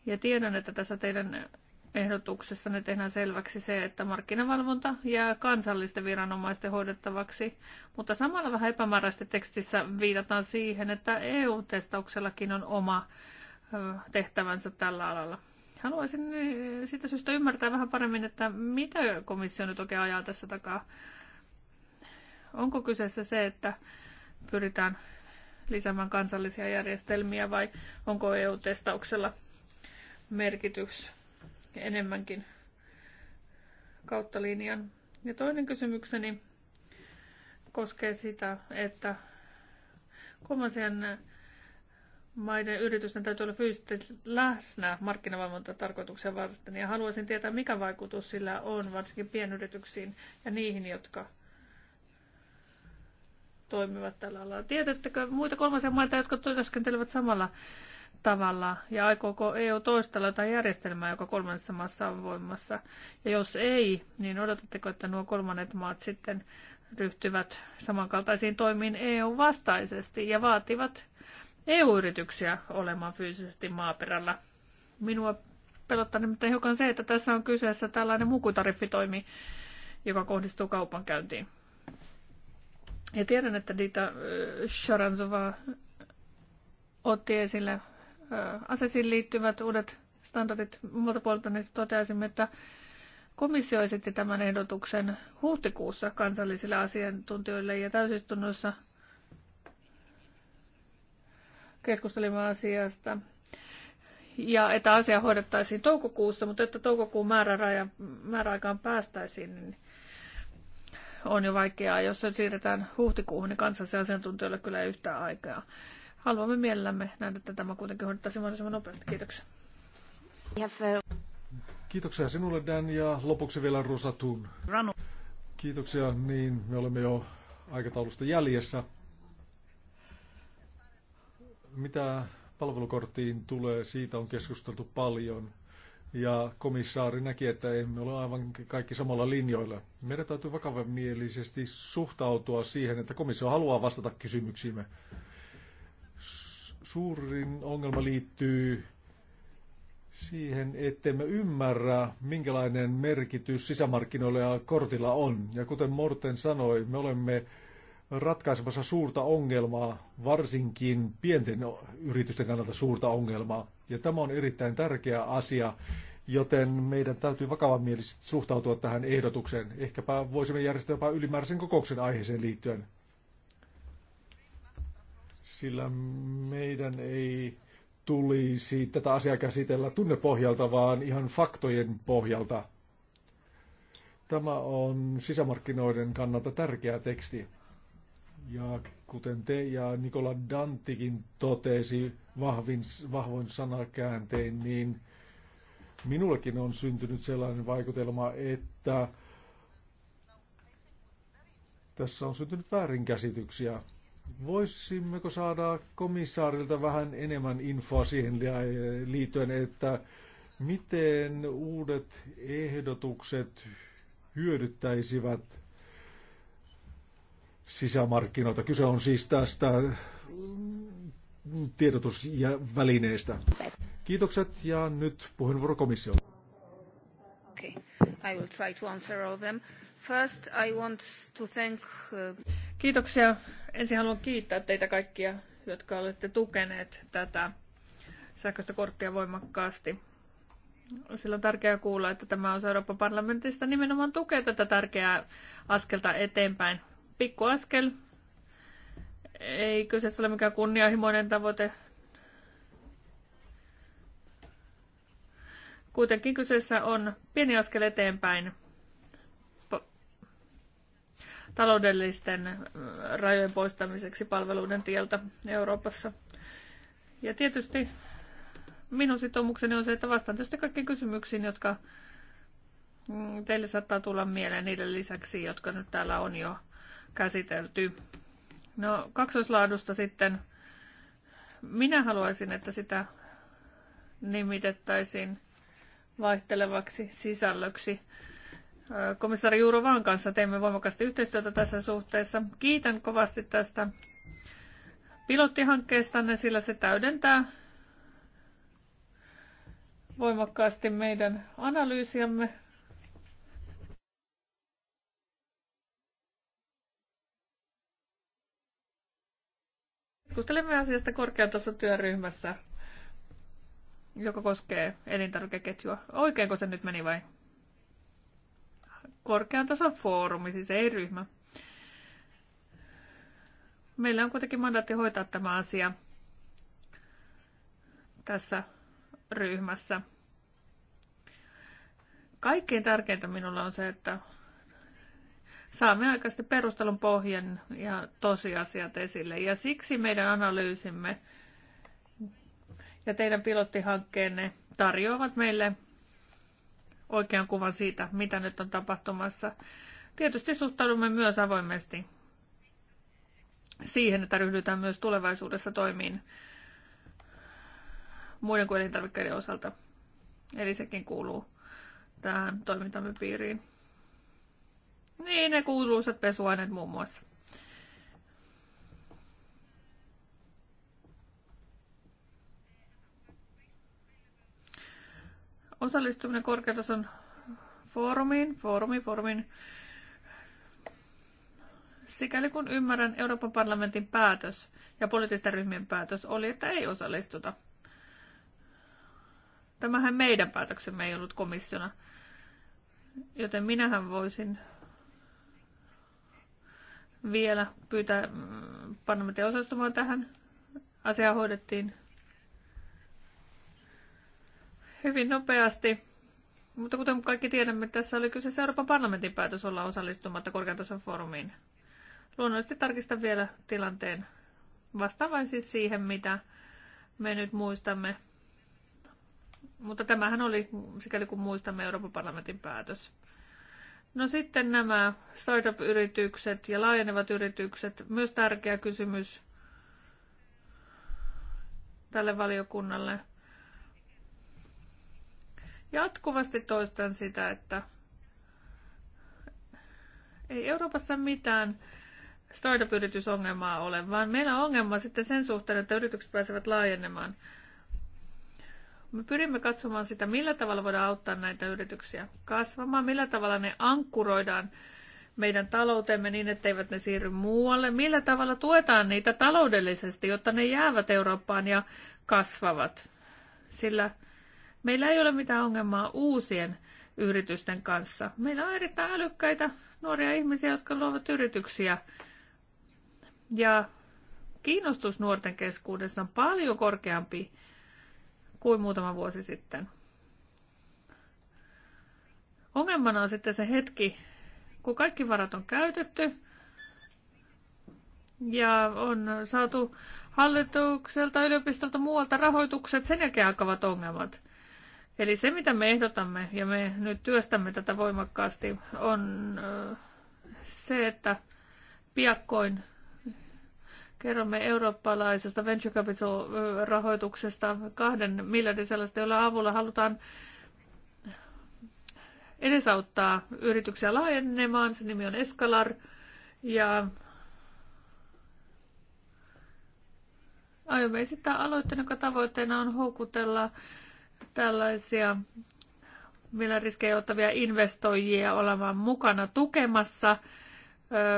Ja tiedän, että tässä teidän ehdotuksessa ne tehdään selväksi se, että markkinavalvonta jää kansallisten viranomaisten hoidettavaksi, mutta samalla vähän epämääräisesti tekstissä viitataan siihen, että EU-testauksellakin on oma tehtävänsä tällä alalla. Haluaisin siitä syystä ymmärtää vähän paremmin, että mitä komissio nyt oikein ajaa tässä takaa. Onko kyseessä se, että pyritään lisäämään kansallisia järjestelmiä vai onko EU-testauksella merkitys enemmänkin kautta linjan? Ja toinen kysymykseni koskee sitä, että kolmansien maiden yritysten täytyy olla fyysisesti läsnä markkinavalvontatarkoituksia varten ja haluaisin tietää, mikä vaikutus sillä on varsinkin pienyrityksiin ja niihin, jotka toimivat tällä alalla. Tiedättekö muita kolmansia maita, jotka työskentelevät samalla tavalla ja aikooko EU toistella jotain järjestelmää, joka kolmannessa maassa on voimassa? Ja jos ei, niin odotatteko, että nuo kolmannet maat sitten ryhtyvät samankaltaisiin toimiin EU-vastaisesti ja vaativat EU-yrityksiä olemaan fyysisesti maaperällä? Minua pelottaa nimittäin hiukan se, että tässä on kyseessä tällainen mukutariffitoimi, joka kohdistuu kaupankäyntiin. Ja tiedän, että Dita äh, Sharanzova otti esille äh, asesiin liittyvät uudet standardit Muilta puolta, niin toteaisimme, että komissio esitti tämän ehdotuksen huhtikuussa kansallisille asiantuntijoille ja täysistunnoissa keskustelimme asiasta. Ja että asia hoidettaisiin toukokuussa, mutta että toukokuun määräraja, määräaikaan päästäisiin, niin on jo vaikeaa. Jos se siirretään huhtikuuhun, niin kansallisia asiantuntijoille kyllä ei yhtään aikaa. Haluamme mielellämme nähdä, että tämä kuitenkin hoidettaisiin mahdollisimman nopeasti. Kiitoksia. Kiitoksia sinulle, Dan, ja lopuksi vielä Rosatun. Kiitoksia, niin me olemme jo aikataulusta jäljessä. Mitä palvelukorttiin tulee, siitä on keskusteltu paljon ja komissaari näki, että emme ole aivan kaikki samalla linjoilla. Meidän täytyy vakavamielisesti suhtautua siihen, että komissio haluaa vastata kysymyksiimme. Suurin ongelma liittyy siihen, ettemme ymmärrä, minkälainen merkitys sisämarkkinoilla ja kortilla on. Ja kuten Morten sanoi, me olemme ratkaisemassa suurta ongelmaa, varsinkin pienten yritysten kannalta suurta ongelmaa. Ja tämä on erittäin tärkeä asia, joten meidän täytyy vakavamielisesti suhtautua tähän ehdotukseen. Ehkäpä voisimme järjestää jopa ylimääräisen kokouksen aiheeseen liittyen. Sillä meidän ei tulisi tätä asiaa käsitellä tunnepohjalta, vaan ihan faktojen pohjalta. Tämä on sisämarkkinoiden kannalta tärkeä teksti. Ja kuten te ja Nikola Dantikin totesi vahvin, vahvoin sanakääntein, niin minullekin on syntynyt sellainen vaikutelma, että tässä on syntynyt väärinkäsityksiä. Voisimmeko saada komissaarilta vähän enemmän infoa siihen liittyen, että miten uudet ehdotukset hyödyttäisivät sisämarkkinoita. Kyse on siis tästä mm, tiedotus- ja välineistä. Kiitokset ja nyt puheenvuoro komissio. Okay. I will try to answer all them. First, I want to thank... Uh, Kiitoksia. Ensin haluan kiittää teitä kaikkia, jotka olette tukeneet tätä sähköistä korttia voimakkaasti. Sillä on tärkeää kuulla, että tämä osa Euroopan parlamentista nimenomaan tukee tätä tärkeää askelta eteenpäin pikku askel. Ei kyseessä ole mikään kunnianhimoinen tavoite. Kuitenkin kyseessä on pieni askel eteenpäin taloudellisten rajojen poistamiseksi palveluiden tieltä Euroopassa. Ja tietysti minun sitoumukseni on se, että vastaan tietysti kaikkiin kysymyksiin, jotka mm, teille saattaa tulla mieleen niiden lisäksi, jotka nyt täällä on jo käsitelty. No, kaksoislaadusta sitten. Minä haluaisin, että sitä nimitettäisiin vaihtelevaksi sisällöksi. Komissaari Juurovan kanssa teemme voimakasti yhteistyötä tässä suhteessa. Kiitän kovasti tästä pilottihankkeestanne, sillä se täydentää voimakkaasti meidän analyysiamme Keskustelemme asiasta korkean tason työryhmässä, joka koskee elintarvikeketjua. Oikeinko se nyt meni vai? Korkean tason foorumi, siis ei ryhmä. Meillä on kuitenkin mandaatti hoitaa tämä asia tässä ryhmässä. Kaikkein tärkeintä minulla on se, että saamme aikaisesti perustelun pohjan ja tosiasiat esille. Ja siksi meidän analyysimme ja teidän pilottihankkeenne tarjoavat meille oikean kuvan siitä, mitä nyt on tapahtumassa. Tietysti suhtaudumme myös avoimesti siihen, että ryhdytään myös tulevaisuudessa toimiin muiden kuin elintarvikkeiden osalta. Eli sekin kuuluu tähän toimintamme piiriin. Niin, ne kuuluisat pesuaineet muun muassa. Osallistuminen korkeatason foorumiin, foorumi, foorumiin. Sikäli kun ymmärrän, Euroopan parlamentin päätös ja poliittisten ryhmien päätös oli, että ei osallistuta. Tämähän meidän päätöksemme ei ollut komissiona, joten minähän voisin vielä pyytää mm, parlamentin osastomaan tähän. Asia hoidettiin hyvin nopeasti. Mutta kuten kaikki tiedämme, tässä oli kyseessä Euroopan parlamentin päätös olla osallistumatta korkeatason foorumiin. Luonnollisesti tarkistan vielä tilanteen vastaavan siis siihen, mitä me nyt muistamme. Mutta tämähän oli, sikäli kun muistamme, Euroopan parlamentin päätös. No sitten nämä startup-yritykset ja laajenevat yritykset, myös tärkeä kysymys tälle valiokunnalle. Jatkuvasti toistan sitä, että ei Euroopassa mitään startup-yritysongelmaa ole, vaan meillä on ongelma sitten sen suhteen, että yritykset pääsevät laajenemaan. Me pyrimme katsomaan sitä, millä tavalla voidaan auttaa näitä yrityksiä kasvamaan, millä tavalla ne ankkuroidaan meidän taloutemme niin, etteivät ne siirry muualle, millä tavalla tuetaan niitä taloudellisesti, jotta ne jäävät Eurooppaan ja kasvavat. Sillä meillä ei ole mitään ongelmaa uusien yritysten kanssa. Meillä on erittäin älykkäitä nuoria ihmisiä, jotka luovat yrityksiä. Ja kiinnostus nuorten keskuudessa on paljon korkeampi kuin muutama vuosi sitten. Ongelmana on sitten se hetki, kun kaikki varat on käytetty ja on saatu hallitukselta, yliopistolta, muualta rahoitukset, sen jälkeen alkavat ongelmat. Eli se, mitä me ehdotamme, ja me nyt työstämme tätä voimakkaasti, on se, että piakkoin Kerromme eurooppalaisesta venture capital-rahoituksesta kahden miljardin sellaista, jolla avulla halutaan edesauttaa yrityksiä laajenemaan. Sen nimi on Escalar. Ja aiomme esittää aloitteen, joka tavoitteena on houkutella tällaisia millä riskejä ottavia investoijia olemaan mukana tukemassa –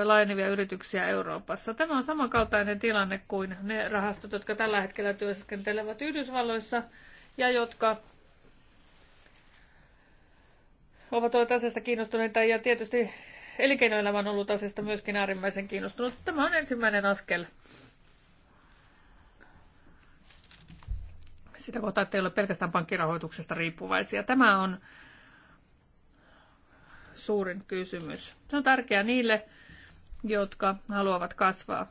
laajenevia yrityksiä Euroopassa. Tämä on samankaltainen tilanne kuin ne rahastot, jotka tällä hetkellä työskentelevät Yhdysvalloissa ja jotka ovat olleet asiasta kiinnostuneita ja tietysti elinkeinoelämä on ollut asiasta myöskin äärimmäisen kiinnostunut. Tämä on ensimmäinen askel. Sitä kohtaa, että ei ole pelkästään pankkirahoituksesta riippuvaisia. Tämä on suurin kysymys. Se on tärkeää niille, jotka haluavat kasvaa.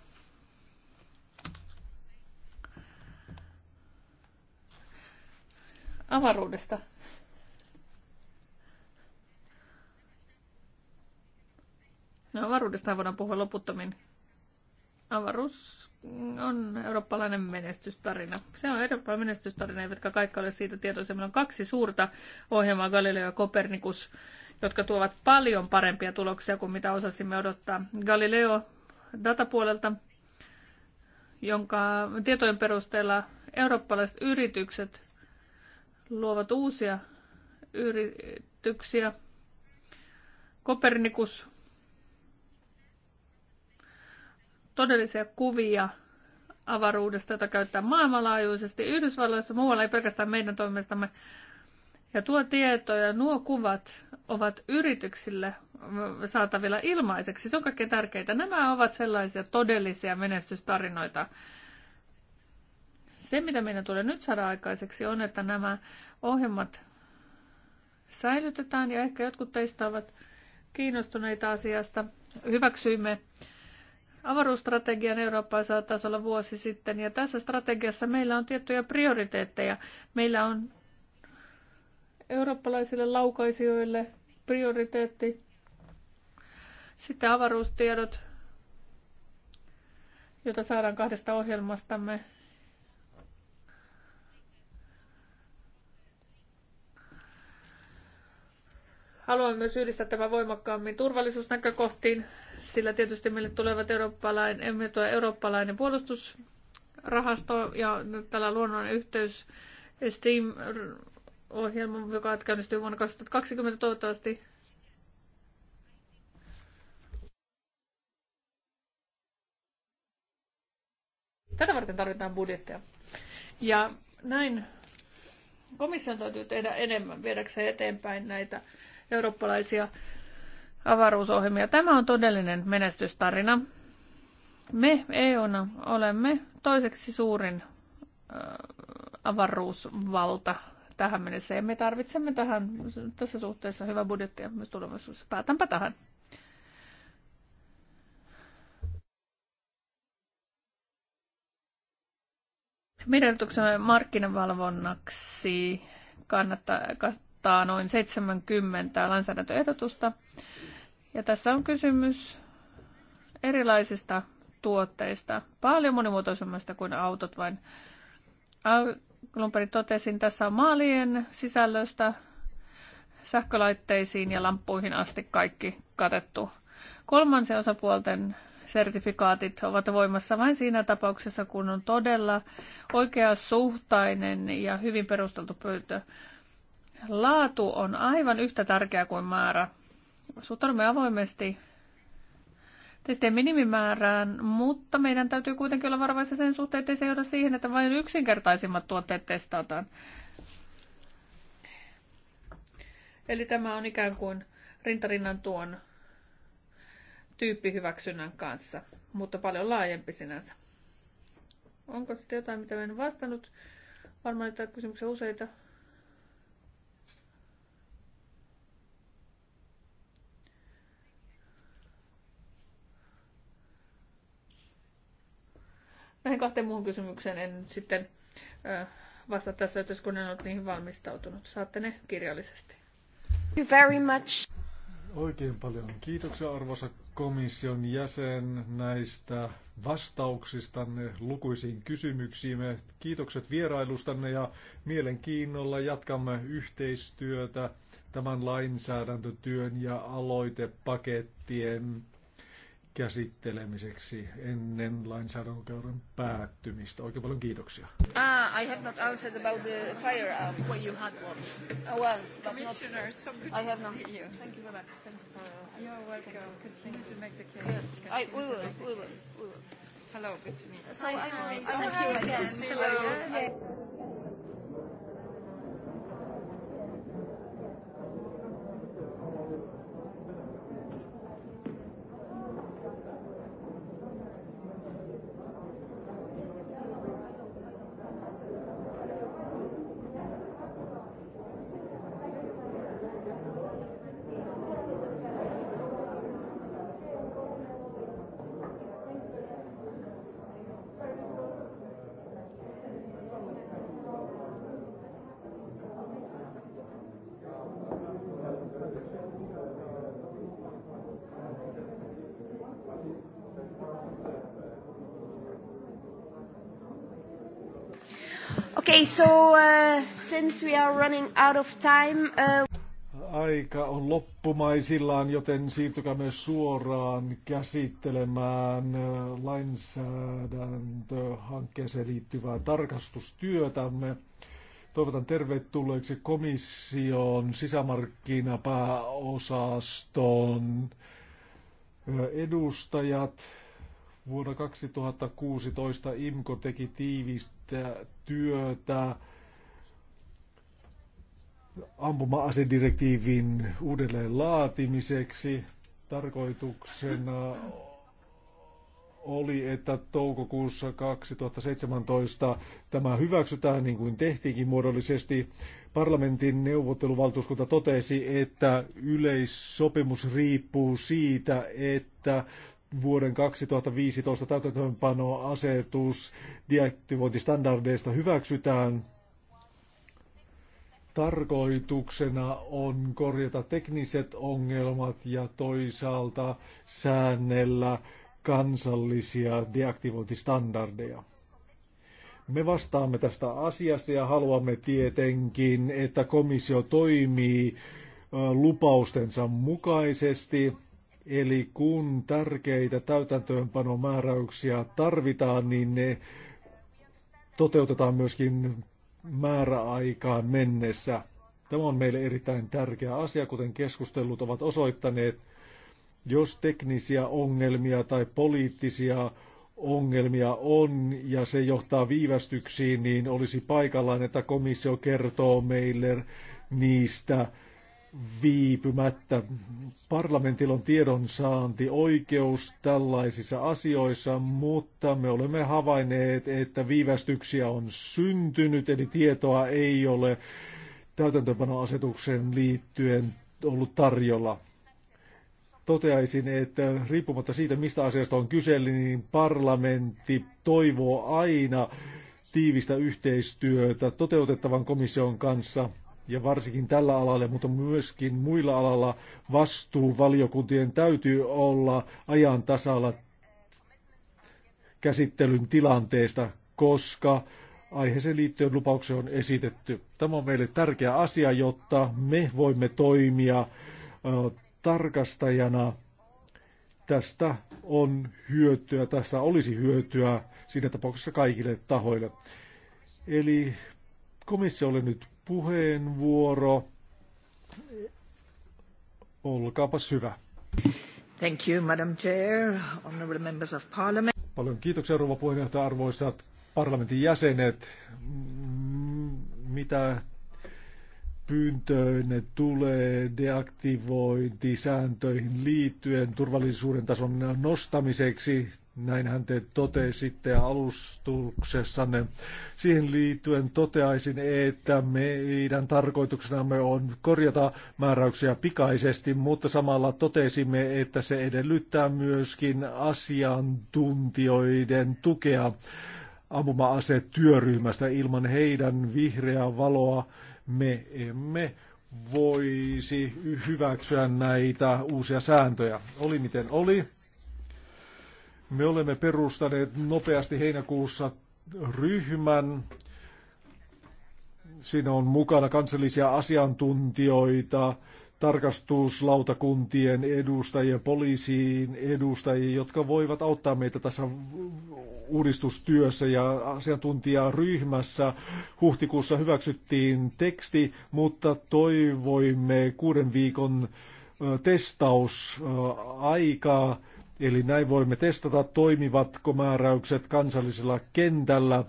Avaruudesta. No avaruudesta voidaan puhua loputtomin. Avaruus on eurooppalainen menestystarina. Se on eurooppalainen menestystarina, eivätkä kaikki ole siitä tietoisia. Meillä on kaksi suurta ohjelmaa, Galileo ja Kopernikus, jotka tuovat paljon parempia tuloksia kuin mitä osasimme odottaa. Galileo datapuolelta, jonka tietojen perusteella eurooppalaiset yritykset luovat uusia yrityksiä. Kopernikus todellisia kuvia avaruudesta, jota käyttää maailmanlaajuisesti Yhdysvalloissa, muualla ei pelkästään meidän toimestamme ja tuo tieto ja nuo kuvat ovat yrityksille saatavilla ilmaiseksi. Se on kaikkein tärkeintä. Nämä ovat sellaisia todellisia menestystarinoita. Se, mitä meidän tulee nyt saada aikaiseksi, on, että nämä ohjelmat säilytetään ja ehkä jotkut teistä ovat kiinnostuneita asiasta. Hyväksyimme avaruusstrategian Eurooppaisella tasolla vuosi sitten ja tässä strategiassa meillä on tiettyjä prioriteetteja. Meillä on eurooppalaisille laukaisijoille prioriteetti. Sitten avaruustiedot, jota saadaan kahdesta ohjelmastamme. Haluan myös yhdistää tämän voimakkaammin turvallisuusnäkökohtiin, sillä tietysti meille tulevat eurooppalainen, emme tuo eurooppalainen puolustusrahasto ja tällä luonnon yhteys STEAM ohjelma, joka käynnistyy vuonna 2020 toivottavasti. Tätä varten tarvitaan budjettia. Ja näin komission täytyy tehdä enemmän viedäkseen eteenpäin näitä eurooppalaisia avaruusohjelmia. Tämä on todellinen menestystarina. Me EUna olemme toiseksi suurin avaruusvalta tähän mennessä. Ja me tarvitsemme tähän, tässä suhteessa hyvä budjetti ja myös tulevaisuudessa. Päätänpä tähän. Meidän markkinavalvonnaksi kannattaa kattaa noin 70 lainsäädäntöehdotusta. Ja tässä on kysymys erilaisista tuotteista, paljon monimuotoisemmasta kuin autot, vain Klumperin totesin, tässä on maalien sisällöstä sähkölaitteisiin ja lamppuihin asti kaikki katettu. Kolmansen osapuolten sertifikaatit ovat voimassa vain siinä tapauksessa, kun on todella oikeasuhtainen ja hyvin perusteltu pyyntö. Laatu on aivan yhtä tärkeä kuin määrä. Suhtaudumme avoimesti testien minimimäärään, mutta meidän täytyy kuitenkin olla varovaisia sen suhteen, ettei se johda siihen, että vain yksinkertaisimmat tuotteet testataan. Eli tämä on ikään kuin rintarinnan tuon tyyppihyväksynnän kanssa, mutta paljon laajempi sinänsä. Onko sitten jotain, mitä en vastannut? Varmaan että kysymyksiä useita. Näihin kahteen muuhun kysymykseen en sitten vastaa tässä yhteydessä, kun en ole niihin valmistautunut. Saatte ne kirjallisesti. Thank you very much. Oikein paljon kiitoksia arvoisa komission jäsen näistä vastauksistanne lukuisiin kysymyksiimme. Kiitokset vierailustanne ja mielenkiinnolla jatkamme yhteistyötä tämän lainsäädäntötyön ja aloitepakettien käsittelemiseksi ennen lainsäädäntökauden päättymistä. Oikein paljon kiitoksia. Ah, I have not answered about the firearms. Well, you had once. Oh, once, but Commissioner, not... so good I have to not... see you. Thank you very much. Thank you uh, You're welcome. Continue to make the case. Yes, I, we will, we will, we will. Hello, good to meet you. So I, I, I, I, I, I, I, I, I, I, I, so uh, since we are running out of time... Uh... Aika on loppumaisillaan, joten siirtykäämme suoraan käsittelemään uh, lainsäädäntöhankkeeseen liittyvää tarkastustyötämme. Toivotan tervetulleeksi komission sisämarkkinapääosaston uh, edustajat Vuonna 2016 IMKO teki tiivistä työtä ampuma-asedirektiivin uudelleen laatimiseksi. Tarkoituksena oli, että toukokuussa 2017 tämä hyväksytään, niin kuin tehtiinkin muodollisesti. Parlamentin neuvotteluvaltuuskunta totesi, että yleissopimus riippuu siitä, että vuoden 2015 täytäntöönpanoasetus deaktivointistandardeista hyväksytään. Tarkoituksena on korjata tekniset ongelmat ja toisaalta säännellä kansallisia deaktivointistandardeja. Me vastaamme tästä asiasta ja haluamme tietenkin, että komissio toimii lupaustensa mukaisesti – Eli kun tärkeitä täytäntöönpanomääräyksiä tarvitaan, niin ne toteutetaan myöskin määräaikaan mennessä. Tämä on meille erittäin tärkeä asia, kuten keskustelut ovat osoittaneet. Jos teknisiä ongelmia tai poliittisia ongelmia on ja se johtaa viivästyksiin, niin olisi paikallaan, että komissio kertoo meille niistä viipymättä. Parlamentilla on tiedonsaanti oikeus tällaisissa asioissa, mutta me olemme havainneet, että viivästyksiä on syntynyt, eli tietoa ei ole täytäntöpanoasetukseen liittyen ollut tarjolla. Toteaisin, että riippumatta siitä, mistä asiasta on kyse, niin parlamentti toivoo aina tiivistä yhteistyötä toteutettavan komission kanssa – ja varsinkin tällä alalla, mutta myöskin muilla alalla vastuuvaliokuntien täytyy olla ajan tasalla käsittelyn tilanteesta, koska aiheeseen liittyen lupauksia on esitetty. Tämä on meille tärkeä asia, jotta me voimme toimia tarkastajana. Tästä on hyötyä, tästä olisi hyötyä siinä tapauksessa kaikille tahoille. Eli komissiolle nyt puheenvuoro. Olkaapas hyvä. Thank you, Madam Chair, honourable members of parliament. Paljon kiitoksia, rouva puheenjohtaja, arvoisat parlamentin jäsenet. Mitä pyyntöönne tulee deaktivointisääntöihin liittyen turvallisuuden tason nostamiseksi näinhän te totesitte alustuksessanne. Siihen liittyen toteaisin, että meidän tarkoituksenamme on korjata määräyksiä pikaisesti, mutta samalla totesimme, että se edellyttää myöskin asiantuntijoiden tukea ampuma-asetyöryhmästä. Ilman heidän vihreää valoa me emme voisi hyväksyä näitä uusia sääntöjä. Oli miten oli me olemme perustaneet nopeasti heinäkuussa ryhmän. Siinä on mukana kansallisia asiantuntijoita, tarkastuslautakuntien edustajia, poliisiin edustajia, jotka voivat auttaa meitä tässä uudistustyössä ja asiantuntijaryhmässä. Huhtikuussa hyväksyttiin teksti, mutta toivoimme kuuden viikon testausaikaa Eli näin voimme testata, toimivatko määräykset kansallisella kentällä.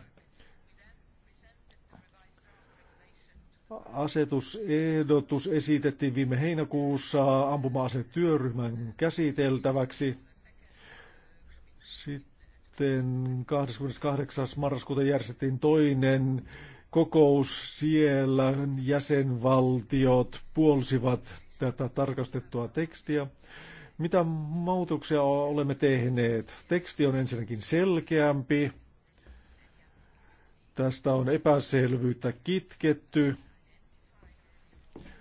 Asetusehdotus esitettiin viime heinäkuussa ampuma-asetyöryhmän käsiteltäväksi. Sitten 28. marraskuuta järjestettiin toinen kokous. Siellä jäsenvaltiot puolsivat tätä tarkastettua tekstiä. Mitä muutoksia olemme tehneet? Teksti on ensinnäkin selkeämpi. Tästä on epäselvyyttä kitketty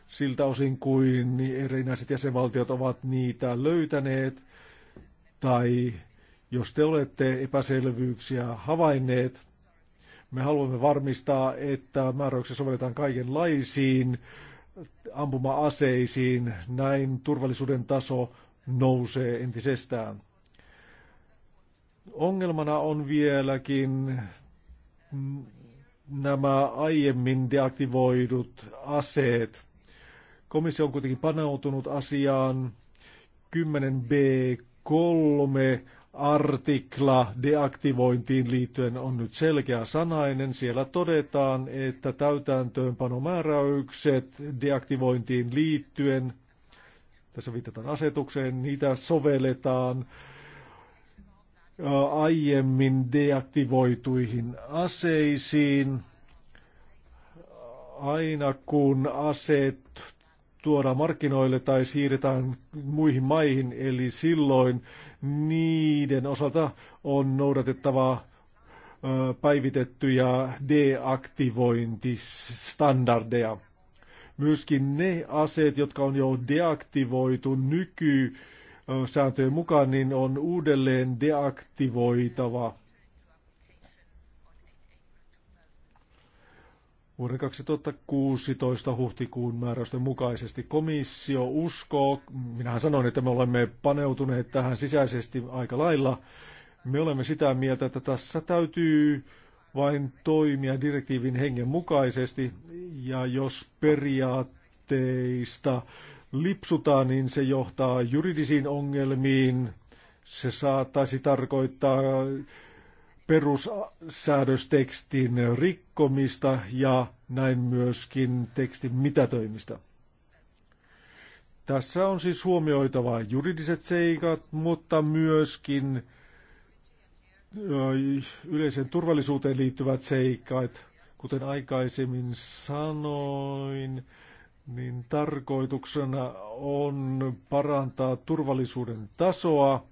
siltä osin kuin erinäiset jäsenvaltiot ovat niitä löytäneet. Tai jos te olette epäselvyyksiä havainneet, me haluamme varmistaa, että määräyksiä sovelletaan kaikenlaisiin ampuma-aseisiin. Näin turvallisuuden taso nousee entisestään. Ongelmana on vieläkin nämä aiemmin deaktivoidut aseet. Komissio on kuitenkin paneutunut asiaan. 10b3 artikla deaktivointiin liittyen on nyt selkeä sanainen. Siellä todetaan, että täytäntöönpanomääräykset deaktivointiin liittyen – tässä viitataan asetukseen, niitä sovelletaan aiemmin deaktivoituihin aseisiin. Aina kun aseet tuodaan markkinoille tai siirretään muihin maihin, eli silloin niiden osalta on noudatettava päivitettyjä deaktivointistandardeja myöskin ne aseet, jotka on jo deaktivoitu nyky sääntöjen mukaan, niin on uudelleen deaktivoitava. Vuoden 2016 huhtikuun määräysten mukaisesti komissio uskoo, minähän sanoin, että me olemme paneutuneet tähän sisäisesti aika lailla, me olemme sitä mieltä, että tässä täytyy vain toimia direktiivin hengen mukaisesti, ja jos periaatteista lipsutaan, niin se johtaa juridisiin ongelmiin. Se saattaisi tarkoittaa perussäädöstekstin rikkomista ja näin myöskin tekstin mitätöimistä. Tässä on siis huomioitava juridiset seikat, mutta myöskin yleiseen turvallisuuteen liittyvät seikat, kuten aikaisemmin sanoin, niin tarkoituksena on parantaa turvallisuuden tasoa.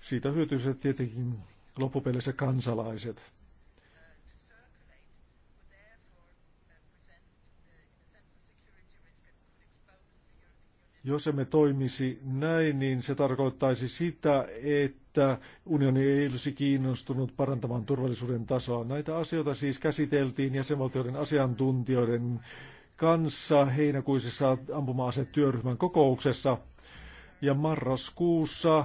Siitä hyötyisivät tietenkin loppupeleissä kansalaiset. Jos emme toimisi näin, niin se tarkoittaisi sitä, että että unioni ei olisi kiinnostunut parantamaan turvallisuuden tasoa. Näitä asioita siis käsiteltiin jäsenvaltioiden asiantuntijoiden kanssa heinäkuisessa ampuma-asetyöryhmän kokouksessa. Ja marraskuussa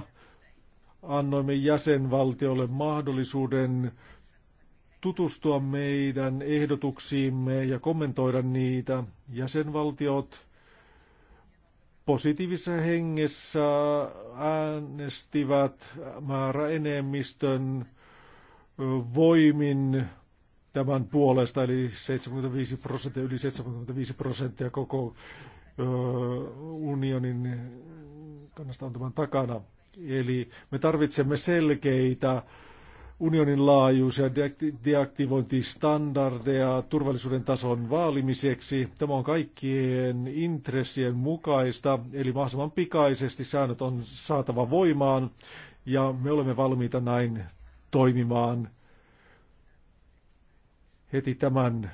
annoimme jäsenvaltiolle mahdollisuuden tutustua meidän ehdotuksiimme ja kommentoida niitä. Jäsenvaltiot positiivisessa hengessä äänestivät määräenemmistön voimin tämän puolesta, eli 75 prosenttia, yli 75 prosenttia koko unionin kannasta on tämän takana. Eli me tarvitsemme selkeitä unionin laajuus- ja deaktivointistandardeja turvallisuuden tason vaalimiseksi. Tämä on kaikkien intressien mukaista, eli mahdollisimman pikaisesti säännöt on saatava voimaan, ja me olemme valmiita näin toimimaan heti tämän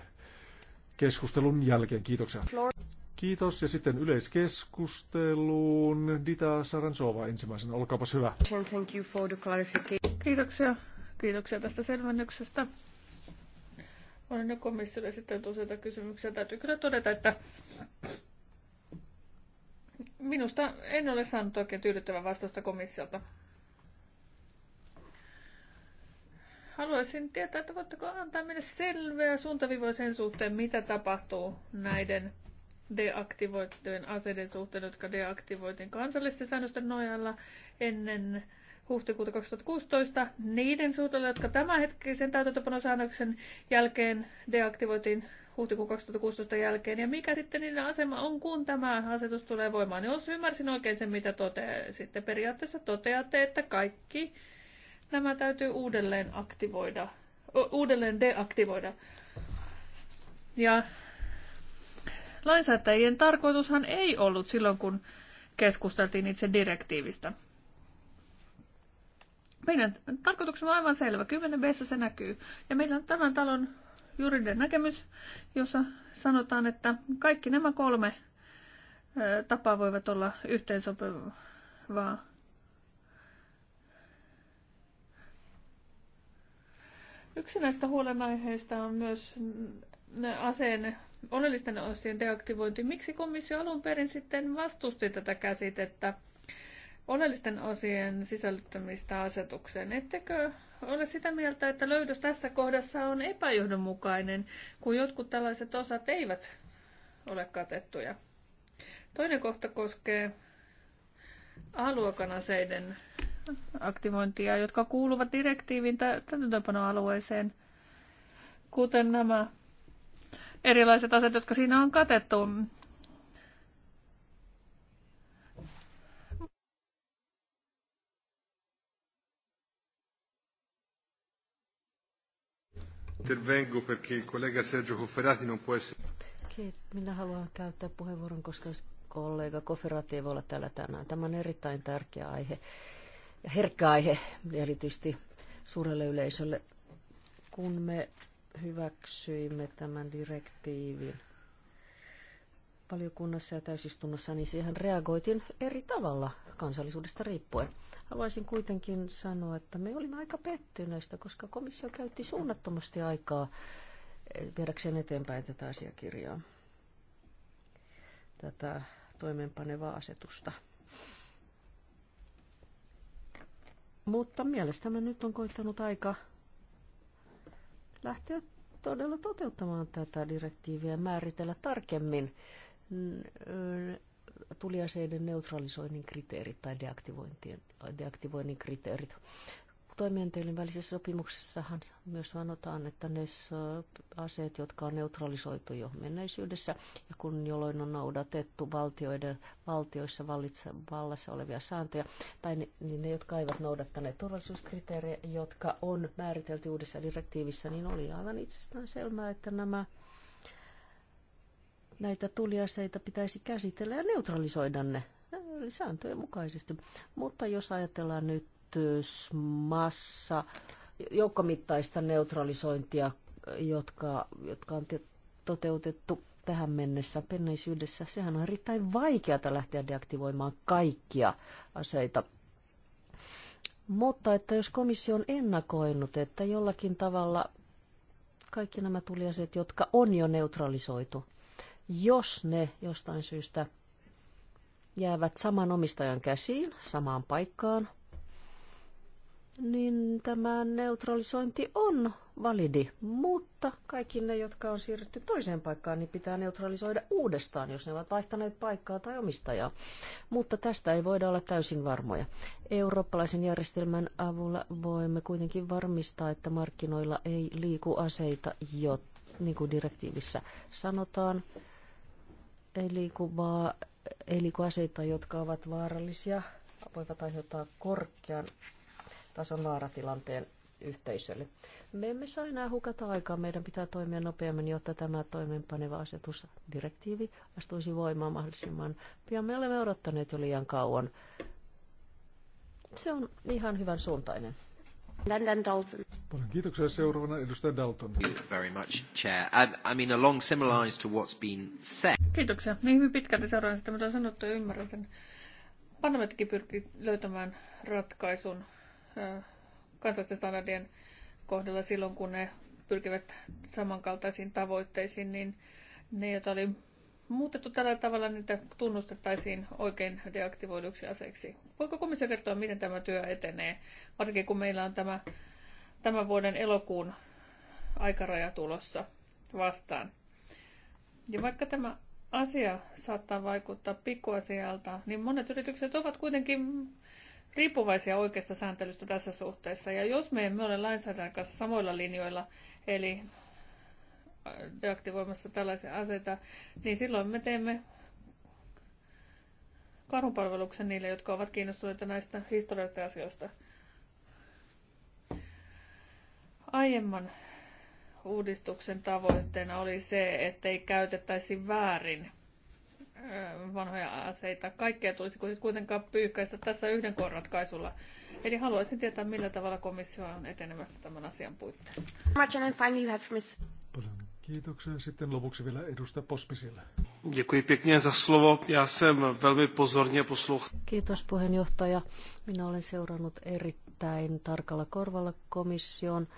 keskustelun jälkeen. Kiitoksia. Kiitos. Ja sitten yleiskeskusteluun. Dita Saransova ensimmäisenä. Olkaapas hyvä. Kiitoksia Kiitoksia tästä selvennyksestä. Olen jo komissiolle sitten useita kysymyksiä. Täytyy kyllä todeta, että minusta en ole saanut oikein tyydyttävän vastausta komissiolta. Haluaisin tietää, että voitteko antaa meille selveä suuntavivoa sen suhteen, mitä tapahtuu näiden deaktivoitujen aseiden suhteen, jotka deaktivoitiin kansallisten säännösten nojalla ennen huhtikuuta 2016 niiden suhteella, jotka tämänhetkisen täytäntöpanosäännöksen jälkeen deaktivoitiin huhtikuun 2016 jälkeen, ja mikä sitten niiden asema on, kun tämä asetus tulee voimaan. Jos ymmärsin oikein sen, mitä toteatte, periaatteessa toteatte, että kaikki nämä täytyy uudelleen aktivoida, uudelleen deaktivoida. Ja lainsäätäjien tarkoitushan ei ollut silloin, kun keskusteltiin itse direktiivistä. Meidän tarkoituksena on aivan selvä. 10 b se näkyy. Ja meillä on tämän talon juridinen näkemys, jossa sanotaan, että kaikki nämä kolme tapaa voivat olla yhteensopivaa. Yksi näistä huolenaiheista on myös aseen oleellisten osien deaktivointi. Miksi komissio alun perin sitten vastusti tätä käsitettä? oleellisten osien sisällyttämistä asetukseen. Ettekö ole sitä mieltä, että löydös tässä kohdassa on epäjohdonmukainen, kun jotkut tällaiset osat eivät ole katettuja? Toinen kohta koskee A-luokan aseiden aktivointia, jotka kuuluvat direktiivin täytäntöönpanoalueeseen, kuten nämä erilaiset aset, jotka siinä on katettu. Intervengo perché il collega Sergio Cofferati non può essere... Minä haluan käyttää puheenvuoron, koska kollega Cofferati ei voi olla täällä tänään. Tämä on erittäin tärkeä aihe ja herkkä aihe erityisesti suurelle yleisölle. Kun me hyväksyimme tämän direktiivin valiokunnassa ja täysistunnossa, niin siihen reagoitiin eri tavalla kansallisuudesta riippuen. Haluaisin kuitenkin sanoa, että me olimme aika pettyneistä, koska komissio käytti suunnattomasti aikaa eh, viedäkseen eteenpäin tätä asiakirjaa, tätä toimeenpanevaa asetusta. Mutta mielestämme nyt on koittanut aika lähteä todella toteuttamaan tätä direktiiviä ja määritellä tarkemmin Mm, tuliaseiden neutralisoinnin kriteerit tai deaktivoinnin kriteerit. Toimijoiden välisessä sopimuksessahan myös sanotaan, että ne aseet, jotka on neutralisoitu jo menneisyydessä ja kun jolloin on noudatettu valtioiden, valtioissa vallitse, vallassa olevia sääntöjä, tai ne, niin ne, jotka eivät noudattaneet turvallisuuskriteerejä, jotka on määritelty uudessa direktiivissä, niin oli aivan itsestään selvää, että nämä näitä tuliaseita pitäisi käsitellä ja neutralisoida ne sääntöjen mukaisesti. Mutta jos ajatellaan nyt äh, massa, joukkomittaista neutralisointia, jotka, jotka on toteutettu tähän mennessä penneisyydessä, sehän on erittäin vaikeaa lähteä deaktivoimaan kaikkia aseita. Mutta että jos komissio on ennakoinut, että jollakin tavalla kaikki nämä tuliaseet, jotka on jo neutralisoitu, jos ne jostain syystä jäävät saman omistajan käsiin, samaan paikkaan, niin tämä neutralisointi on validi, mutta kaikki ne, jotka on siirretty toiseen paikkaan, niin pitää neutralisoida uudestaan, jos ne ovat vaihtaneet paikkaa tai omistajaa. Mutta tästä ei voida olla täysin varmoja. Eurooppalaisen järjestelmän avulla voimme kuitenkin varmistaa, että markkinoilla ei liiku aseita, jo, niin kuin direktiivissä sanotaan eli kuva eli kun aseita, jotka ovat vaarallisia, voivat aiheuttaa korkean tason vaaratilanteen yhteisölle. Me emme saa enää hukata aikaa. Meidän pitää toimia nopeammin, jotta tämä toimeenpaneva asetusdirektiivi astuisi voimaan mahdollisimman pian. Me olemme odottaneet jo liian kauan. Se on ihan hyvän suuntainen. London Dalton. Paljon kiitoksia. Seuraavana edustaja Dalton. Very much, Chair. I, I mean, along similar lines to what's been said. Kiitoksia. Niin hyvin pitkälti seuraan sitä, mitä on sanottu ja ymmärrän sen. Parlamenttikin pyrkii löytämään ratkaisun kansallisten standardien kohdalla silloin, kun ne pyrkivät samankaltaisiin tavoitteisiin, niin ne, joita oli muutettu tällä tavalla, niin että tunnustettaisiin oikein deaktivoiduksi aseeksi. Voiko komissio kertoa, miten tämä työ etenee, varsinkin kun meillä on tämä tämän vuoden elokuun aikaraja tulossa vastaan? Ja vaikka tämä asia saattaa vaikuttaa pikkuasialta, niin monet yritykset ovat kuitenkin riippuvaisia oikeasta sääntelystä tässä suhteessa. Ja jos me emme ole lainsäädännön kanssa samoilla linjoilla, eli deaktivoimassa tällaisia aseita, niin silloin me teemme karhunpalveluksen niille, jotka ovat kiinnostuneita näistä historiallisista asioista. Aiemman uudistuksen tavoitteena oli se, ettei käytettäisi väärin vanhoja aseita. Kaikkea tulisi kuitenkaan pyyhkäistä tässä yhden ratkaisulla. Eli haluaisin tietää, millä tavalla komissio on etenemässä tämän asian puitteissa. Kiitoksia. Sitten lopuksi vielä edustaja Pospisille. Děkuji pěkně za slovo. Já jsem velmi pozorně poslouch. Kiitos puheenjohtaja. Minä olen seurannut erittäin tarkalla korvalla komission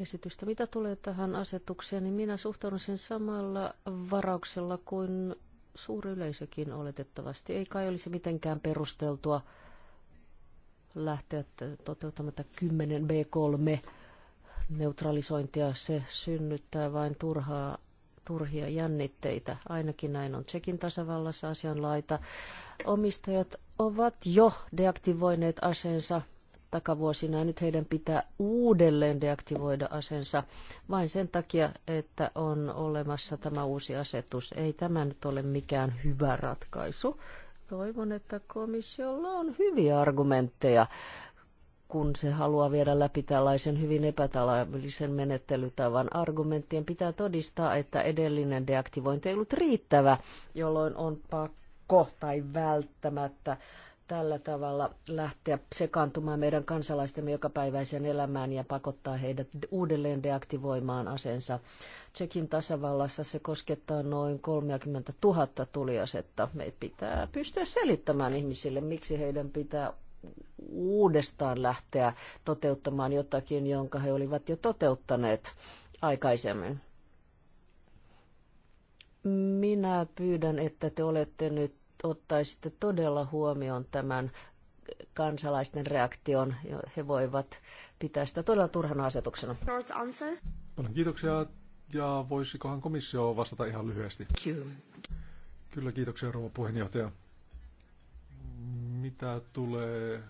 esitystä. Mitä tulee tähän asetukseen, niin minä suhtaudun sen samalla varauksella kuin suuri yleisökin oletettavasti. Ei kai olisi mitenkään perusteltua lähteä toteuttamatta 10 B3 neutralisointia. Se synnyttää vain turhaa, turhia jännitteitä. Ainakin näin on Tsekin tasavallassa asianlaita. Omistajat ovat jo deaktivoineet aseensa takavuosina ja nyt heidän pitää uudelleen deaktivoida asensa vain sen takia, että on olemassa tämä uusi asetus. Ei tämä nyt ole mikään hyvä ratkaisu. Toivon, että komissiolla on hyviä argumentteja kun se haluaa viedä läpi tällaisen hyvin epätaloudellisen menettelytavan. Argumenttien pitää todistaa, että edellinen deaktivointi ei ollut riittävä, jolloin on pakko tai välttämättä tällä tavalla lähteä sekaantumaan meidän kansalaistemme jokapäiväiseen elämään ja pakottaa heidät uudelleen deaktivoimaan asensa. Tsekin tasavallassa se koskettaa noin 30 000 tuliasetta. Me pitää pystyä selittämään ihmisille, miksi heidän pitää uudestaan lähteä toteuttamaan jotakin, jonka he olivat jo toteuttaneet aikaisemmin. Minä pyydän, että te olette nyt ottaisitte todella huomioon tämän kansalaisten reaktion. He voivat pitää sitä todella turhana asetuksena. Paljon kiitoksia. Ja voisikohan komissio vastata ihan lyhyesti? Kyllä, kiitoksia rouva puheenjohtaja mitä tulee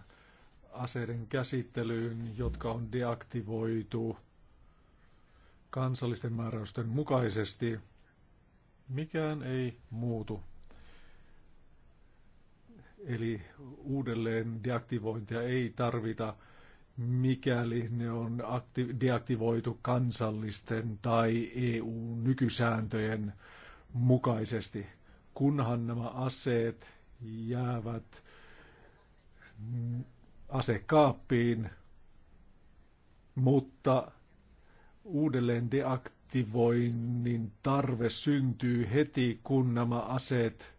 aseiden käsittelyyn, jotka on deaktivoitu kansallisten määräysten mukaisesti, mikään ei muutu. Eli uudelleen deaktivointia ei tarvita, mikäli ne on deaktivoitu kansallisten tai EU-nykysääntöjen mukaisesti, kunhan nämä aseet jäävät asekaappiin, mutta uudelleen deaktivoinnin tarve syntyy heti, kun nämä aseet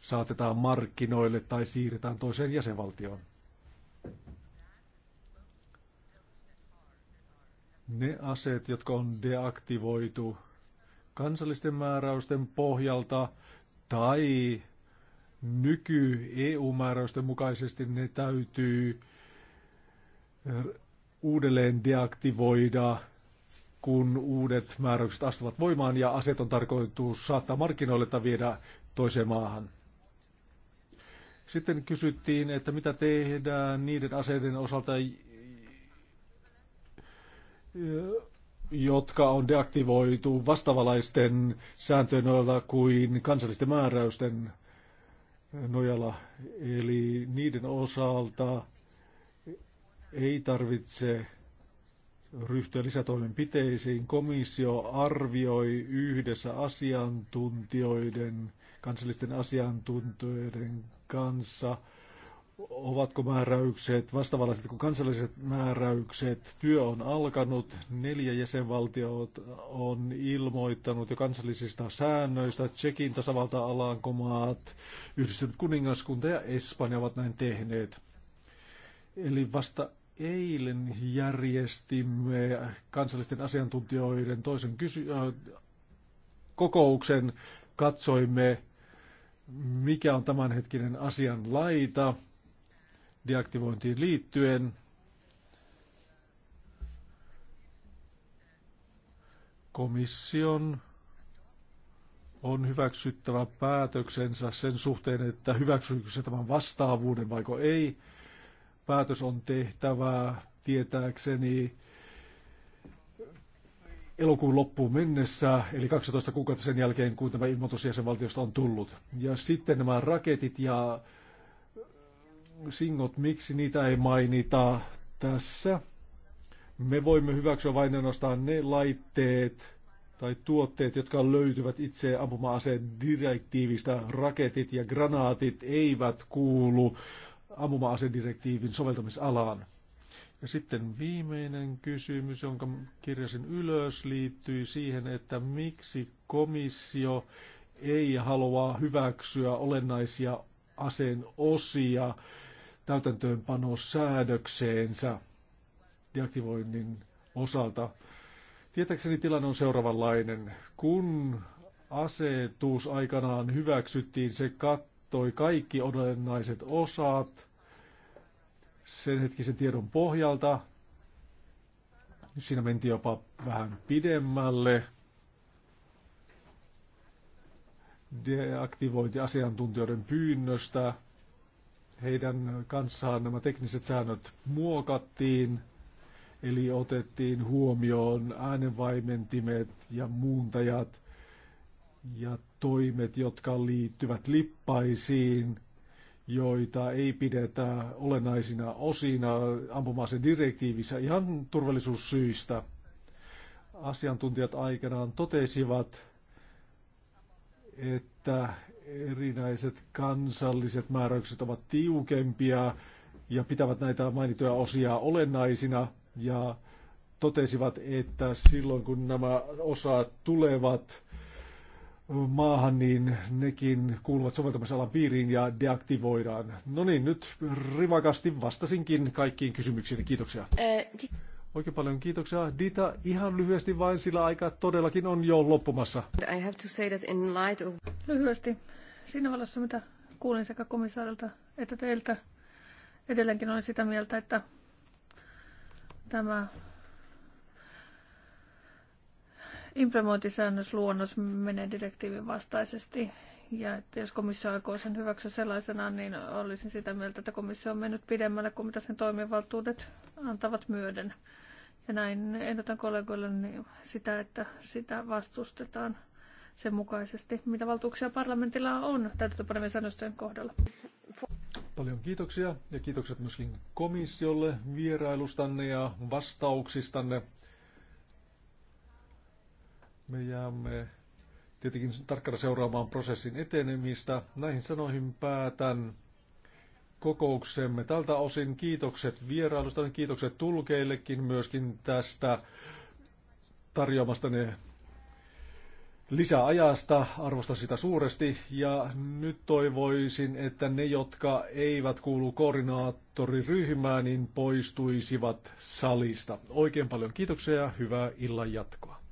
saatetaan markkinoille tai siirretään toiseen jäsenvaltioon. Ne aseet, jotka on deaktivoitu kansallisten määräysten pohjalta tai nyky-EU-määräysten mukaisesti ne täytyy eh, uudelleen deaktivoida, kun uudet määräykset astuvat voimaan ja aset on tarkoitus saattaa markkinoille tai viedä toiseen maahan. Sitten kysyttiin, että mitä tehdään niiden aseiden osalta, eh, jotka on deaktivoitu vastavalaisten sääntöjen noilla kuin kansallisten määräysten nojalla. Eli niiden osalta ei tarvitse ryhtyä lisätoimenpiteisiin. Komissio arvioi yhdessä asiantuntijoiden, kansallisten asiantuntijoiden kanssa ovatko määräykset vastaavanlaiset kuin kansalliset määräykset. Työ on alkanut, neljä jäsenvaltiot on ilmoittanut jo kansallisista säännöistä. Tsekin tasavalta Alankomaat, Yhdistynyt kuningaskunta ja Espanja ovat näin tehneet. Eli vasta eilen järjestimme kansallisten asiantuntijoiden toisen kysy- äh, kokouksen. Katsoimme, mikä on tämänhetkinen asian laita deaktivointiin liittyen. Komission on hyväksyttävä päätöksensä sen suhteen, että hyväksyykö se tämän vastaavuuden vai ei. Päätös on tehtävä tietääkseni elokuun loppuun mennessä, eli 12 kuukautta sen jälkeen, kun tämä ilmoitus jäsenvaltiosta on tullut. Ja sitten nämä raketit ja singot, miksi niitä ei mainita tässä. Me voimme hyväksyä vain ainoastaan ne laitteet tai tuotteet, jotka löytyvät itse ampuma-aseen direktiivistä. Raketit ja granaatit eivät kuulu ampuma direktiivin soveltamisalaan. Ja sitten viimeinen kysymys, jonka kirjasin ylös, liittyy siihen, että miksi komissio ei halua hyväksyä olennaisia aseen osia täytäntöönpanosäädökseensä deaktivoinnin osalta. Tietääkseni tilanne on seuraavanlainen. Kun asetus aikanaan hyväksyttiin, se kattoi kaikki olennaiset osat sen hetkisen tiedon pohjalta. Siinä mentiin jopa vähän pidemmälle. Deaktivointi asiantuntijoiden pyynnöstä heidän kanssaan nämä tekniset säännöt muokattiin, eli otettiin huomioon äänenvaimentimet ja muuntajat ja toimet, jotka liittyvät lippaisiin, joita ei pidetä olennaisina osina ampumaisen direktiivissä ihan turvallisuussyistä. Asiantuntijat aikanaan totesivat, että erinäiset kansalliset määräykset ovat tiukempia ja pitävät näitä mainittuja osia olennaisina ja totesivat, että silloin kun nämä osat tulevat maahan, niin nekin kuuluvat soveltamisalan piiriin ja deaktivoidaan. No niin, nyt rivakasti vastasinkin kaikkiin kysymyksiin. Kiitoksia. Oikein paljon kiitoksia. Dita, ihan lyhyesti vain, sillä aika todellakin on jo loppumassa. I have to say that in light of... Lyhyesti Siinä valossa, mitä kuulin sekä komissaarilta että teiltä, edelleenkin olen sitä mieltä, että tämä implementointisäännösluonnos menee direktiivin vastaisesti. Ja että jos komissio aikoo sen hyväksyä sellaisenaan, niin olisin sitä mieltä, että komissio on mennyt pidemmälle kuin mitä sen toimivaltuudet antavat myöden. Ja näin ehdotan kollegoille sitä, että sitä vastustetaan sen mukaisesti, mitä valtuuksia parlamentilla on täytäntöpanevien säännöstöjen kohdalla. Paljon kiitoksia ja kiitokset myöskin komissiolle vierailustanne ja vastauksistanne. Me jäämme tietenkin tarkkana seuraamaan prosessin etenemistä. Näihin sanoihin päätän kokouksemme. Tältä osin kiitokset vierailusta, kiitokset tulkeillekin myöskin tästä tarjoamastanne lisäajasta. Arvostan sitä suuresti ja nyt toivoisin, että ne, jotka eivät kuulu koordinaattoriryhmään, niin poistuisivat salista. Oikein paljon kiitoksia ja hyvää illan jatkoa.